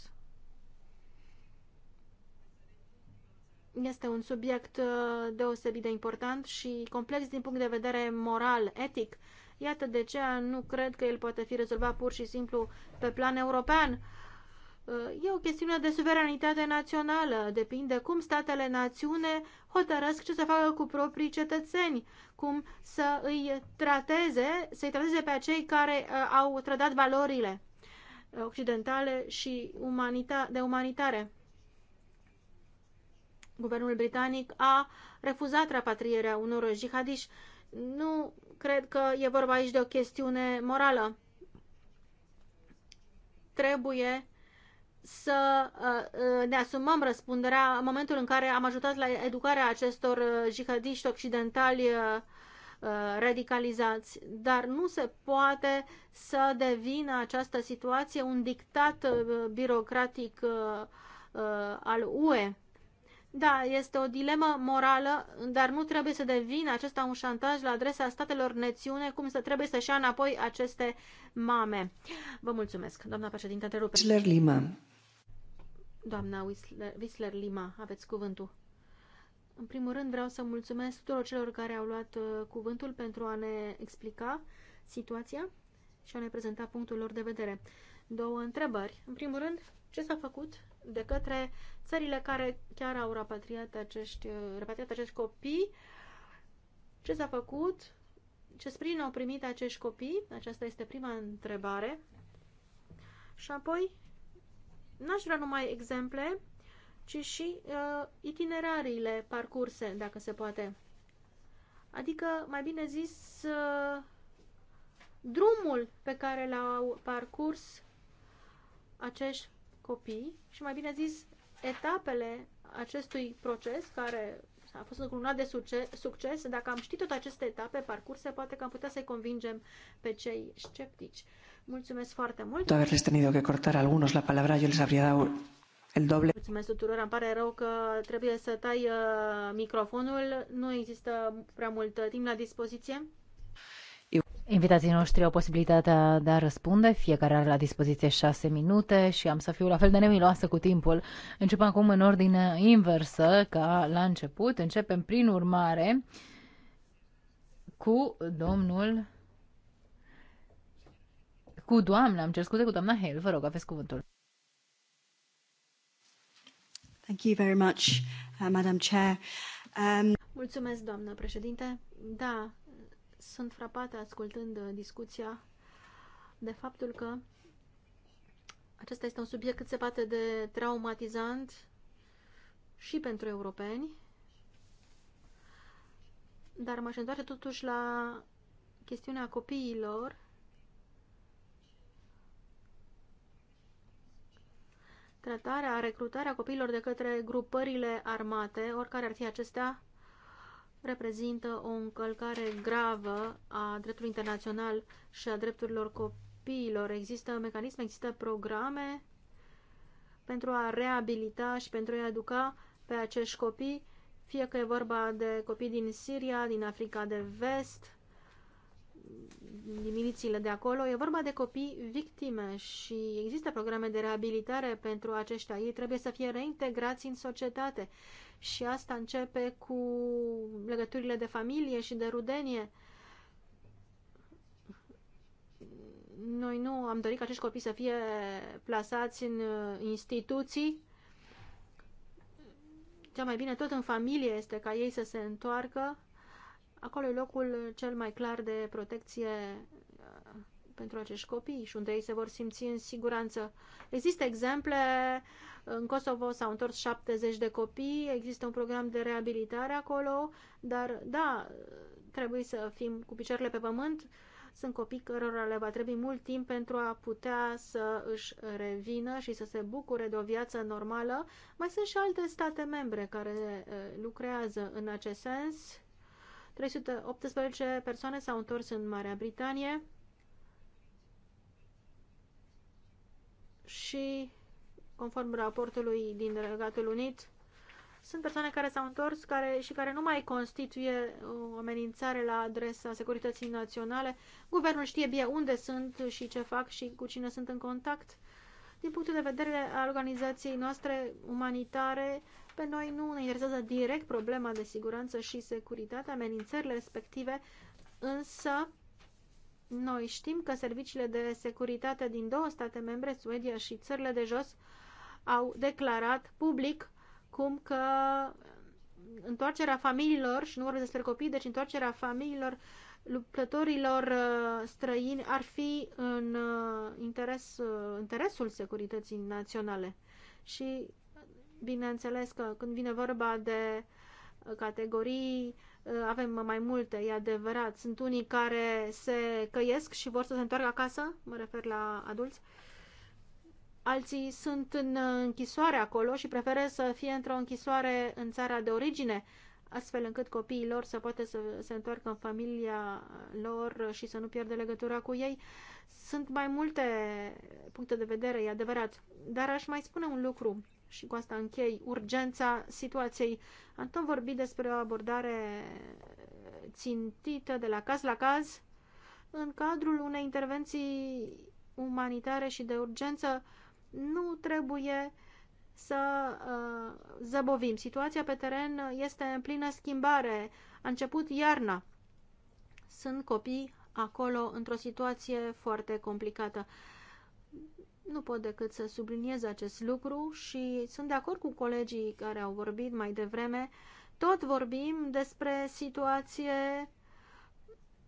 Este un subiect uh, deosebit de important și complex din punct de vedere moral, etic. Iată de ce nu cred că el poate fi rezolvat pur și simplu pe plan european. Uh, e o chestiune de suveranitate națională. Depinde cum statele națiune hotărăsc ce să facă cu proprii cetățeni, cum să îi trateze, să-i trateze pe acei care uh, au trădat valorile occidentale și umanita- de umanitare. Guvernul britanic a refuzat repatrierea unor jihadiști. Nu cred că e vorba aici de o chestiune morală. Trebuie să uh, ne asumăm răspunderea în momentul în care am ajutat la educarea acestor uh, jihadiști occidentali uh, radicalizați, dar nu se poate să devină această situație un dictat birocratic al UE. Da, este o dilemă morală, dar nu trebuie să devină acesta un șantaj la adresa statelor nețiune, cum să trebuie să-și ia înapoi aceste mame. Vă mulțumesc, doamna președinte, întrerupe. Whistler Lima. Doamna Whistler, Lima, aveți cuvântul. În primul rând vreau să mulțumesc tuturor celor care au luat uh, cuvântul pentru a ne explica situația și a ne prezenta punctul lor de vedere. Două întrebări. În primul rând, ce s-a făcut de către țările care chiar au repatriat acești, repatriat acești copii. Ce s-a făcut? Ce sprijin au primit acești copii? Aceasta este prima întrebare. Și apoi, n-aș vrea numai exemple, ci și uh, itinerariile parcurse, dacă se poate. Adică, mai bine zis, uh, drumul pe care l-au parcurs acești copii și, mai bine zis, etapele acestui proces care a fost încununat de succes, dacă am ști tot aceste etape parcurse, poate că am putea să-i convingem pe cei sceptici. Mulțumesc foarte mult! Haberles tenido que cortar algunos la palabra, yo les habría dado el doble. Mulțumesc tuturor, îmi pare rău că trebuie să tai uh, microfonul, nu există prea mult uh, timp la dispoziție. Invitații noștri au posibilitatea de a răspunde, fiecare are la dispoziție șase minute și am să fiu la fel de nemiloasă cu timpul. Încep acum în ordine inversă, ca la început. Începem prin urmare cu domnul cu doamna, am cer scuze, cu doamna Hale. Vă rog, aveți cuvântul. Thank you very much, uh, Madam Chair. Um... Mulțumesc, doamnă președinte. Da, sunt frapată ascultând uh, discuția de faptul că acesta este un subiect cât se poate de traumatizant și pentru europeni, dar m-aș întoarce totuși la chestiunea copiilor tratarea, recrutarea copiilor de către grupările armate, oricare ar fi acestea, reprezintă o încălcare gravă a dreptului internațional și a drepturilor copiilor. Există mecanisme, există programe pentru a reabilita și pentru a educa pe acești copii, fie că e vorba de copii din Siria, din Africa de Vest, din milițiile de acolo. E vorba de copii victime și există programe de reabilitare pentru aceștia. Ei trebuie să fie reintegrați în societate și asta începe cu legăturile de familie și de rudenie. Noi nu am dorit ca acești copii să fie plasați în uh, instituții. Cea mai bine tot în familie este ca ei să se întoarcă. Acolo e locul cel mai clar de protecție uh, pentru acești copii și unde ei se vor simți în siguranță. Există exemple uh, în Kosovo s-au întors 70 de copii, există un program de reabilitare acolo, dar da, trebuie să fim cu picioarele pe pământ. Sunt copii cărora le va trebui mult timp pentru a putea să își revină și să se bucure de o viață normală. Mai sunt și alte state membre care eh, lucrează în acest sens. 318 persoane s-au întors în Marea Britanie și conform raportului din Regatul Unit, sunt persoane care s-au întors care, și care nu mai constituie o amenințare la adresa securității naționale. Guvernul știe bine unde sunt și ce fac și cu cine sunt în contact. Din punctul de vedere al organizației noastre umanitare, pe noi nu ne interesează direct problema de siguranță și securitate, amenințările respective, însă noi știm că serviciile de securitate din două state membre, Suedia și țările de jos, au declarat public cum că întoarcerea familiilor, și nu vorbesc despre copii, deci întoarcerea familiilor luptătorilor uh, străini ar fi în uh, interes, uh, interesul securității naționale. Și bineînțeles că când vine vorba de categorii, avem mai multe, e adevărat. Sunt unii care se căiesc și vor să se întoarcă acasă, mă refer la adulți, alții sunt în uh, închisoare acolo și preferă să fie într-o închisoare în țara de origine, astfel încât copiii lor să poată să se întoarcă în familia lor și să nu pierde legătura cu ei. Sunt mai multe puncte de vedere, e adevărat, dar aș mai spune un lucru și cu asta închei, urgența situației. Am tot vorbit despre o abordare țintită de la caz la caz în cadrul unei intervenții umanitare și de urgență nu trebuie să uh, zăbovim. Situația pe teren este în plină schimbare. A început iarna. Sunt copii acolo într-o situație foarte complicată. Nu pot decât să subliniez acest lucru și sunt de acord cu colegii care au vorbit mai devreme. Tot vorbim despre situație,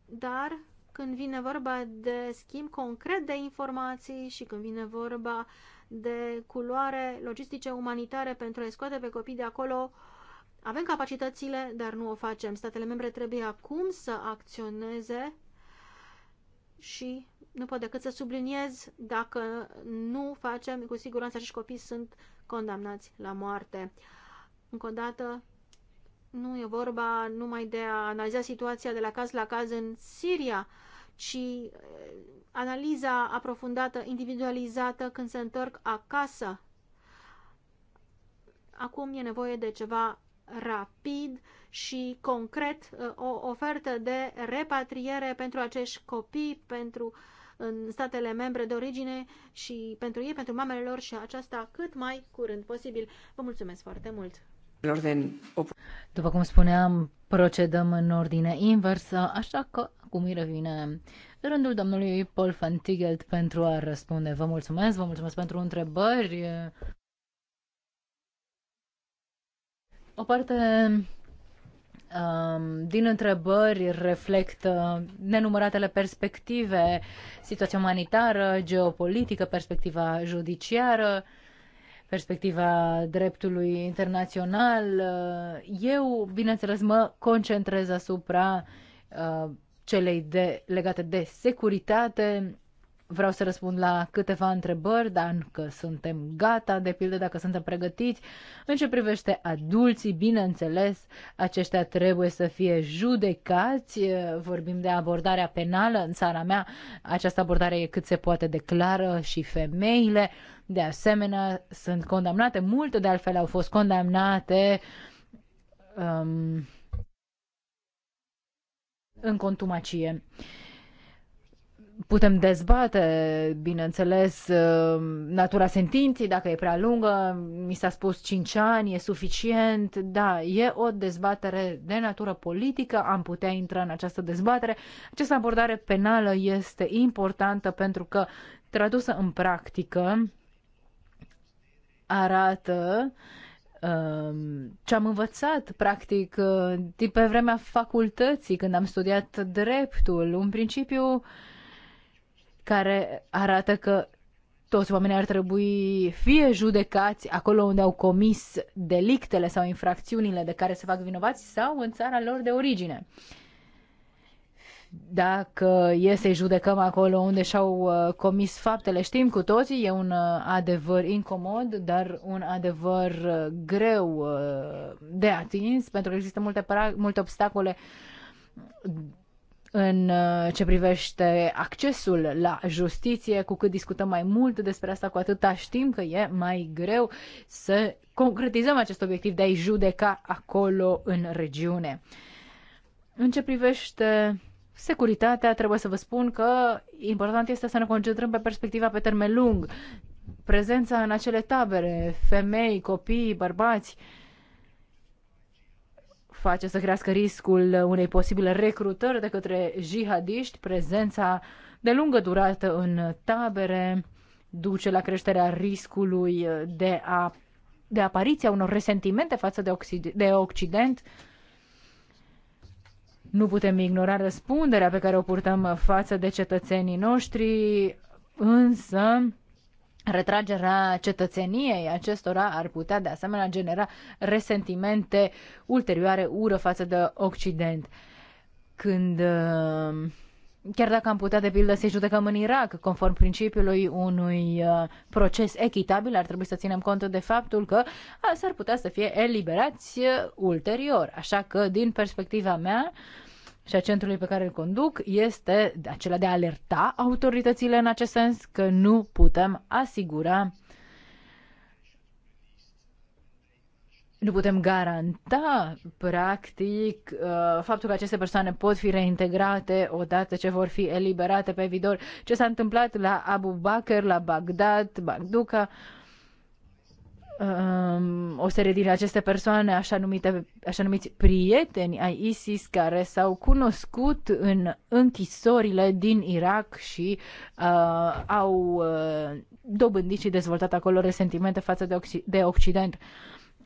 dar când vine vorba de schimb concret de informații și când vine vorba de culoare logistice umanitare pentru a scoate pe copii de acolo. Avem capacitățile, dar nu o facem. Statele membre trebuie acum să acționeze și nu pot decât să subliniez, dacă nu facem, cu siguranță acești copii sunt condamnați la moarte. Încă o dată, nu e vorba numai de a analiza situația de la caz la caz în Siria, ci analiza aprofundată, individualizată când se întorc acasă. Acum e nevoie de ceva rapid și concret, o ofertă de repatriere pentru acești copii, pentru în statele membre de origine și pentru ei, pentru mamele lor și aceasta cât mai curând posibil. Vă mulțumesc foarte mult! După cum spuneam, procedăm în ordine inversă, așa că acum îi revine rândul domnului Paul van Tigelt pentru a răspunde. Vă mulțumesc, vă mulțumesc pentru întrebări. O parte um, din întrebări reflectă nenumăratele perspective, situația umanitară, geopolitică, perspectiva judiciară perspectiva dreptului internațional. Uh, eu, bineînțeles, mă concentrez asupra uh, celei de, legate de securitate, Vreau să răspund la câteva întrebări, dar că suntem gata, de pildă dacă suntem pregătiți. În ce privește adulții, bineînțeles, aceștia trebuie să fie judecați. Vorbim de abordarea penală în țara mea. Această abordare e cât se poate declară și femeile. De asemenea, sunt condamnate, multe de altfel au fost condamnate um, în contumacie. Putem dezbate, bineînțeles, uh, natura sentinței, dacă e prea lungă, mi s-a spus 5 ani, e suficient, da, e o dezbatere de natură politică, am putea intra în această dezbatere. Această abordare penală este importantă pentru că, tradusă în practică, arată um, ce am învățat, practic, uh, de pe vremea facultății, când am studiat dreptul, un principiu uh, care arată că toți oamenii ar trebui fie judecați acolo unde au comis delictele sau infracțiunile de care se fac vinovați sau în țara lor de origine. Dacă e să-i judecăm acolo unde și-au uh, comis faptele, știm cu toții, e un uh, adevăr incomod, dar un adevăr uh, greu de atins, pentru că există multe, multe obstacole în uh, ce privește accesul la justiție, cu cât discutăm mai mult despre asta, cu atâta știm că e mai greu să concretizăm acest obiectiv de a-i judeca acolo în regiune. În ce privește securitatea, trebuie să vă spun că important este să ne concentrăm pe perspectiva pe termen lung. Prezența în acele tabere, femei, copii, bărbați, uh, face să crească riscul unei posibile recrutări de către jihadiști, prezența de lungă durată în tabere duce la creșterea riscului de, a, de apariția unor resentimente față de, Occid- de Occident. Nu putem ignora răspunderea pe care o purtăm față de cetățenii noștri, însă Retragerea cetățeniei acestora ar putea de asemenea genera resentimente ulterioare, ură față de Occident. Când uh, chiar dacă am putea de pildă să-i judecăm în Irak, conform principiului unui uh, proces echitabil, ar trebui să ținem cont de faptul că s-ar putea să fie eliberați uh, ulterior. Așa că, din perspectiva mea, uh, și a centrului pe care îl conduc este acela de a alerta autoritățile în acest sens că nu putem asigura nu putem garanta, practic, uh, faptul că aceste persoane pot fi reintegrate odată ce vor fi eliberate pe viitor. Ce s-a întâmplat la Abu Bakr, la Bagdad, Bagduca, um, o serie din aceste persoane, așa, numite, așa numiți prieteni ai ISIS, care s-au cunoscut în închisorile din Irak și uh, au uh, dobândit și dezvoltat acolo resentimente față de, Occ- de Occident. Uh,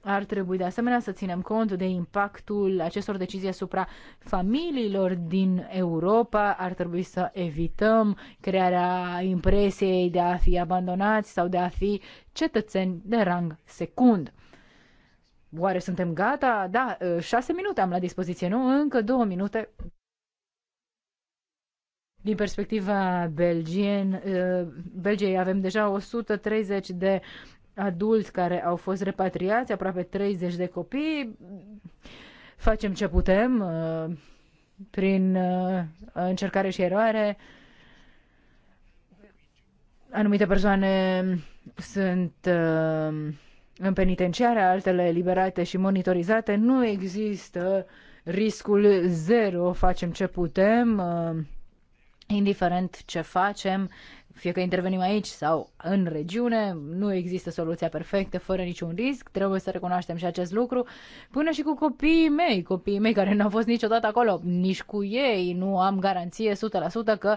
ar trebui de asemenea să ținem cont de impactul acestor decizii asupra familiilor din Europa. Ar trebui să evităm crearea impresiei de a fi abandonați sau de a fi cetățeni de rang secund. Oare suntem gata? Da, șase minute am la dispoziție, nu? Încă două minute. Din perspectiva belgien, eh, Belgiei avem deja 130 de adulți care au fost repatriați, aproape 30 de copii. Facem ce putem uh, prin uh, încercare și eroare. Anumite persoane sunt uh, în penitenciare, altele liberate și monitorizate. Nu există riscul zero, facem ce putem, indiferent ce facem, fie că intervenim aici sau în regiune, nu există soluția perfectă, fără niciun risc, trebuie să recunoaștem și acest lucru, până și cu copiii mei, copiii mei care nu au fost niciodată acolo, nici cu ei nu am garanție 100% că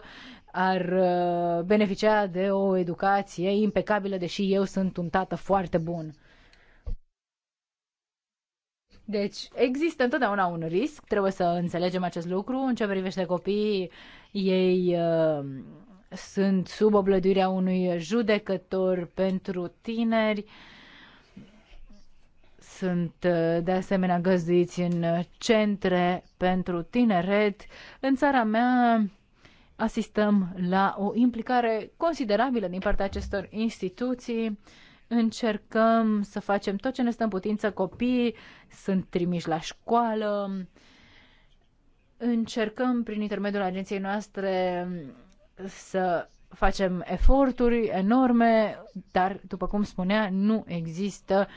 ar uh, beneficia de o educație impecabilă, deși eu sunt un tată foarte bun. Deci, există întotdeauna un risc, trebuie să înțelegem acest lucru. În ce privește copiii, ei uh, sunt sub oblădirea unui judecător pentru tineri, sunt uh, de asemenea găzduiți în centre pentru tineret. În țara mea asistăm la o implicare considerabilă din partea acestor instituții. Încercăm să facem tot ce ne stă în putință. Copiii sunt trimiși la școală. Încercăm prin intermediul agenției noastre să facem eforturi enorme, dar, după cum spunea, nu există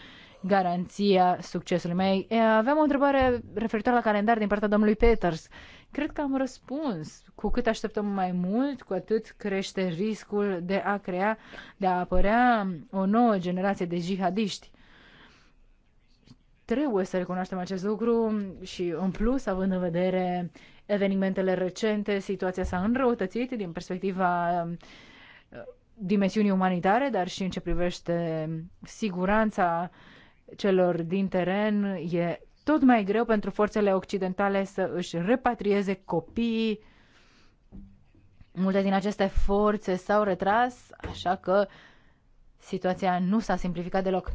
garanția succesului. Mai aveam o întrebare referitoare la calendar din partea domnului Peters. Cred că am răspuns. Cu cât așteptăm mai mult, cu atât crește riscul de a crea, de a apărea o nouă generație de jihadiști. Trebuie să recunoaștem acest lucru și, în plus, având în vedere evenimentele recente, situația s-a înrăutățit din perspectiva uh, dimensiunii umanitare, dar și în ce privește siguranța celor din teren, e tot mai greu pentru forțele occidentale să își repatrieze copiii. Multe din aceste forțe s-au retras, așa că situația nu s-a simplificat deloc.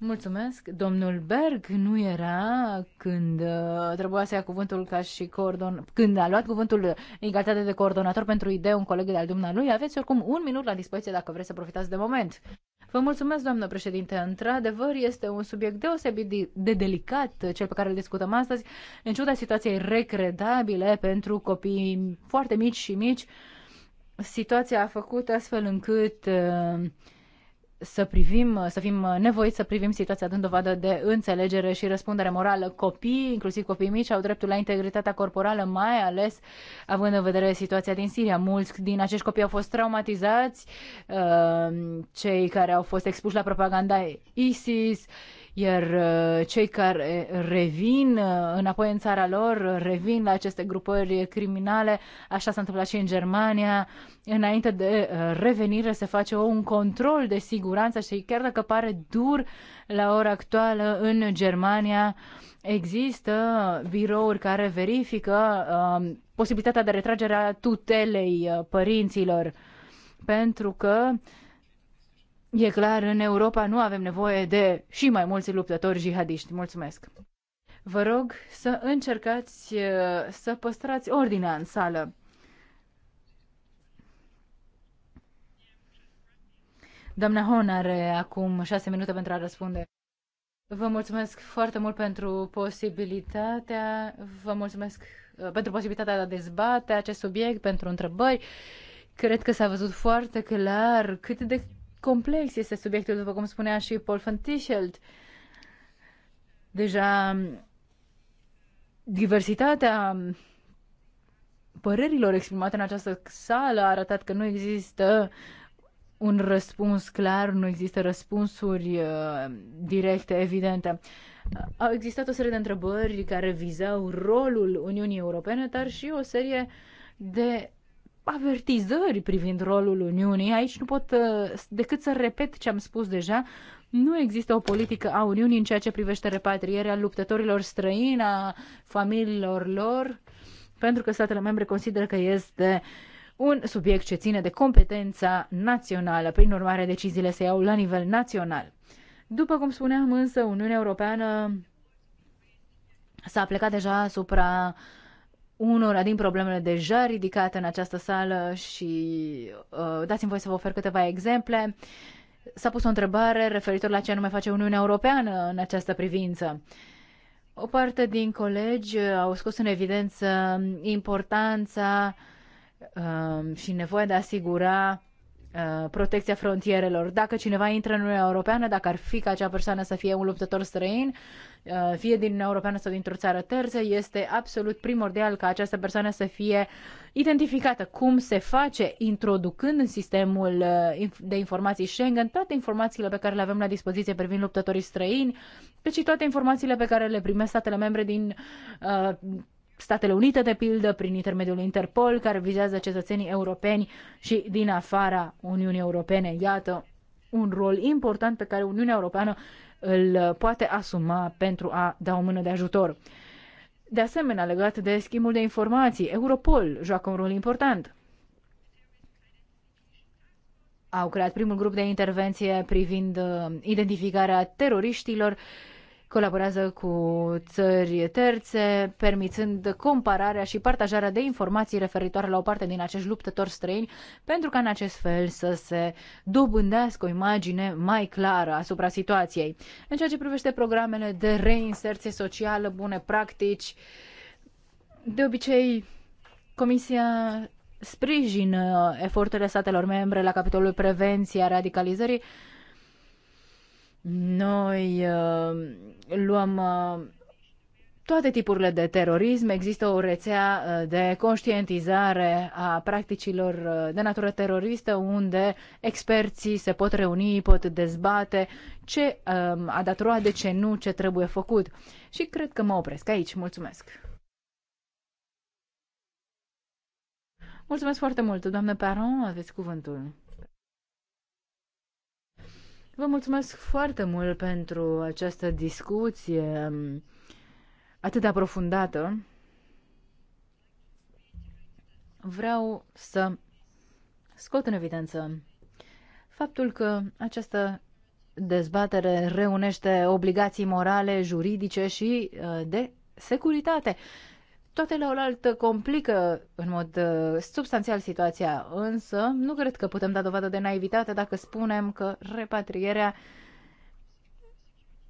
Mulțumesc. Domnul Berg nu era când uh, trebuia să ia cuvântul ca și coordon... când a luat cuvântul egalitate de coordonator pentru idee un coleg de-al dumnealui. Aveți oricum un minut la dispoziție dacă vreți să profitați de moment. Vă mulțumesc, doamnă președinte. Într-adevăr, este un subiect deosebit de delicat, cel pe care îl discutăm astăzi, în ciuda situației recredabile pentru copii foarte mici și mici. Situația a făcut astfel încât uh, să privim, uh, să fim uh, nevoiți să privim situația dând dovadă de înțelegere și răspundere morală. Copii, inclusiv copii mici, au dreptul la integritatea corporală, mai ales având în vedere situația din Siria. Mulți din acești copii au fost traumatizați, uh, cei care au fost expuși la propaganda ISIS, iar uh, cei care uh, revin uh, înapoi în țara lor, revin la aceste grupări criminale, așa s-a întâmplat și în Germania, înainte de revenire se face un control de siguranță și chiar dacă pare dur la ora actuală în Germania, există birouri care verifică uh, posibilitatea de retragere a tutelei părinților, pentru că uh, E clar, în Europa nu avem nevoie de și mai mulți luptători jihadiști. Mulțumesc! Vă rog să încercați uh, să păstrați ordinea în sală. Doamna Hon are acum șase minute pentru a răspunde. Vă mulțumesc foarte mult pentru posibilitatea, vă mulțumesc uh, pentru posibilitatea de a dezbate acest subiect, pentru întrebări. Cred că s-a văzut foarte clar cât de complex este subiectul, după cum spunea și Paul von Tichelt. Deja um, diversitatea um, părerilor exprimate în această sală a arătat că nu există un răspuns clar, nu există răspunsuri uh, directe, evidente. Au existat o serie de întrebări care vizau rolul Uniunii Europene, dar și o serie de avertizări privind rolul Uniunii. Aici nu pot uh, decât să repet ce am spus deja. Nu există o politică a Uniunii în ceea ce privește repatrierea luptătorilor străini, a familiilor lor, pentru că statele membre consideră că este un subiect ce ține de competența națională. Prin urmare, deciziile se iau la nivel național. După cum spuneam însă, Uniunea Europeană s-a plecat deja asupra uh, unora din problemele deja ridicate în această sală și uh, dați-mi voi să vă ofer câteva exemple. S-a pus o întrebare referitor la ce mai face Uniunea Europeană în această privință. O parte din colegi au scos în evidență importanța uh, și nevoia de a asigura Uh, protecția frontierelor. Dacă cineva intră în Uniunea Europeană, dacă ar fi ca acea persoană să fie un luptător străin, uh, fie din Uniunea Europeană sau dintr-o țară terță, este absolut primordial ca această persoană să fie identificată. Cum se face introducând în sistemul uh, de informații Schengen toate informațiile pe care le avem la dispoziție privind luptătorii străini, deci toate informațiile pe care le primesc statele membre din uh, Statele Unite, de pildă, prin intermediul Interpol, care vizează cetățenii europeni și din afara Uniunii Europene. Iată un rol important pe care Uniunea Europeană îl poate asuma pentru a da o mână de ajutor. De asemenea, legat de schimbul de informații, Europol joacă un rol important. Au creat primul grup de intervenție privind uh, identificarea teroriștilor colaborează cu țări terțe, permițând compararea și partajarea de informații referitoare la o parte din acești luptători străini, pentru ca în acest fel să se dobândească o imagine mai clară asupra situației. În ceea ce privește programele de reinserție socială, bune practici, de obicei, Comisia sprijină eforturile statelor membre la capitolul prevenției radicalizării, noi uh, luăm uh, toate tipurile de terorism, există o rețea uh, de conștientizare a practicilor uh, de natură teroristă unde experții se pot reuni, pot dezbate ce um, a dat roade, ce nu, ce trebuie făcut. Și cred că mă opresc aici. Mulțumesc! Mulțumesc foarte mult, doamnă Peron, aveți cuvântul. Vă mulțumesc foarte mult pentru această discuție um, atât de aprofundată. Vreau să scot în evidență faptul că această dezbatere reunește obligații morale, juridice și uh, de securitate. Toate la oaltă complică în mod uh, substanțial situația, însă nu cred că putem da dovadă de naivitate dacă spunem că repatrierea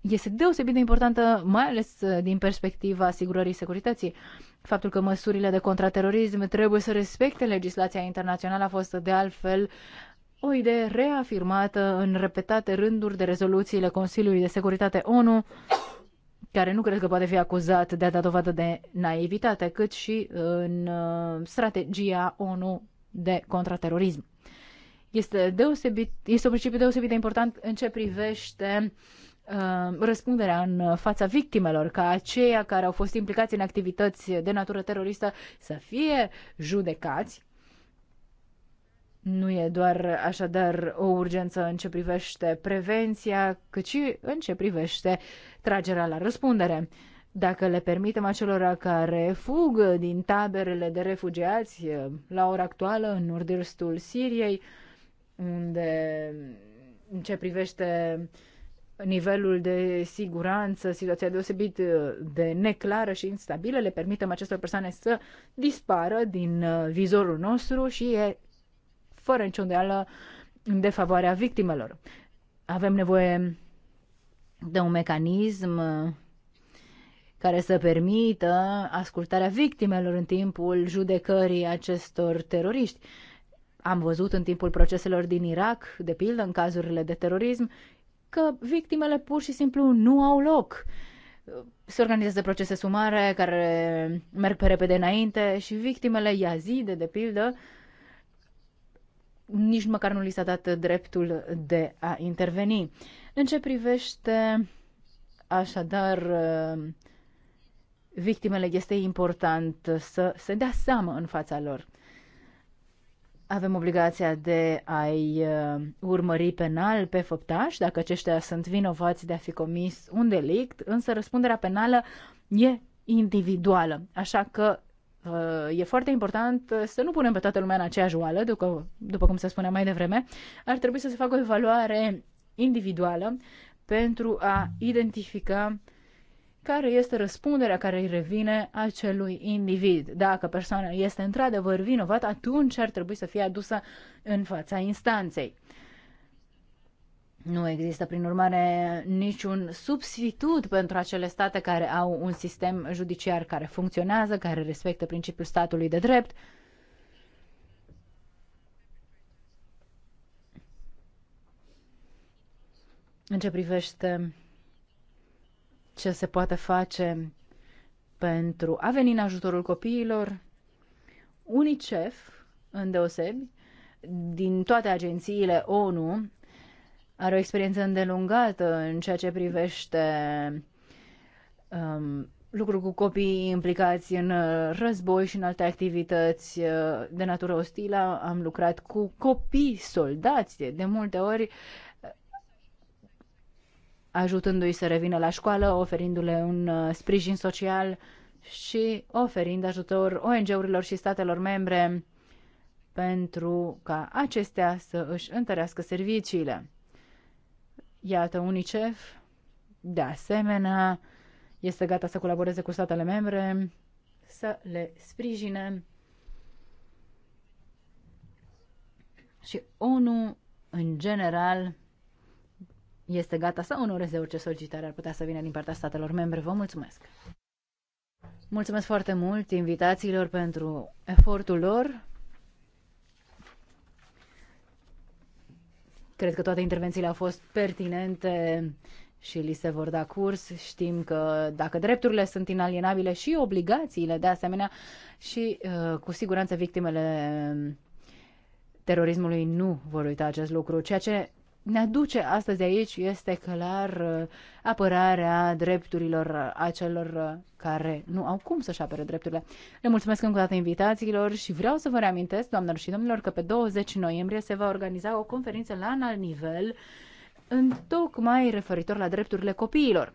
este deosebit de importantă, mai ales uh, din perspectiva asigurării securității. Faptul că măsurile de contraterorism trebuie să respecte legislația internațională a fost de altfel o idee reafirmată în repetate rânduri de rezoluțiile Consiliului de Securitate ONU care nu cred că poate fi acuzat de a da dovadă de naivitate, cât și în uh, strategia ONU de contraterorism. Este, deosebit, este un principiu deosebit de important în ce privește uh, răspunderea în fața victimelor, ca aceia care au fost implicați în activități de natură teroristă să fie judecați nu e doar așadar o urgență în ce privește prevenția, cât și în ce privește tragerea la răspundere. Dacă le permitem acelora care fug din taberele de refugiați eh, la ora actuală în nord-estul Siriei, unde în ce privește nivelul de siguranță, situația deosebit eh, de neclară și instabilă, le permitem acestor persoane să dispară din eh, vizorul nostru și e fără nicio îndoială în defavoarea victimelor. Avem nevoie de un mecanism uh, care să permită ascultarea victimelor în timpul judecării acestor teroriști. Am văzut în timpul proceselor din Irak, de pildă în cazurile de terorism, că victimele pur și simplu nu au loc. Se organizează procese sumare care merg pe repede înainte și victimele Yazide, de pildă, nici măcar nu li s-a dat dreptul de a interveni. În ce privește așadar victimele, este important să se dea seama în fața lor. Avem obligația de a-i uh, urmări penal pe făptași dacă aceștia sunt vinovați de a fi comis un delict, însă răspunderea penală e individuală, așa că Uh, e foarte important să nu punem pe toată lumea în aceeași oală, după, după cum se spunea mai devreme, ar trebui să se facă o evaluare individuală pentru a identifica care este răspunderea care îi revine acelui individ. Dacă persoana este într-adevăr vinovată, atunci ar trebui să fie adusă în fața instanței. Nu există, prin urmare, niciun substitut pentru acele state care au un sistem judiciar care funcționează, care respectă principiul statului de drept. În ce privește ce se poate face pentru a veni în ajutorul copiilor, UNICEF, îndeosebi, din toate agențiile ONU, are o experiență îndelungată în ceea ce privește um, lucruri cu copii implicați în uh, război și în alte activități uh, de natură ostilă. Am lucrat cu copii, soldați, de multe ori uh, ajutându-i să revină la școală, oferindu-le un sprijin social și oferind ajutor ONG-urilor și statelor membre pentru ca acestea să își întărească serviciile. Iată, UNICEF, de asemenea, este gata să colaboreze cu statele membre, să le sprijine. Și ONU, în general, este gata să onoreze orice solicitare ar putea să vină din partea statelor membre. Vă mulțumesc! Mulțumesc foarte mult invitațiilor pentru efortul lor. Cred că toate intervențiile au fost pertinente și li se vor da curs. Știm că dacă drepturile sunt inalienabile și obligațiile de asemenea și uh, cu siguranță victimele terorismului nu vor uita acest lucru, ceea ce ne aduce astăzi aici este clar apărarea drepturilor acelor care nu au cum să-și apere drepturile. Le mulțumesc încă o dată invitațiilor și vreau să vă reamintesc, doamnelor și domnilor, că pe 20 noiembrie se va organiza o conferință la înalt nivel în tocmai referitor la drepturile copiilor.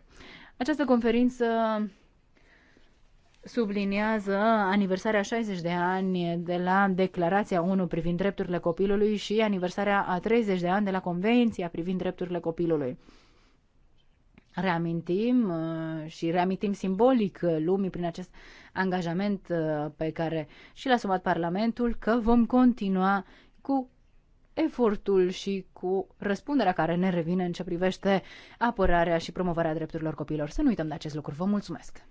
Această conferință subliniază aniversarea 60 de ani de la Declarația 1 privind drepturile copilului și aniversarea a 30 de ani de la Convenția privind drepturile copilului. Reamintim uh, și reamintim simbolic lumii prin acest angajament uh, pe care și l-a asumat Parlamentul că vom continua cu efortul și cu răspunderea care ne revine în ce privește apărarea și promovarea drepturilor copiilor. Să nu uităm de acest lucru. Vă mulțumesc!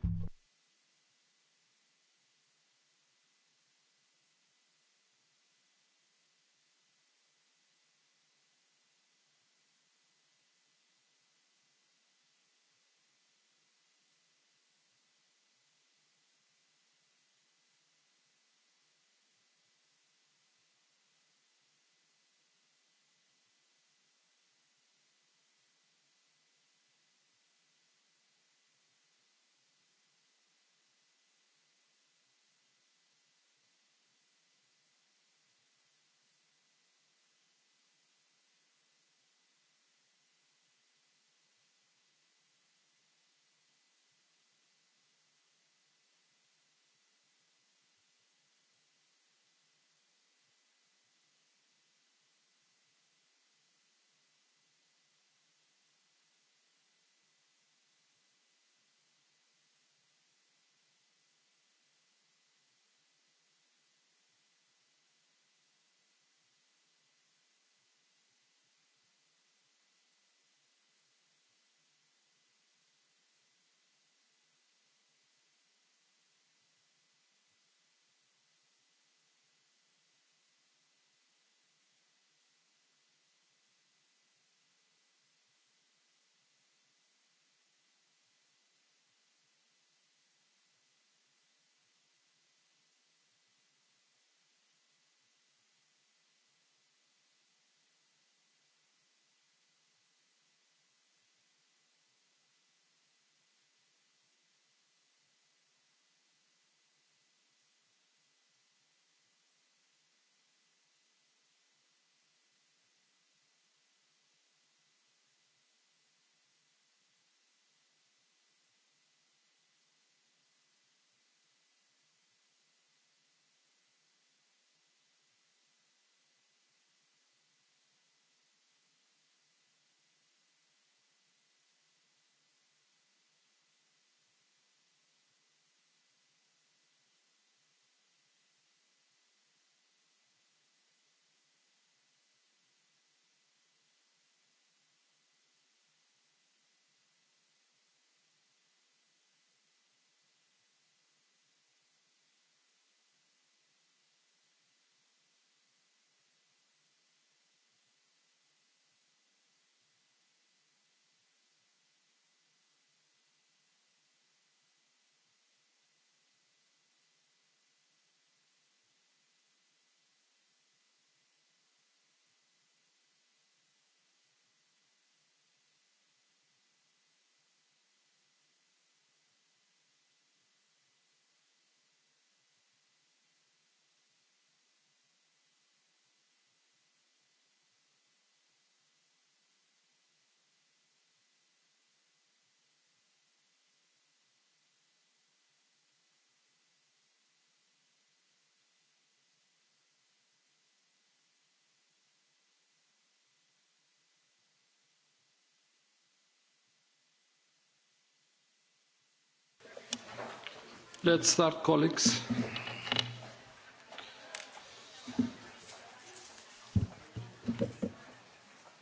Let's start, colleagues.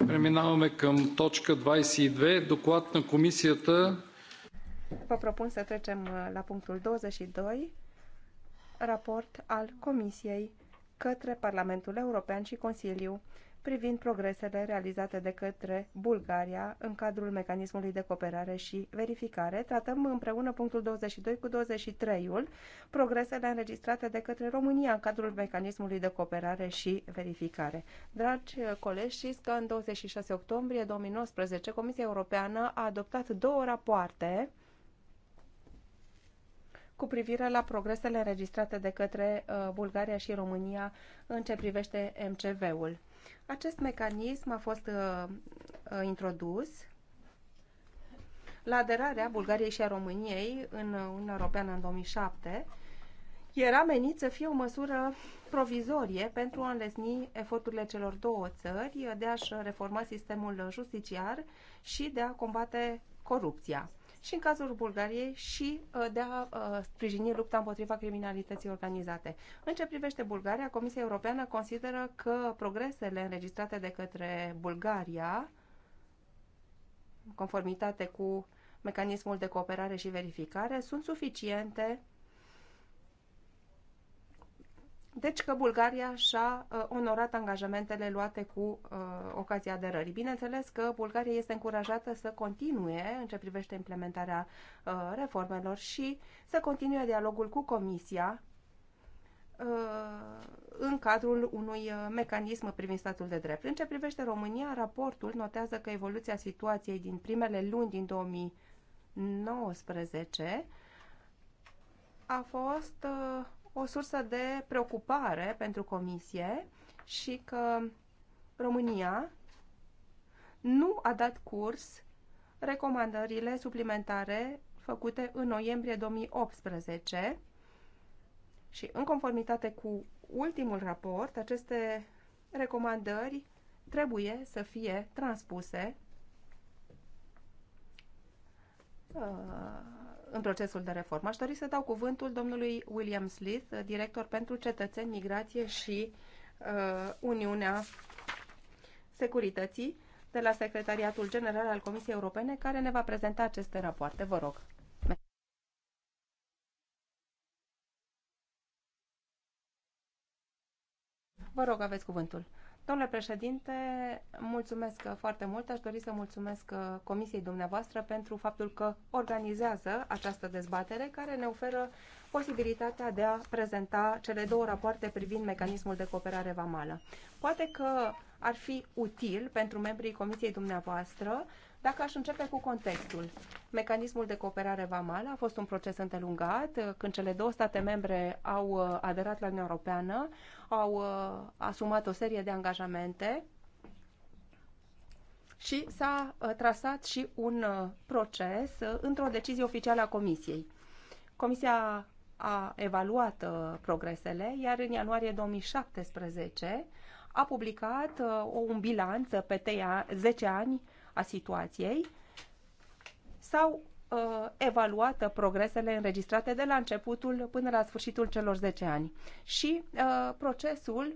Преминаваме към точка 22, доклад на комисията. Vă propun să trecem la punctul 22, raport al Comisiei către Parlamentul European și Consiliu privind progresele realizate de către Bulgaria în cadrul mecanismului de cooperare și verificare. Tratăm împreună punctul 22 cu 23-ul, progresele înregistrate de către România în cadrul mecanismului de cooperare și verificare. Dragi uh, colegi, știți că în 26 octombrie 2019 Comisia Europeană a adoptat două rapoarte cu privire la progresele înregistrate de către uh, Bulgaria și România în ce privește MCV-ul. Acest mecanism a fost uh, uh, introdus la aderarea Bulgariei și a României în Uniunea Europeană în 2007 era menit să fie o măsură provizorie pentru a înlesni eforturile celor două țări de a-și reforma sistemul justiciar și de a combate corupția și în cazul Bulgariei și uh, de a uh, sprijini lupta împotriva criminalității organizate. În ce privește Bulgaria, Comisia Europeană consideră că progresele înregistrate de către Bulgaria, în conformitate cu mecanismul de cooperare și verificare, sunt suficiente deci că Bulgaria și-a uh, onorat angajamentele luate cu uh, ocazia aderării. Bineînțeles că Bulgaria este încurajată să continue în ce privește implementarea uh, reformelor și să continue dialogul cu Comisia uh, în cadrul unui uh, mecanism privind statul de drept. În ce privește România, raportul notează că evoluția situației din primele luni din 2019 a fost uh, o sursă de preocupare pentru Comisie și că România nu a dat curs recomandările suplimentare făcute în noiembrie 2018 și în conformitate cu ultimul raport, aceste recomandări trebuie să fie transpuse uh, în procesul de reformă. Aș dori să dau cuvântul domnului William Smith, director pentru cetățeni, migrație și uh, Uniunea Securității de la Secretariatul General al Comisiei Europene, care ne va prezenta aceste rapoarte. Vă rog. Vă rog, aveți cuvântul. Domnule președinte, mulțumesc foarte mult. Aș dori să mulțumesc comisiei dumneavoastră pentru faptul că organizează această dezbatere care ne oferă posibilitatea de a prezenta cele două rapoarte privind mecanismul de cooperare vamală. Poate că ar fi util pentru membrii comisiei dumneavoastră dacă aș începe cu contextul, mecanismul de cooperare vamală a fost un proces întelungat uh, Când cele două state membre au uh, aderat la Uniunea Europeană, au uh, asumat o serie de angajamente și s-a trasat și un proces într-o decizie oficială a Comisiei. Comisia a evaluat progresele, iar în ianuarie 2017 a publicat un bilanț pe 10 ani a situației sau uh, evaluată progresele înregistrate de la începutul până la sfârșitul celor 10 ani. Și uh, procesul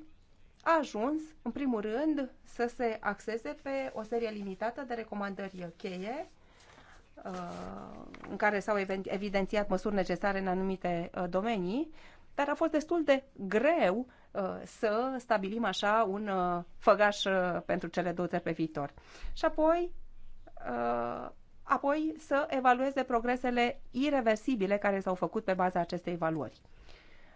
a ajuns, în primul rând, să se axeze pe o serie limitată de recomandări cheie, uh, în care s-au evidențiat măsuri necesare în anumite uh, domenii, dar a fost destul de greu Uh, să stabilim așa un uh, făgaș uh, pentru cele două țări pe viitor. Și apoi apoi să evalueze progresele irreversibile care s-au făcut pe baza acestei evaluări.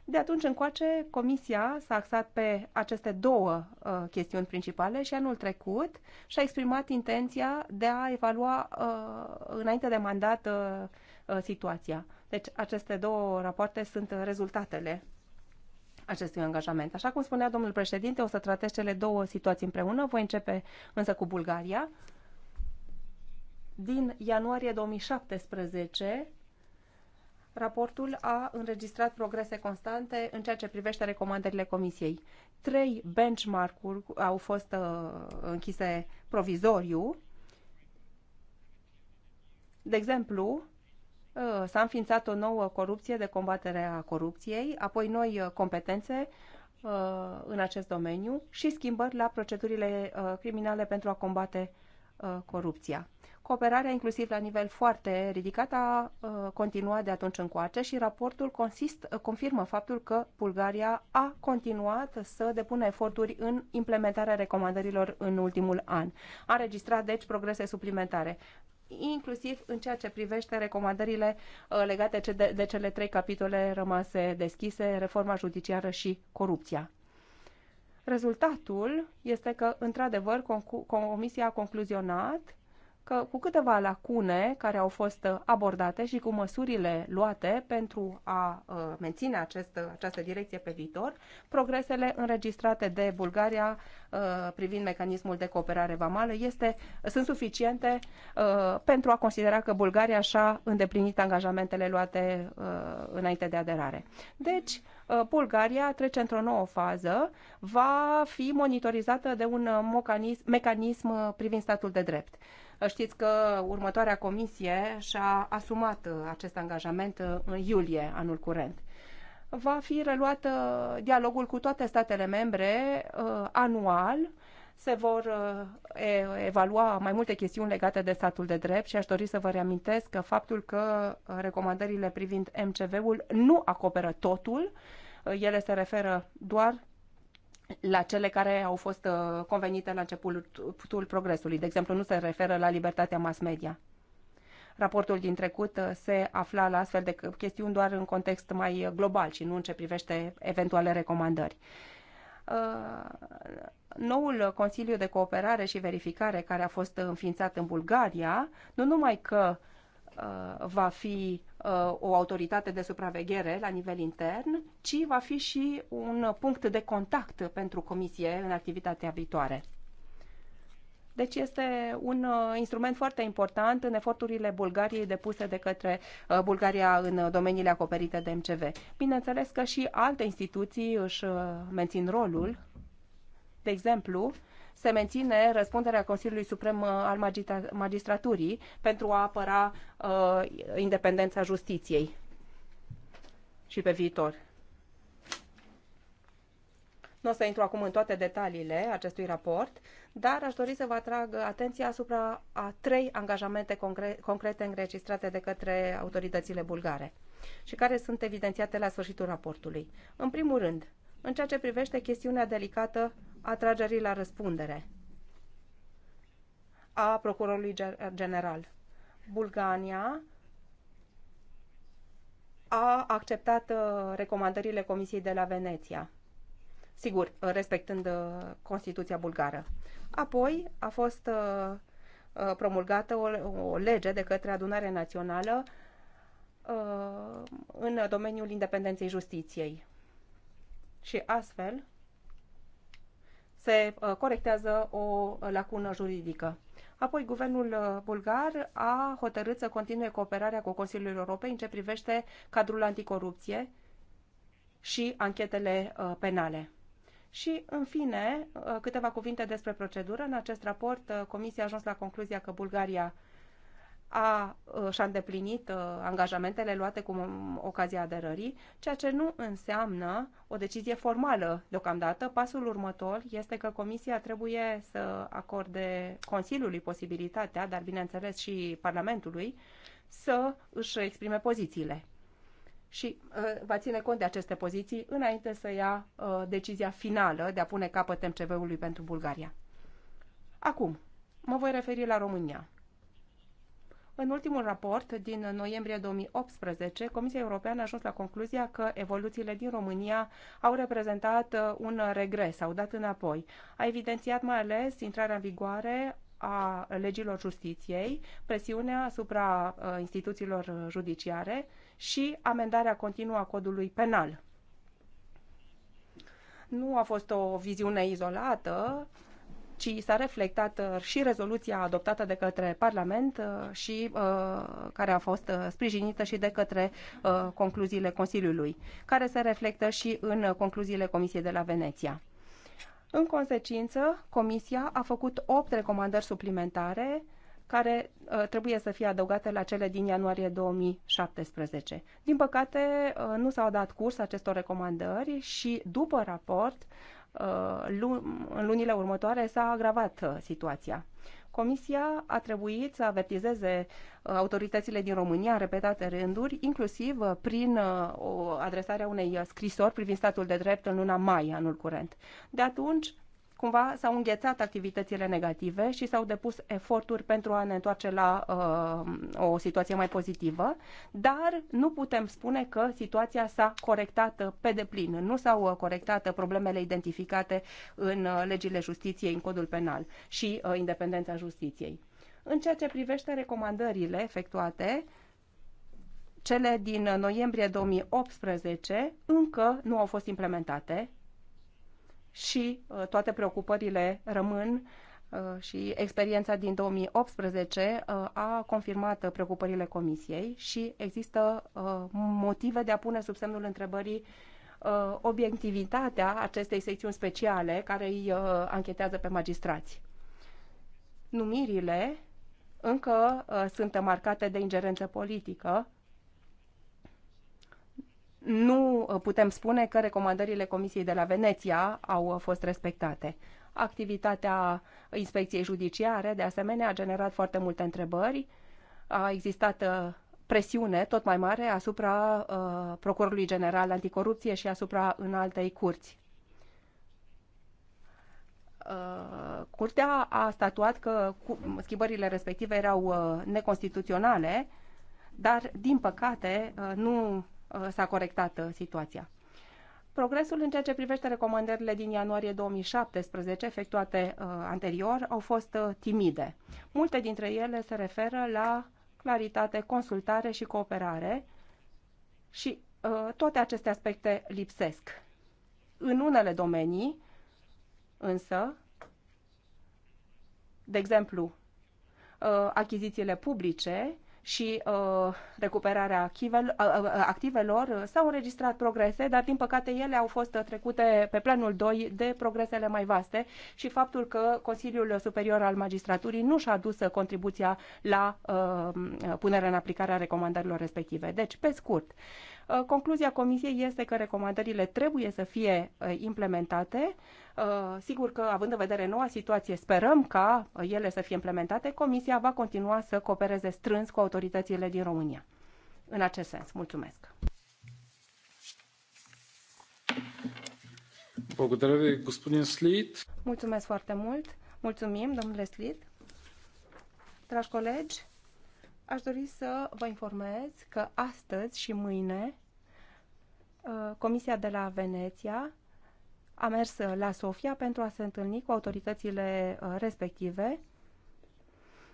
De atunci încoace, Comisia s-a axat pe aceste două uh, chestiuni principale și anul trecut și-a exprimat intenția de a evalua uh, înainte de mandat uh, situația. Deci aceste două rapoarte sunt rezultatele acestui angajament. Așa cum spunea domnul președinte, o să tratez cele două situații împreună. Voi începe însă cu Bulgaria. Din ianuarie 2017, raportul a înregistrat progrese constante în ceea ce privește recomandările Comisiei. Trei benchmark-uri au fost uh, închise provizoriu. De exemplu, Uh, s-a înființat o nouă corupție de combatere a corupției, apoi noi uh, competențe uh, în acest domeniu și schimbări la procedurile criminale pentru a combate corupția. Cooperarea, inclusiv la nivel foarte ridicat, a continuat de atunci încoace și raportul consist, confirmă faptul că Bulgaria a continuat să depună eforturi în implementarea recomandărilor în ultimul an. A registrat, deci, progrese suplimentare inclusiv în ceea ce privește recomandările uh, legate de cele trei capitole rămase deschise, reforma judiciară și corupția. Rezultatul este că, într-adevăr, Comisia a concluzionat că cu câteva lacune care au fost uh, abordate și cu măsurile luate pentru a uh, menține acest, uh, această direcție pe viitor, progresele înregistrate de Bulgaria privind mecanismul de cooperare vamală este, sunt suficiente pentru a considera că Bulgaria și-a îndeplinit angajamentele luate înainte de aderare. Deci, Bulgaria trece într-o nouă fază, va fi monitorizată de un mecanism, mecanism privind statul de drept. Știți că următoarea comisie și-a asumat uh, acest angajament uh, în iulie anul curent va fi reluat uh, dialogul cu toate statele membre anual. Se vor evalua mai multe chestiuni legate de statul de drept și aș dori să vă reamintesc că faptul că recomandările privind MCV-ul nu acoperă totul, ele se referă doar la cele care au fost uh, convenite la începutul progresului. De exemplu, nu se referă la libertatea mass media. Raportul din trecut uh, se afla la astfel de chestiuni doar în context mai uh, global și nu în ce privește eventuale recomandări. Noul Consiliu de Cooperare și Verificare care a fost înființat în Bulgaria, nu numai că va fi Uh, o autoritate de supraveghere la nivel intern, ci va fi și un punct de contact pentru comisie în activitatea viitoare. Deci este un uh, instrument foarte important în eforturile Bulgariei depuse de către uh, Bulgaria în domeniile acoperite de MCV. Bineînțeles că și alte instituții își mențin rolul. De exemplu, se menține răspunderea Consiliului Suprem uh, al Magistraturii pentru a apăra uh, independența justiției și pe viitor. Nu o să intru acum în toate detaliile acestui raport, dar aș dori să vă atrag atenția asupra a trei angajamente concre concrete înregistrate de către autoritățile bulgare și care sunt evidențiate la sfârșitul raportului. În primul rând, în ceea ce privește chestiunea delicată atragerii la răspundere a procurorului general. Bulgaria a acceptat uh, recomandările Comisiei de la Veneția, sigur, uh, respectând uh, Constituția bulgară. Apoi a fost promulgată o, o lege de către adunare națională în domeniul independenței justiției. Și astfel, se uh, corectează o lacună juridică. Apoi, guvernul uh, bulgar a hotărât să continue cooperarea cu Consiliul Europei în ce privește cadrul anticorupție și anchetele uh, penale. Și, în fine, câteva cuvinte despre procedură. În acest raport, Comisia a ajuns la concluzia că Bulgaria a, uh, și-a îndeplinit uh, angajamentele luate cu um, ocazia aderării, ceea ce nu înseamnă o decizie formală deocamdată. Pasul următor este că Comisia trebuie să acorde Consiliului posibilitatea, dar bineînțeles și Parlamentului, să își exprime pozițiile. Și uh, va ține cont de aceste poziții înainte să ia uh, decizia finală de a pune capăt MCV-ului pentru Bulgaria. Acum, mă voi referi la România. În ultimul raport din noiembrie 2018, Comisia Europeană a ajuns la concluzia că evoluțiile din România au reprezentat uh, un regres, au dat înapoi. A evidențiat mai ales intrarea în vigoare a legilor justiției, presiunea asupra uh, instituțiilor judiciare și amendarea continuă a codului penal nu a fost o viziune izolată, ci s-a reflectat uh, și rezoluția adoptată de către Parlament uh, și uh, care a fost sprijinită și de către concluziile Consiliului, care se reflectă și în concluziile Comisiei de la Veneția. În consecință, Comisia a făcut 8 recomandări suplimentare care uh, trebuie să fie adăugate la cele din ianuarie 2017. Din păcate, uh, nu s-au dat curs acestor recomandări și după raport Uh, în lunile următoare s-a agravat uh, situația. Comisia a trebuit să avertizeze uh, autoritățile din România în repetate rânduri, inclusiv prin adresarea unei scrisori privind statul de drept în luna mai anul curent. De atunci, cumva s-au înghețat activitățile negative și s-au depus eforturi pentru a ne întoarce la uh, o situație mai pozitivă, dar nu putem spune că situația s-a corectat pe deplin. Nu s-au uh, corectat problemele identificate în uh, legile justiției, în codul penal și uh, independența justiției. În ceea ce privește recomandările efectuate, cele din noiembrie 2018 încă nu au fost implementate și uh, toate preocupările rămân uh, și experiența din 2018 uh, a confirmat preocupările comisiei și există motive de a pune sub semnul întrebării obiectivitatea acestei secțiuni speciale care îi anchetează pe magistrați. Numirile încă sunt marcate de ingerență politică nu uh, putem spune că recomandările Comisiei de la Veneția au uh, fost respectate. Activitatea inspecției judiciare, de asemenea, a generat foarte multe întrebări. A existat uh, presiune tot mai mare asupra uh, Procurorului General Anticorupție și asupra înaltei curți. curtea a statuat că schimbările respective erau neconstituționale, dar, din păcate, nu Uh, s-a corectat uh, situația. Progresul în ceea ce privește recomandările din ianuarie 2017 efectuate uh, anterior au fost uh, timide. Multe dintre ele se referă la claritate, consultare și cooperare și uh, toate aceste aspecte lipsesc. În unele domenii, însă, de exemplu, uh, achizițiile publice, și uh, recuperarea uh, uh, uh, activelor s-au înregistrat progrese, dar din păcate ele au fost trecute pe planul 2 de progresele mai vaste și faptul că Consiliul Superior al Magistraturii nu și-a adus contribuția la uh, punerea în aplicare a recomandărilor respective. Deci, pe scurt, uh, concluzia Comisiei este că recomandările trebuie să fie implementate, Uh, sigur că, având în vedere noua situație, sperăm ca ele să fie implementate. Comisia va continua să coopereze strâns cu autoritățile din România. În acest sens, mulțumesc. Mulțumesc foarte mult. Mulțumim, domnule Slit. Dragi colegi, aș dori să vă informez că astăzi și mâine uh, Comisia de la Veneția a mers uh, la Sofia pentru a se întâlni cu autoritățile uh, respective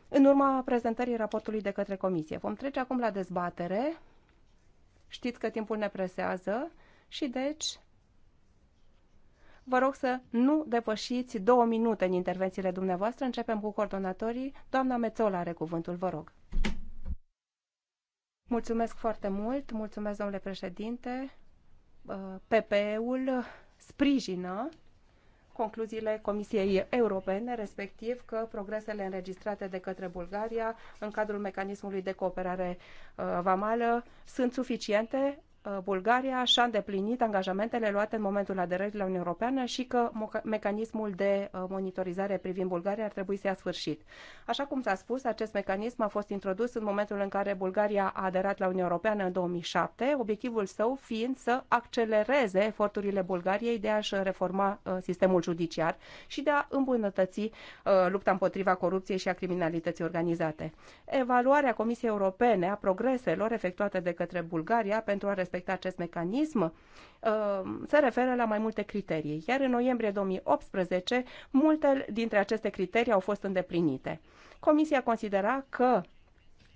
în urma prezentării raportului de către comisie. Vom trece acum la dezbatere. Știți că timpul ne presează și deci vă rog să nu depășiți două minute în intervențiile dumneavoastră. Începem cu coordonatorii. Doamna Mețola are cuvântul, vă rog. Mulțumesc foarte mult, mulțumesc domnule președinte. Uh, PPE-ul sprijină concluziile Comisiei Europene, respectiv că progresele înregistrate de către Bulgaria în cadrul mecanismului de cooperare uh, vamală sunt suficiente Uh, Bulgaria și-a îndeplinit angajamentele luate în momentul aderării la Uniunea Europeană și că mecanismul de uh, monitorizare privind Bulgaria ar trebui să ia sfârșit. Așa cum s-a spus, acest mecanism a fost introdus în momentul în care Bulgaria a aderat la Uniunea Europeană în 2007, obiectivul său fiind să accelereze eforturile Bulgariei de a-și reforma uh, sistemul judiciar și de a îmbunătăți lupta împotriva corupției și a criminalității organizate. Evaluarea Comisiei Europene a progreselor efectuate de către Bulgaria pentru a respecta respecta acest mecanism uh, se referă la mai multe criterii, iar în noiembrie 2018 multe dintre aceste criterii au fost îndeplinite. Comisia considera că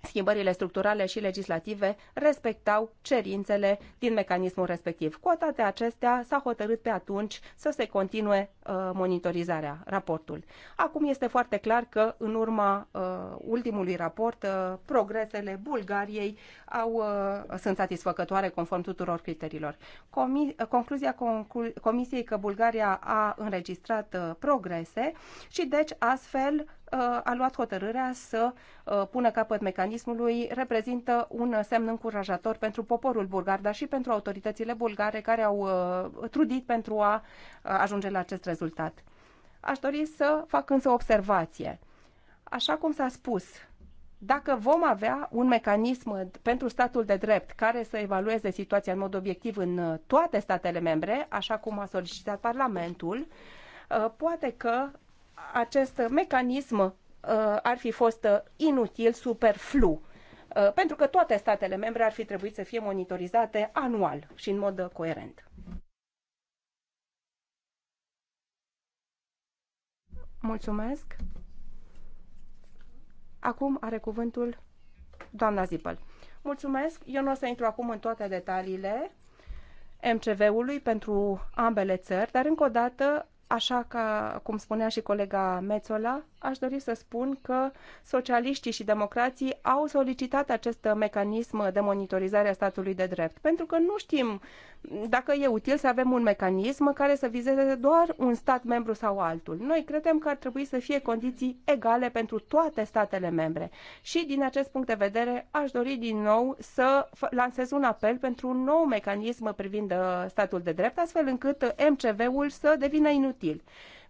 Schimbările structurale și legislative respectau cerințele din mecanismul respectiv. Cu toate acestea, s-a hotărât pe atunci să se continue Uh, monitorizarea, raportul. Acum este foarte clar că în urma uh, ultimului raport uh, progresele Bulgariei au, sunt satisfăcătoare conform tuturor criteriilor. Comi concluzia conclu Comisiei că Bulgaria a înregistrat progrese și deci astfel a luat hotărârea să pună capăt mecanismului reprezintă un semn încurajator pentru poporul bulgar, dar și pentru autoritățile bulgare care au trudit pentru a ajunge la acest rezultat rezultat. Aș dori să fac însă o observație. Așa cum s-a spus, dacă vom avea un mecanism pentru statul de drept care să evalueze situația în mod obiectiv în uh, toate statele membre, așa cum a solicitat Parlamentul, uh, poate că acest mecanism uh, ar fi fost inutil, superflu, pentru că toate statele membre ar fi trebuit să fie monitorizate anual și în mod coerent. Mulțumesc. Acum are cuvântul doamna Zipăl. Mulțumesc. Eu nu o să intru acum în toate detaliile MCV-ului pentru ambele țări, dar încă o dată Așa ca, cum spunea și colega Mețola, aș dori să spun că socialiștii și democrații au solicitat acest mecanism de monitorizare a statului de drept, pentru că nu știm dacă e util să avem un mecanism care să vizeze doar un stat membru sau altul. Noi credem că ar trebui să fie condiții egale pentru toate statele membre. Și din acest punct de vedere, aș dori din nou să lansez un apel pentru un nou mecanism privind uh, statul de drept, astfel încât MCV-ul să devină inutil util.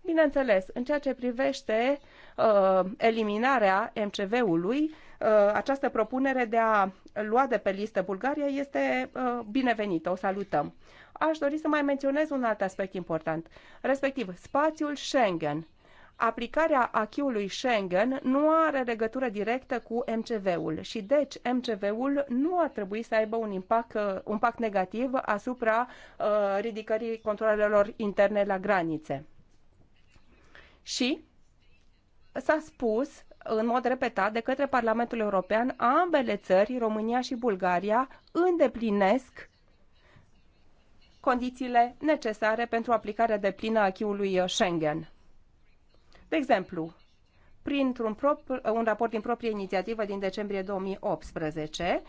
Bineînțeles, în ceea ce privește uh, eliminarea MCV-ului, uh, această propunere de a lua de pe listă Bulgaria este uh, binevenită, o salutăm. Aș dori să mai menționez un alt aspect important, respectiv spațiul Schengen aplicarea achiului Schengen nu are legătură directă cu MCV-ul și deci MCV-ul nu ar trebui să aibă un impact, un impact negativ asupra uh, ridicării controlelor interne la granițe. Și s-a spus în mod repetat de către Parlamentul European, ambele țări, România și Bulgaria, îndeplinesc condițiile necesare pentru aplicarea deplină a acquis Schengen. De exemplu, printr-un un raport din proprie inițiativă din decembrie 2018,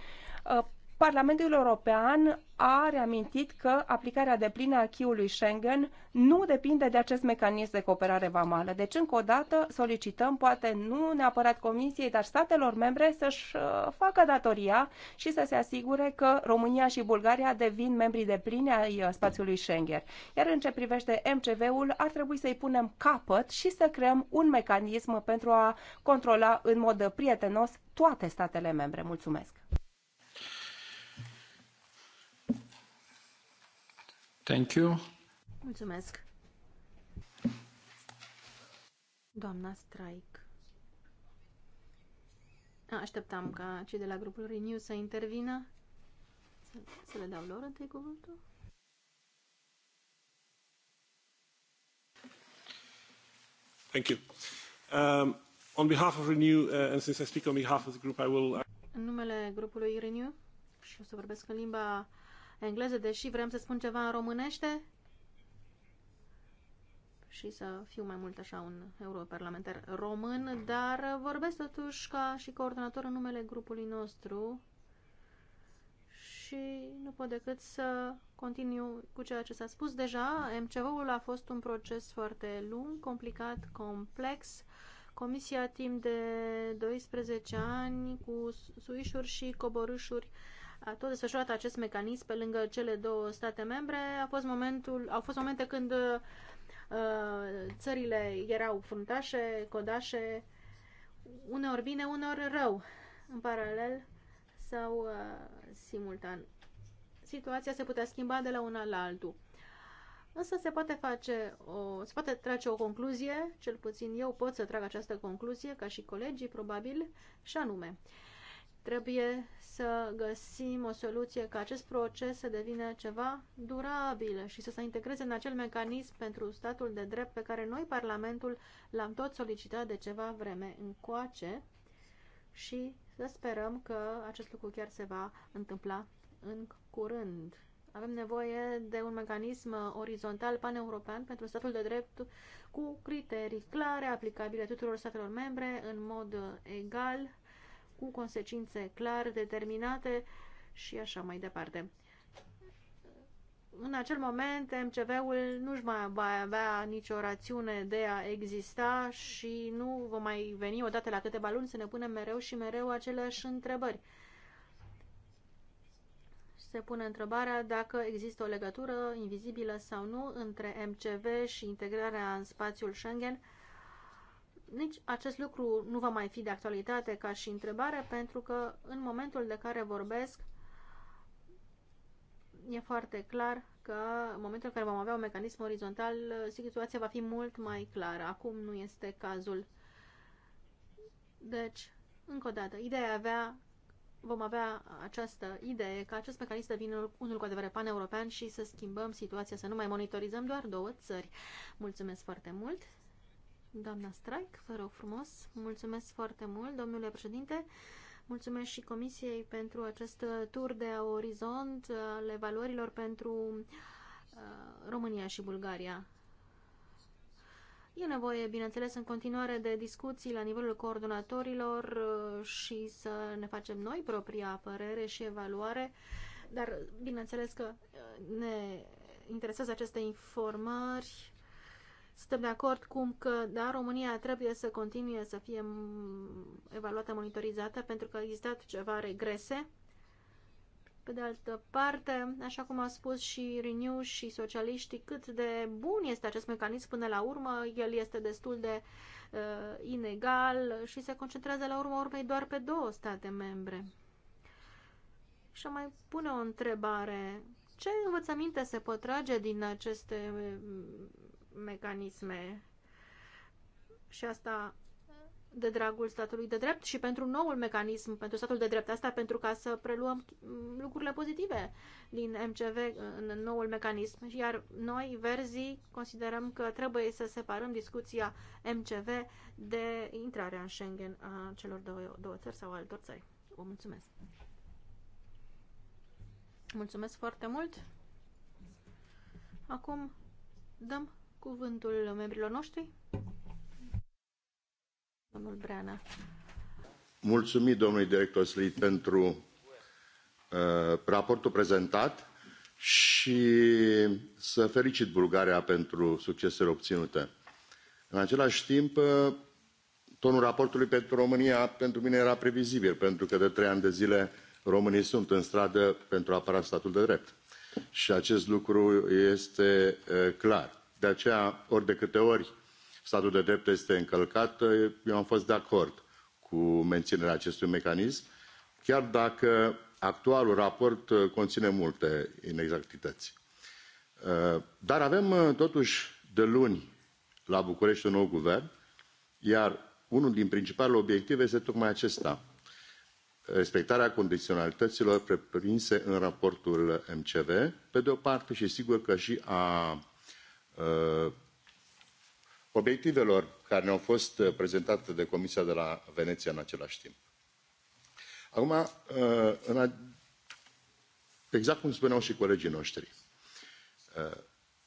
Parlamentul European a reamintit că aplicarea de plină a Chiului Schengen nu depinde de acest mecanism de cooperare vamală. Deci, încă o dată, solicităm, poate nu neapărat Comisiei, dar statelor membre să-și uh, facă datoria și să se asigure că România și Bulgaria devin membri de pline ai uh, spațiului Schengen. Iar în ce privește MCV-ul, ar trebui să-i punem capăt și să creăm un mecanism pentru a controla în mod prietenos toate statele membre. Mulțumesc! Thank you. Mulțumesc. Doamna straic. Așteptam ca cei de la grupul Renew să intervină. Să, să le dau lor întâi cuvântul. Thank you. Um, on behalf of Renew, uh, and since I speak on behalf of the group, I will... Uh, în numele grupului Renew și o să vorbesc în limba engleză, deși vrem să spun ceva în românește și să fiu mai mult așa un europarlamentar român, dar vorbesc totuși ca și coordonator în numele grupului nostru și nu pot decât să continu cu ceea ce s-a spus deja. MCV-ul a fost un proces foarte lung, complicat, complex. Comisia timp de 12 ani cu suișuri și coborâșuri uh, a tot desfășurat acest mecanism pe lângă cele două state membre. A fost momentul, au fost momente când uh, țările erau fruntașe, codașe, uneori bine, uneori rău. În paralel, sau uh, simultan. Situația se putea schimba de la una la altul. Însă se poate face o, se poate trage o concluzie, cel puțin eu pot să trag această concluzie, ca și colegii probabil, și anume, Trebuie să găsim o soluție ca acest proces să devină ceva durabil și să se integreze în acel mecanism pentru statul de drept pe care noi, Parlamentul, l-am tot solicitat de ceva vreme încoace și să sperăm că acest lucru chiar se va întâmpla în curând. Avem nevoie de un mecanism orizontal paneuropean pentru statul de drept cu criterii clare, aplicabile tuturor statelor membre în mod egal cu consecințe clar determinate și așa mai departe. În acel moment, MCV-ul nu-și mai va avea nicio rațiune de a exista și nu va mai veni odată la câteva luni să ne punem mereu și mereu aceleași întrebări se pune întrebarea dacă există o legătură invizibilă sau nu între MCV și integrarea în spațiul Schengen nici acest lucru nu va mai fi de actualitate ca și întrebare, pentru că în momentul de care vorbesc, e foarte clar că în momentul în care vom avea un mecanism orizontal, situația va fi mult mai clară. Acum nu este cazul. Deci, încă o dată, ideea avea, vom avea această idee că acest mecanism devine unul cu adevărat pan-european și să schimbăm situația, să nu mai monitorizăm doar două țări. Mulțumesc foarte mult! Doamna Strike, vă rog frumos, mulțumesc foarte mult, domnule președinte, mulțumesc și Comisiei pentru acest tur de orizont ale valorilor pentru uh, România și Bulgaria. E nevoie, bineînțeles, în continuare de discuții la nivelul coordonatorilor uh, și să ne facem noi propria părere și evaluare, dar bineînțeles că uh, ne interesează aceste informări suntem de acord cum că, da, România trebuie să continue să fie evaluată, monitorizată, pentru că au existat ceva regrese. Pe de altă parte, așa cum a spus și Renew și socialiștii, cât de bun este acest mecanism până la urmă, el este destul de uh, inegal și se concentrează la urma urmei doar pe două state membre. Și mai pune o întrebare. Ce învățăminte se pot trage din aceste uh, mecanisme și asta de dragul statului de drept și pentru noul mecanism, pentru statul de drept. Asta pentru ca să preluăm lucrurile pozitive din MCV în noul mecanism. Iar noi, verzii, considerăm că trebuie să separăm discuția MCV de intrarea în Schengen a celor două, două țări sau altor țări. Vă mulțumesc! Mulțumesc foarte mult! Acum dăm cuvântul membrilor noștri? Domnul Breana. Mulțumit domnului director Slit pentru uh, raportul prezentat și să felicit Bulgaria pentru succesele obținute. În același timp, uh, tonul raportului pentru România pentru mine era previzibil, pentru că de trei ani de zile românii sunt în stradă pentru a apăra statul de drept. Și acest lucru este uh, clar de aceea ori de câte ori statul de drept este încălcat eu am fost de acord cu menținerea acestui mecanism chiar dacă actualul raport uh, conține multe inexactități. Uh, dar avem uh, totuși de luni la București un nou guvern, iar unul din principalele obiective este tocmai acesta, respectarea condiționalităților preprinse în raportul MCV, pe de o parte și sigur că și a Uh, obiectivelor care ne-au fost uh, prezentate de Comisia de la Veneția în același timp. Acum, uh, exact cum spuneau și colegii noștri,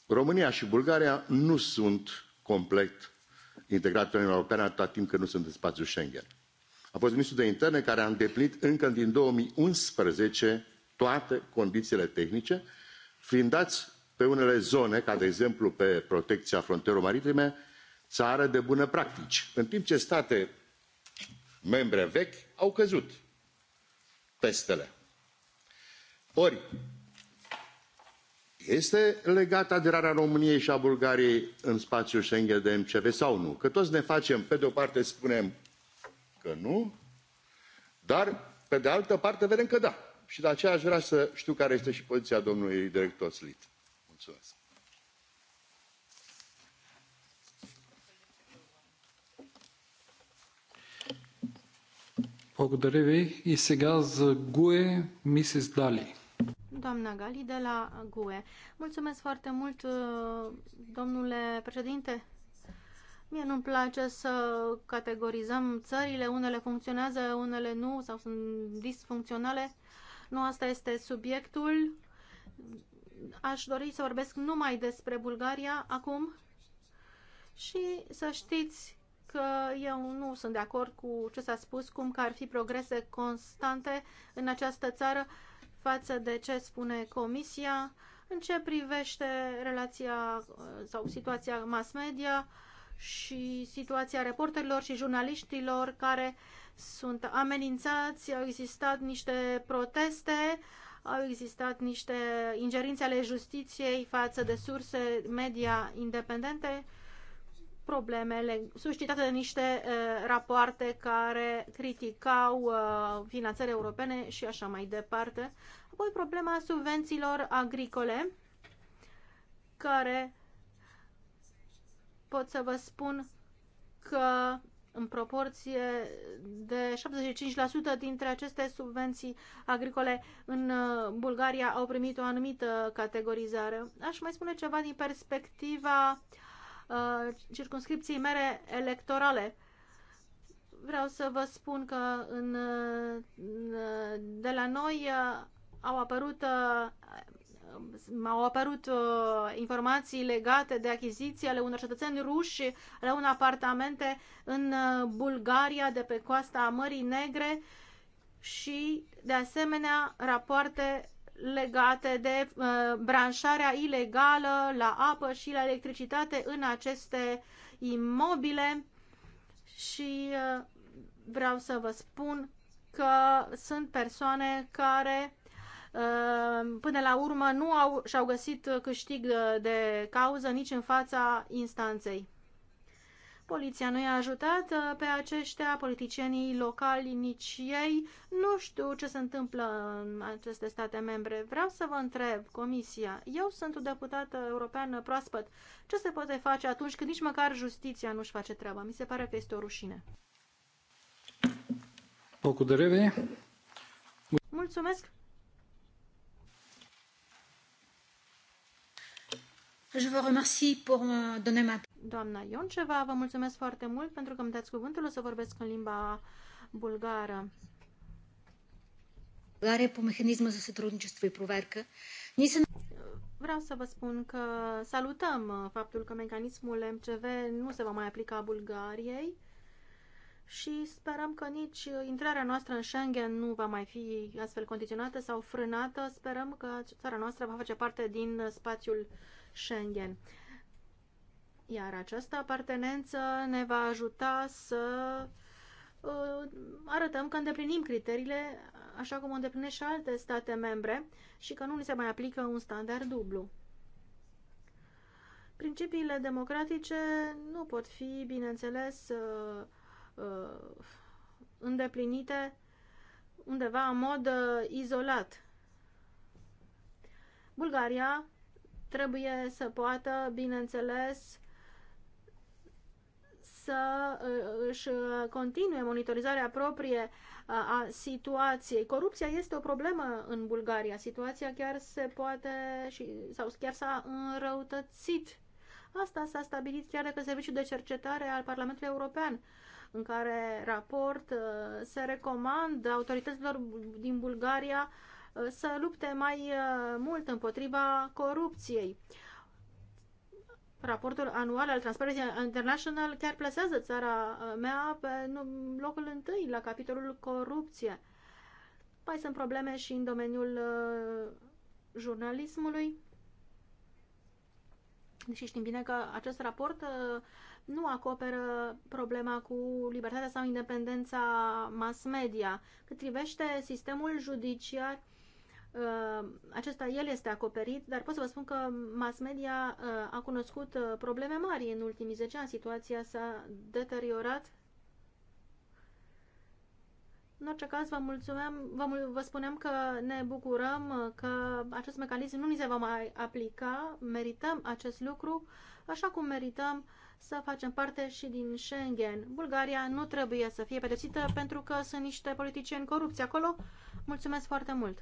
România și Bulgaria nu sunt complet integrate în Uniunea Europeană atât timp cât nu sunt în spațiul Schengen. A fost ministrul de interne care a îndeplinit încă din 2011 toate condițiile tehnice, fiind dați pe unele zone, ca de exemplu pe protecția frontierelor maritime, țară de bune practici, în timp ce state membre vechi au căzut testele. Ori, este legată aderarea României și a Bulgariei în spațiul Schengen de MCV sau nu? Că toți ne facem, pe de o parte spunem că nu, dar pe de altă parte vedem că da. Și de aceea aș vrea să știu care este și poziția domnului director Slit. Mulțumesc! Благодаря ви. И сега за ГУЕ, мисис Дали. Doamna Gali de la GUE. Mulțumesc foarte mult, uh, domnule președinte. Mie nu-mi place să categorizăm țările, unele funcționează, unele nu, sau sunt disfuncționale. Nu asta este subiectul aș dori să vorbesc numai despre Bulgaria acum și să știți că eu nu sunt de acord cu ce s-a spus, cum că ar fi progrese constante în această țară față de ce spune Comisia în ce privește relația uh, sau situația mass media și situația reporterilor și jurnaliștilor care sunt amenințați. Au existat niște proteste au existat niște ingerințe ale justiției față de surse media independente, problemele suscitate de niște uh, rapoarte care criticau uh, finanțări europene și așa mai departe. Apoi problema subvențiilor agricole, care pot să vă spun că în proporție de 75% dintre aceste subvenții agricole în uh, Bulgaria au primit o anumită categorizare. Aș mai spune ceva din perspectiva uh, circunscripției mere electorale. Vreau să vă spun că în, uh, uh, de la noi au apărut au apărut uh, informații legate de achiziții ale unor cetățeni ruși la un apartamente în uh, Bulgaria, de pe coasta Mării Negre și, de asemenea, rapoarte legate de uh, branșarea ilegală la apă și la electricitate în aceste imobile și uh, vreau să vă spun că sunt persoane care Ehm, până la urmă nu au, și-au găsit câștig de cauză nici în fața instanței. Poliția nu i-a ajutat eh, pe aceștia, politicienii locali nici ei. Nu știu ce se întâmplă în aceste state membre. Vreau să vă întreb, Comisia, eu sunt o deputată europeană proaspăt. Ce se poate face atunci când nici măcar justiția nu-și face treaba? Mi se pare că este o rușine. Mulțumesc! Je vous remercie pour me euh, donner ma... Doamna Ionceva, vă mulțumesc foarte mult pentru că îmi dați cuvântul, să vorbesc în limba bulgară. Bulgaria pe mecanismul de сътрудничество și проверка. Vreau să vă spun că salutăm uh, faptul că mecanismul MCV nu se va mai aplica Bulgariei și sperăm că nici uh, intrarea noastră în Schengen nu va mai fi astfel condiționată sau frânată. Sperăm că țara noastră va face parte din uh, spațiul Schengen. Iar această apartenență ne va ajuta să uh, arătăm că îndeplinim criteriile așa cum o îndeplinesc și alte state membre și că nu ni se mai aplică un standard dublu. Principiile democratice nu pot fi, bineînțeles, uh, uh, îndeplinite undeva în mod izolat. Bulgaria trebuie să poată, bineînțeles, să uh, își continue monitorizarea proprie uh, a situației. Corupția este o problemă în Bulgaria. Situația chiar se poate și, sau chiar s-a înrăutățit. Asta s-a stabilit chiar de că Serviciul de Cercetare al Parlamentului European, în care raport uh, se recomandă autorităților din Bulgaria uh, să lupte mai uh, mult împotriva corupției. Raportul anual al Transparency International chiar plasează țara uh, mea pe locul întâi la capitolul corupție. Mai sunt probleme și în domeniul uh, jurnalismului. Deși știm bine că acest raport nu acoperă problema cu libertatea sau independența mass media. Cât privește sistemul judiciar, Uh, acesta el este acoperit, dar pot să vă spun că mass media uh, a cunoscut uh, probleme mari în ultimii 10 ani. Situația s-a deteriorat. În orice caz, vă, mulțumim, vă, vă spunem că ne bucurăm că acest mecanism nu ni se va mai aplica, merităm acest lucru, așa cum merităm să facem parte și din Schengen. Bulgaria nu trebuie să fie pedepsită pentru că sunt niște politicieni corupți acolo. Mulțumesc foarte mult!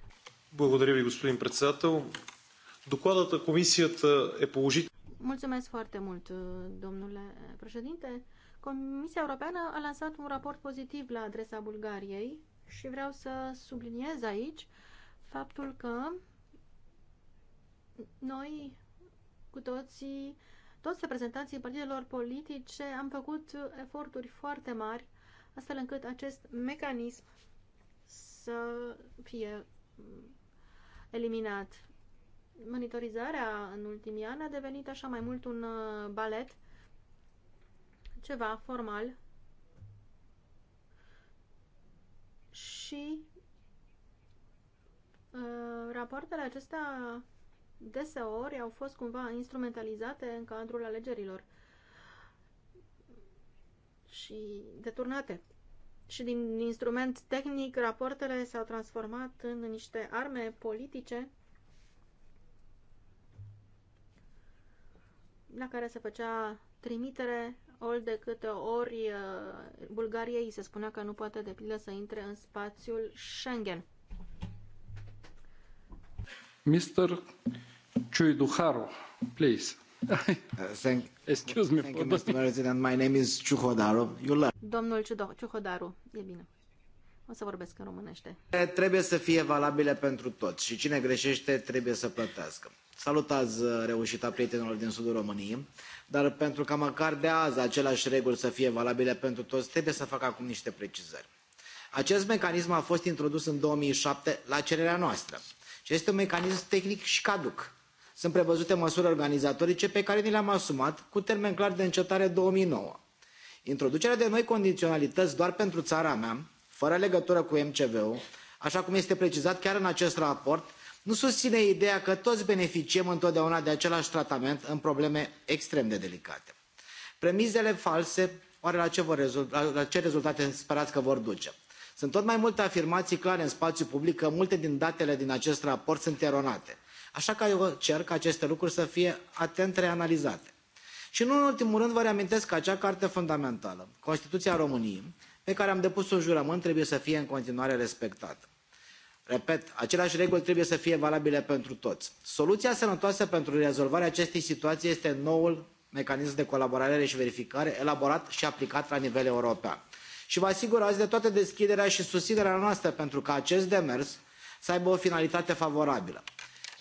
Благодаря ви, господин председател. Докладът на комисията e положителен. Mulțumesc foarte mult, domnule președinte. Comisia Europeană a lansat un raport pozitiv la adresa Bulgariei și vreau să subliniez aici faptul că noi cu toții, toți reprezentanții partidelor politice am făcut eforturi foarte mari astfel încât acest mecanism să fie eliminat. Monitorizarea în ultimii ani a devenit așa mai mult un uh, balet, ceva formal și uh, rapoartele acestea deseori au fost cumva instrumentalizate în cadrul alegerilor și deturnate și din instrument tehnic rapoartele s-au transformat în niște arme politice la care se făcea trimitere ori de câte ori uh, Bulgariei se spunea că nu poate de pildă să intre în spațiul Schengen. Mr. Chuiduharu, please thank, Excuse me Mr. President. My name is Domnul Ciuhodaru, e bine. O să vorbesc în românește. Trebuie să fie valabile pentru toți și cine greșește trebuie să plătească. Salutați uh, reușita prietenilor din sudul României, dar pentru ca măcar de azi aceleași reguli să fie valabile pentru toți, trebuie să fac acum niște precizări. Acest mecanism a fost introdus în 2007 la cererea noastră și este un mecanism tehnic și caduc sunt prevăzute măsuri organizatorice pe care ni le-am asumat cu termen clar de încetare 2009. Introducerea de noi condiționalități doar pentru țara mea, fără legătură cu MCV-ul, așa cum este precizat chiar în acest raport, nu susține ideea că toți beneficiem întotdeauna de același tratament în probleme extrem de delicate. Premizele false, oare la ce, la ce rezultate sperați că vor duce? Sunt tot mai multe afirmații clare în spațiu public că multe din datele din acest raport sunt eronate. Așa că eu cer ca aceste lucruri să fie atent reanalizate. Și nu în ultimul rând vă reamintesc că acea carte fundamentală, Constituția României, pe care am depus un jurământ, trebuie să fie în continuare respectată. Repet, aceleași reguli trebuie să fie valabile pentru toți. Soluția sănătoasă pentru rezolvarea acestei situații este noul mecanism de colaborare și verificare elaborat și aplicat la nivel european. Și vă asigur azi de toată deschiderea și susținerea noastră pentru ca acest demers să aibă o finalitate favorabilă.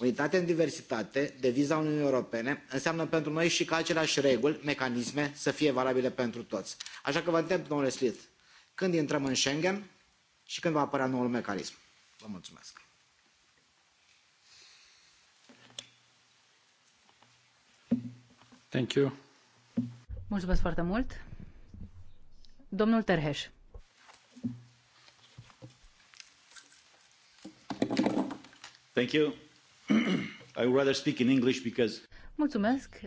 Unitate în diversitate, deviza Uniunii Europene, înseamnă pentru noi și că aceleași reguli, mecanisme să fie valabile pentru toți. Așa că vă întreb, domnule Slith, când intrăm în Schengen și când va apărea noul mecanism? Vă mulțumesc. Thank you. Mulțumesc foarte mult. Domnul Terheș. Thank you. (clears throat) I would rather speak in English because... Mulțumesc.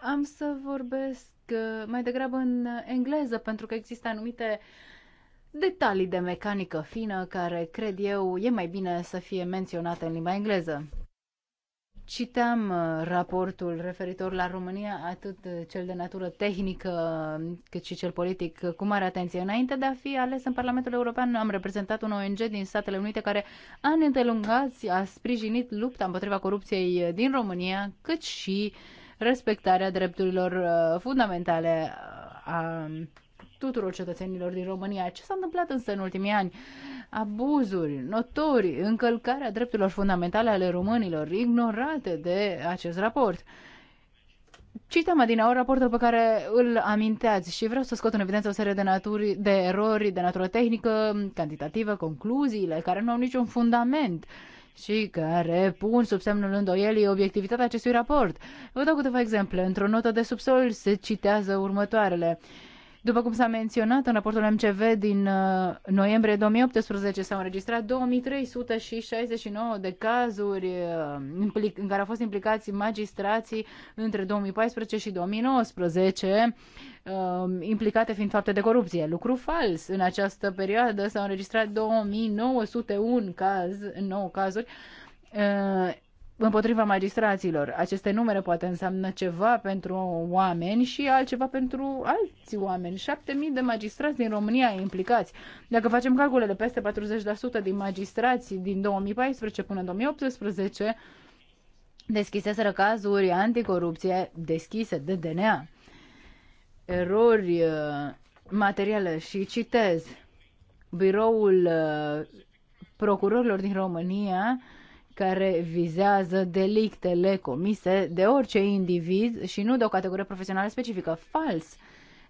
Am să vorbesc uh, mai degrabă în engleză pentru că există anumite detalii de mecanică fină care cred eu e mai bine să fie menționate în limba engleză. Citam uh, raportul referitor la România, atât cel de natură tehnică um, cât și cel politic, uh, cu mare atenție. Înainte de a fi ales în Parlamentul European, am reprezentat un ONG din Statele Unite care ani îndelungați a sprijinit lupta împotriva corupției uh, din România, cât și respectarea drepturilor fundamentale a tuturor cetățenilor din România. Ce s-a întâmplat însă în ultimii ani? Abuzuri notori, încălcarea drepturilor fundamentale ale românilor, ignorate de acest raport. Citam adineaori raportul pe care îl aminteați și vreau să scot în evidență o serie de, naturi, de erori de natură tehnică, cantitativă, concluziile, care nu au niciun fundament și care pun sub semnul îndoielii obiectivitatea acestui raport. Vă dau câteva exemple. Într-o notă de subsol se citează următoarele. Uh, după cum s-a menționat în raportul MCV din uh, noiembrie 2018, s-au înregistrat 2369 de cazuri uh, în care au fost implicați magistrații între 2014 și 2019, uh, implicate fiind fapte de corupție. Lucru fals. În această perioadă s-au înregistrat 2901 caz, 9 cazuri împotriva magistraților. Aceste numere poate înseamnă ceva pentru oameni și altceva pentru alți oameni. 7.000 de magistrați din România implicați. Dacă facem calculele, peste 40% din magistrații din 2014 până în 2018 deschiseseră cazuri anticorupție deschise de DNA. Erori uh, materiale și citez. Biroul uh, procurorilor din România care vizează delictele comise de orice individ și nu de o categorie profesională specifică. Fals!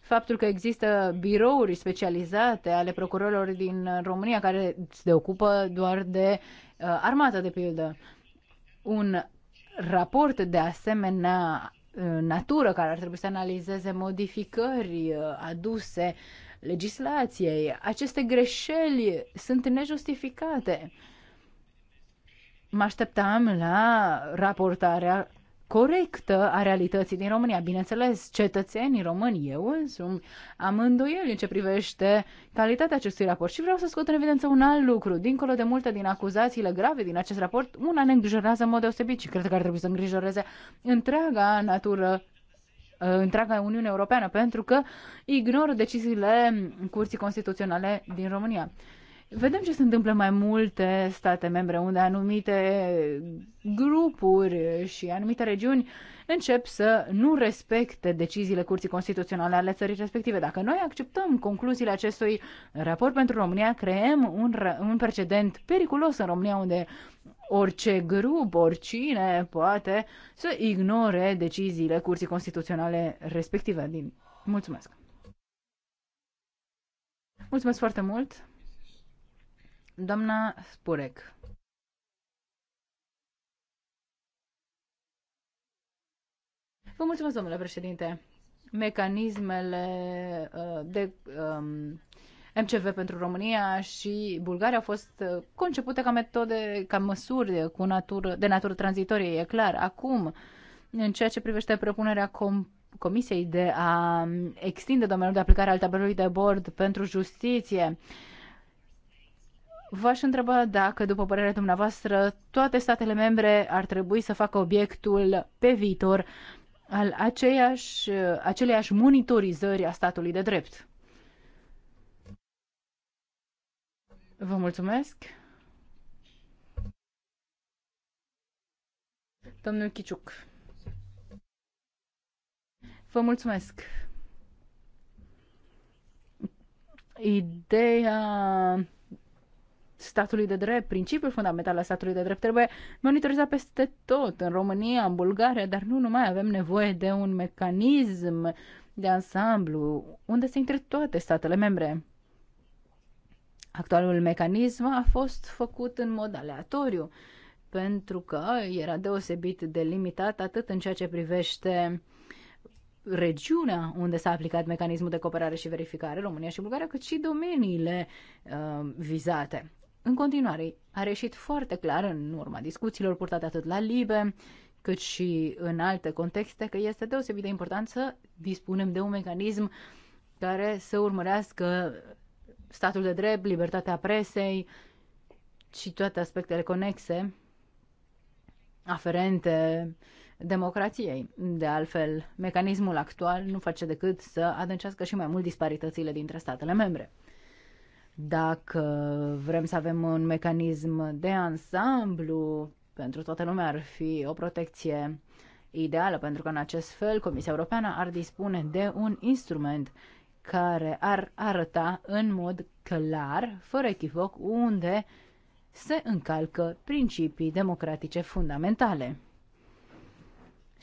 Faptul că există birouri specializate ale procurorilor din România care se ocupă doar de uh, armată, de pildă. Un raport de asemenea uh, natură care ar trebui să analizeze modificări uh, aduse legislației. Aceste greșeli sunt nejustificate mă așteptam la raportarea corectă a realității din România. Bineînțeles, cetățenii români, eu însumi, am îndoieli în ce privește calitatea acestui raport. Și vreau să scot în evidență un alt lucru. Dincolo de multe din acuzațiile grave din acest raport, una ne îngrijorează în mod deosebit și cred că ar trebui să îngrijoreze întreaga natură întreaga Uniune Europeană, pentru că ignoră deciziile Curții Constituționale din România. Vedem ce se întâmplă mai multe state membre, unde anumite grupuri și anumite regiuni încep să nu respecte deciziile Curții Constituționale ale țării respective. Dacă noi acceptăm concluziile acestui raport pentru România, creăm un, un precedent periculos în România, unde orice grup, oricine poate să ignore deciziile Curții Constituționale respective. Din... Mulțumesc! Mulțumesc foarte mult! Doamna Spurek. Vă mulțumesc, domnule președinte. Mecanismele uh, de MCV um, pentru România și Bulgaria au fost uh, concepute ca metode, ca măsuri cu natură, de natură tranzitorie, e clar. Acum, în ceea ce privește propunerea com- Comisiei de a extinde domeniul de aplicare al tabelului de bord pentru justiție, uh, V-aș întreba dacă, după părerea dumneavoastră, toate statele membre ar trebui să facă obiectul pe viitor al aceiași, aceleiași monitorizări a statului de drept. Vă mulțumesc. Domnul Chiciuc. Vă mulțumesc. Ideea statului de drept, principiul fundamental al statului de drept trebuie monitorizat peste tot, în România, în Bulgaria, dar nu numai avem nevoie de un mecanism de ansamblu unde se intre toate statele membre. Actualul mecanism a fost făcut în mod aleatoriu, pentru că era deosebit de limitat atât în ceea ce privește regiunea unde s-a aplicat mecanismul de cooperare și verificare, România și Bulgaria, cât și domeniile uh, vizate. În continuare, a reșit foarte clar în urma discuțiilor purtate atât la Libe, cât și în alte contexte, că este deosebit de important să dispunem de un mecanism care să urmărească statul de drept, libertatea presei și toate aspectele conexe aferente democrației. De altfel, mecanismul actual nu face decât să adâncească și mai mult disparitățile dintre statele membre. Dacă vrem să avem un mecanism de ansamblu pentru toată lumea, ar fi o protecție ideală, pentru că în acest fel Comisia Europeană ar dispune de un instrument care ar arăta în mod clar, fără echivoc, unde se încalcă principii democratice fundamentale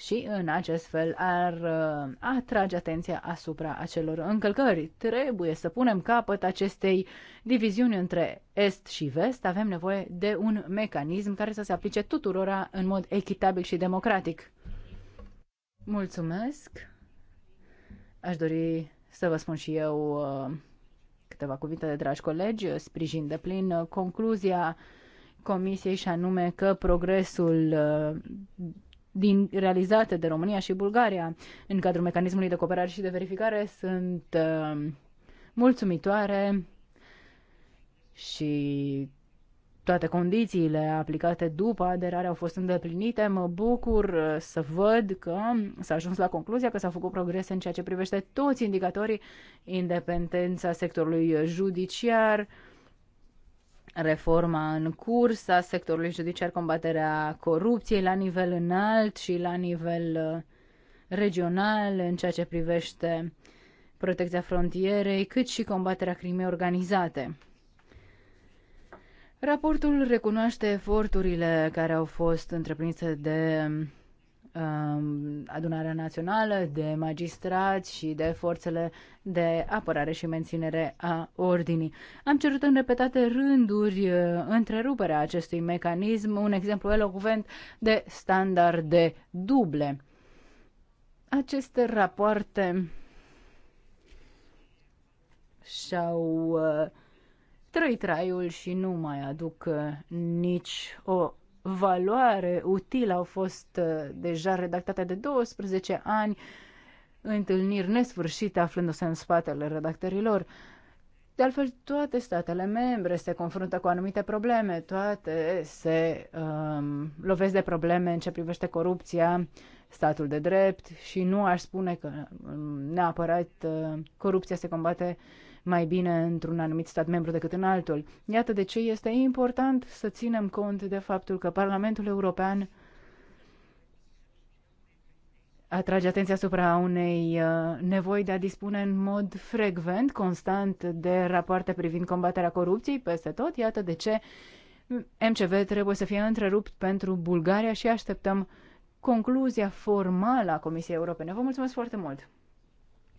și în acest fel ar uh, atrage atenția asupra acelor încălcări. Trebuie să punem capăt acestei diviziuni între est și vest. Avem nevoie de un mecanism care să se aplice tuturora în mod echitabil și democratic. Mulțumesc! Aș dori să vă spun și eu uh, câteva cuvinte de dragi colegi, sprijin de plin uh, concluzia Comisiei și anume că progresul din, realizate de România și Bulgaria în cadrul mecanismului de cooperare și de verificare sunt uh, mulțumitoare și toate condițiile aplicate după aderare au fost îndeplinite. Mă bucur uh, să văd că s-a ajuns la concluzia că s-au făcut progrese în ceea ce privește toți indicatorii, independența sectorului judiciar, uh, reforma în curs a sectorului judiciar, combaterea corupției la nivel înalt și la nivel uh, regional în ceea ce privește protecția frontierei, cât și combaterea crimei organizate. Raportul recunoaște eforturile care au fost întreprinse de Um, adunarea națională de magistrați și de forțele de apărare și menținere a ordinii. Am cerut în repetate rânduri uh, întreruperea acestui mecanism, un exemplu elocuvent de standarde duble. Aceste rapoarte și-au uh, trăit traiul și nu mai aduc uh, nici o valoare utilă au fost uh, deja redactate de 12 ani, întâlniri nesfârșite aflându-se în spatele redactorilor, De altfel, toate statele membre se confruntă cu anumite probleme, toate se um, lovesc de probleme în ce privește corupția, statul de drept și nu aș spune că um, neapărat uh, corupția se combate uh, mai bine într-un anumit stat membru decât în altul. Iată de ce este important să ținem cont de faptul că Parlamentul European atrage atenția asupra unei uh, nevoi de a dispune în mod frecvent, constant, de rapoarte privind combaterea corupției peste tot. Iată de ce MCV trebuie să fie întrerupt pentru Bulgaria și așteptăm concluzia formală a Comisiei Europene. Vă mulțumesc foarte mult!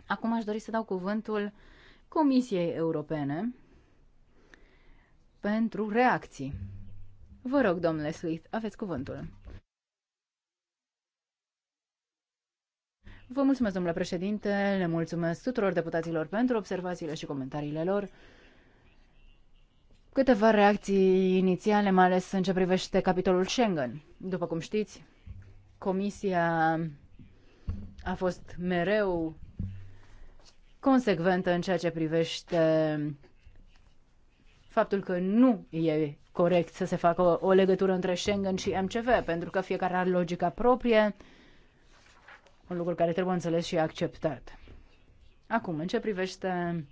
Acum aș dori să dau cuvântul Comisiei Europene pentru reacții. Vă rog, domnule Swift, aveți cuvântul. Vă mulțumesc, domnule președinte, le mulțumesc tuturor deputaților pentru observațiile și comentariile lor. Câteva reacții inițiale, mai ales în ce privește capitolul Schengen. După cum știți, Comisia a fost mereu consecventă în ceea ce privește faptul că nu e corect să se facă o, legătură între Schengen și MCV, pentru că fiecare are logica proprie, un lucru care trebuie înțeles și acceptat. Acum, în ce privește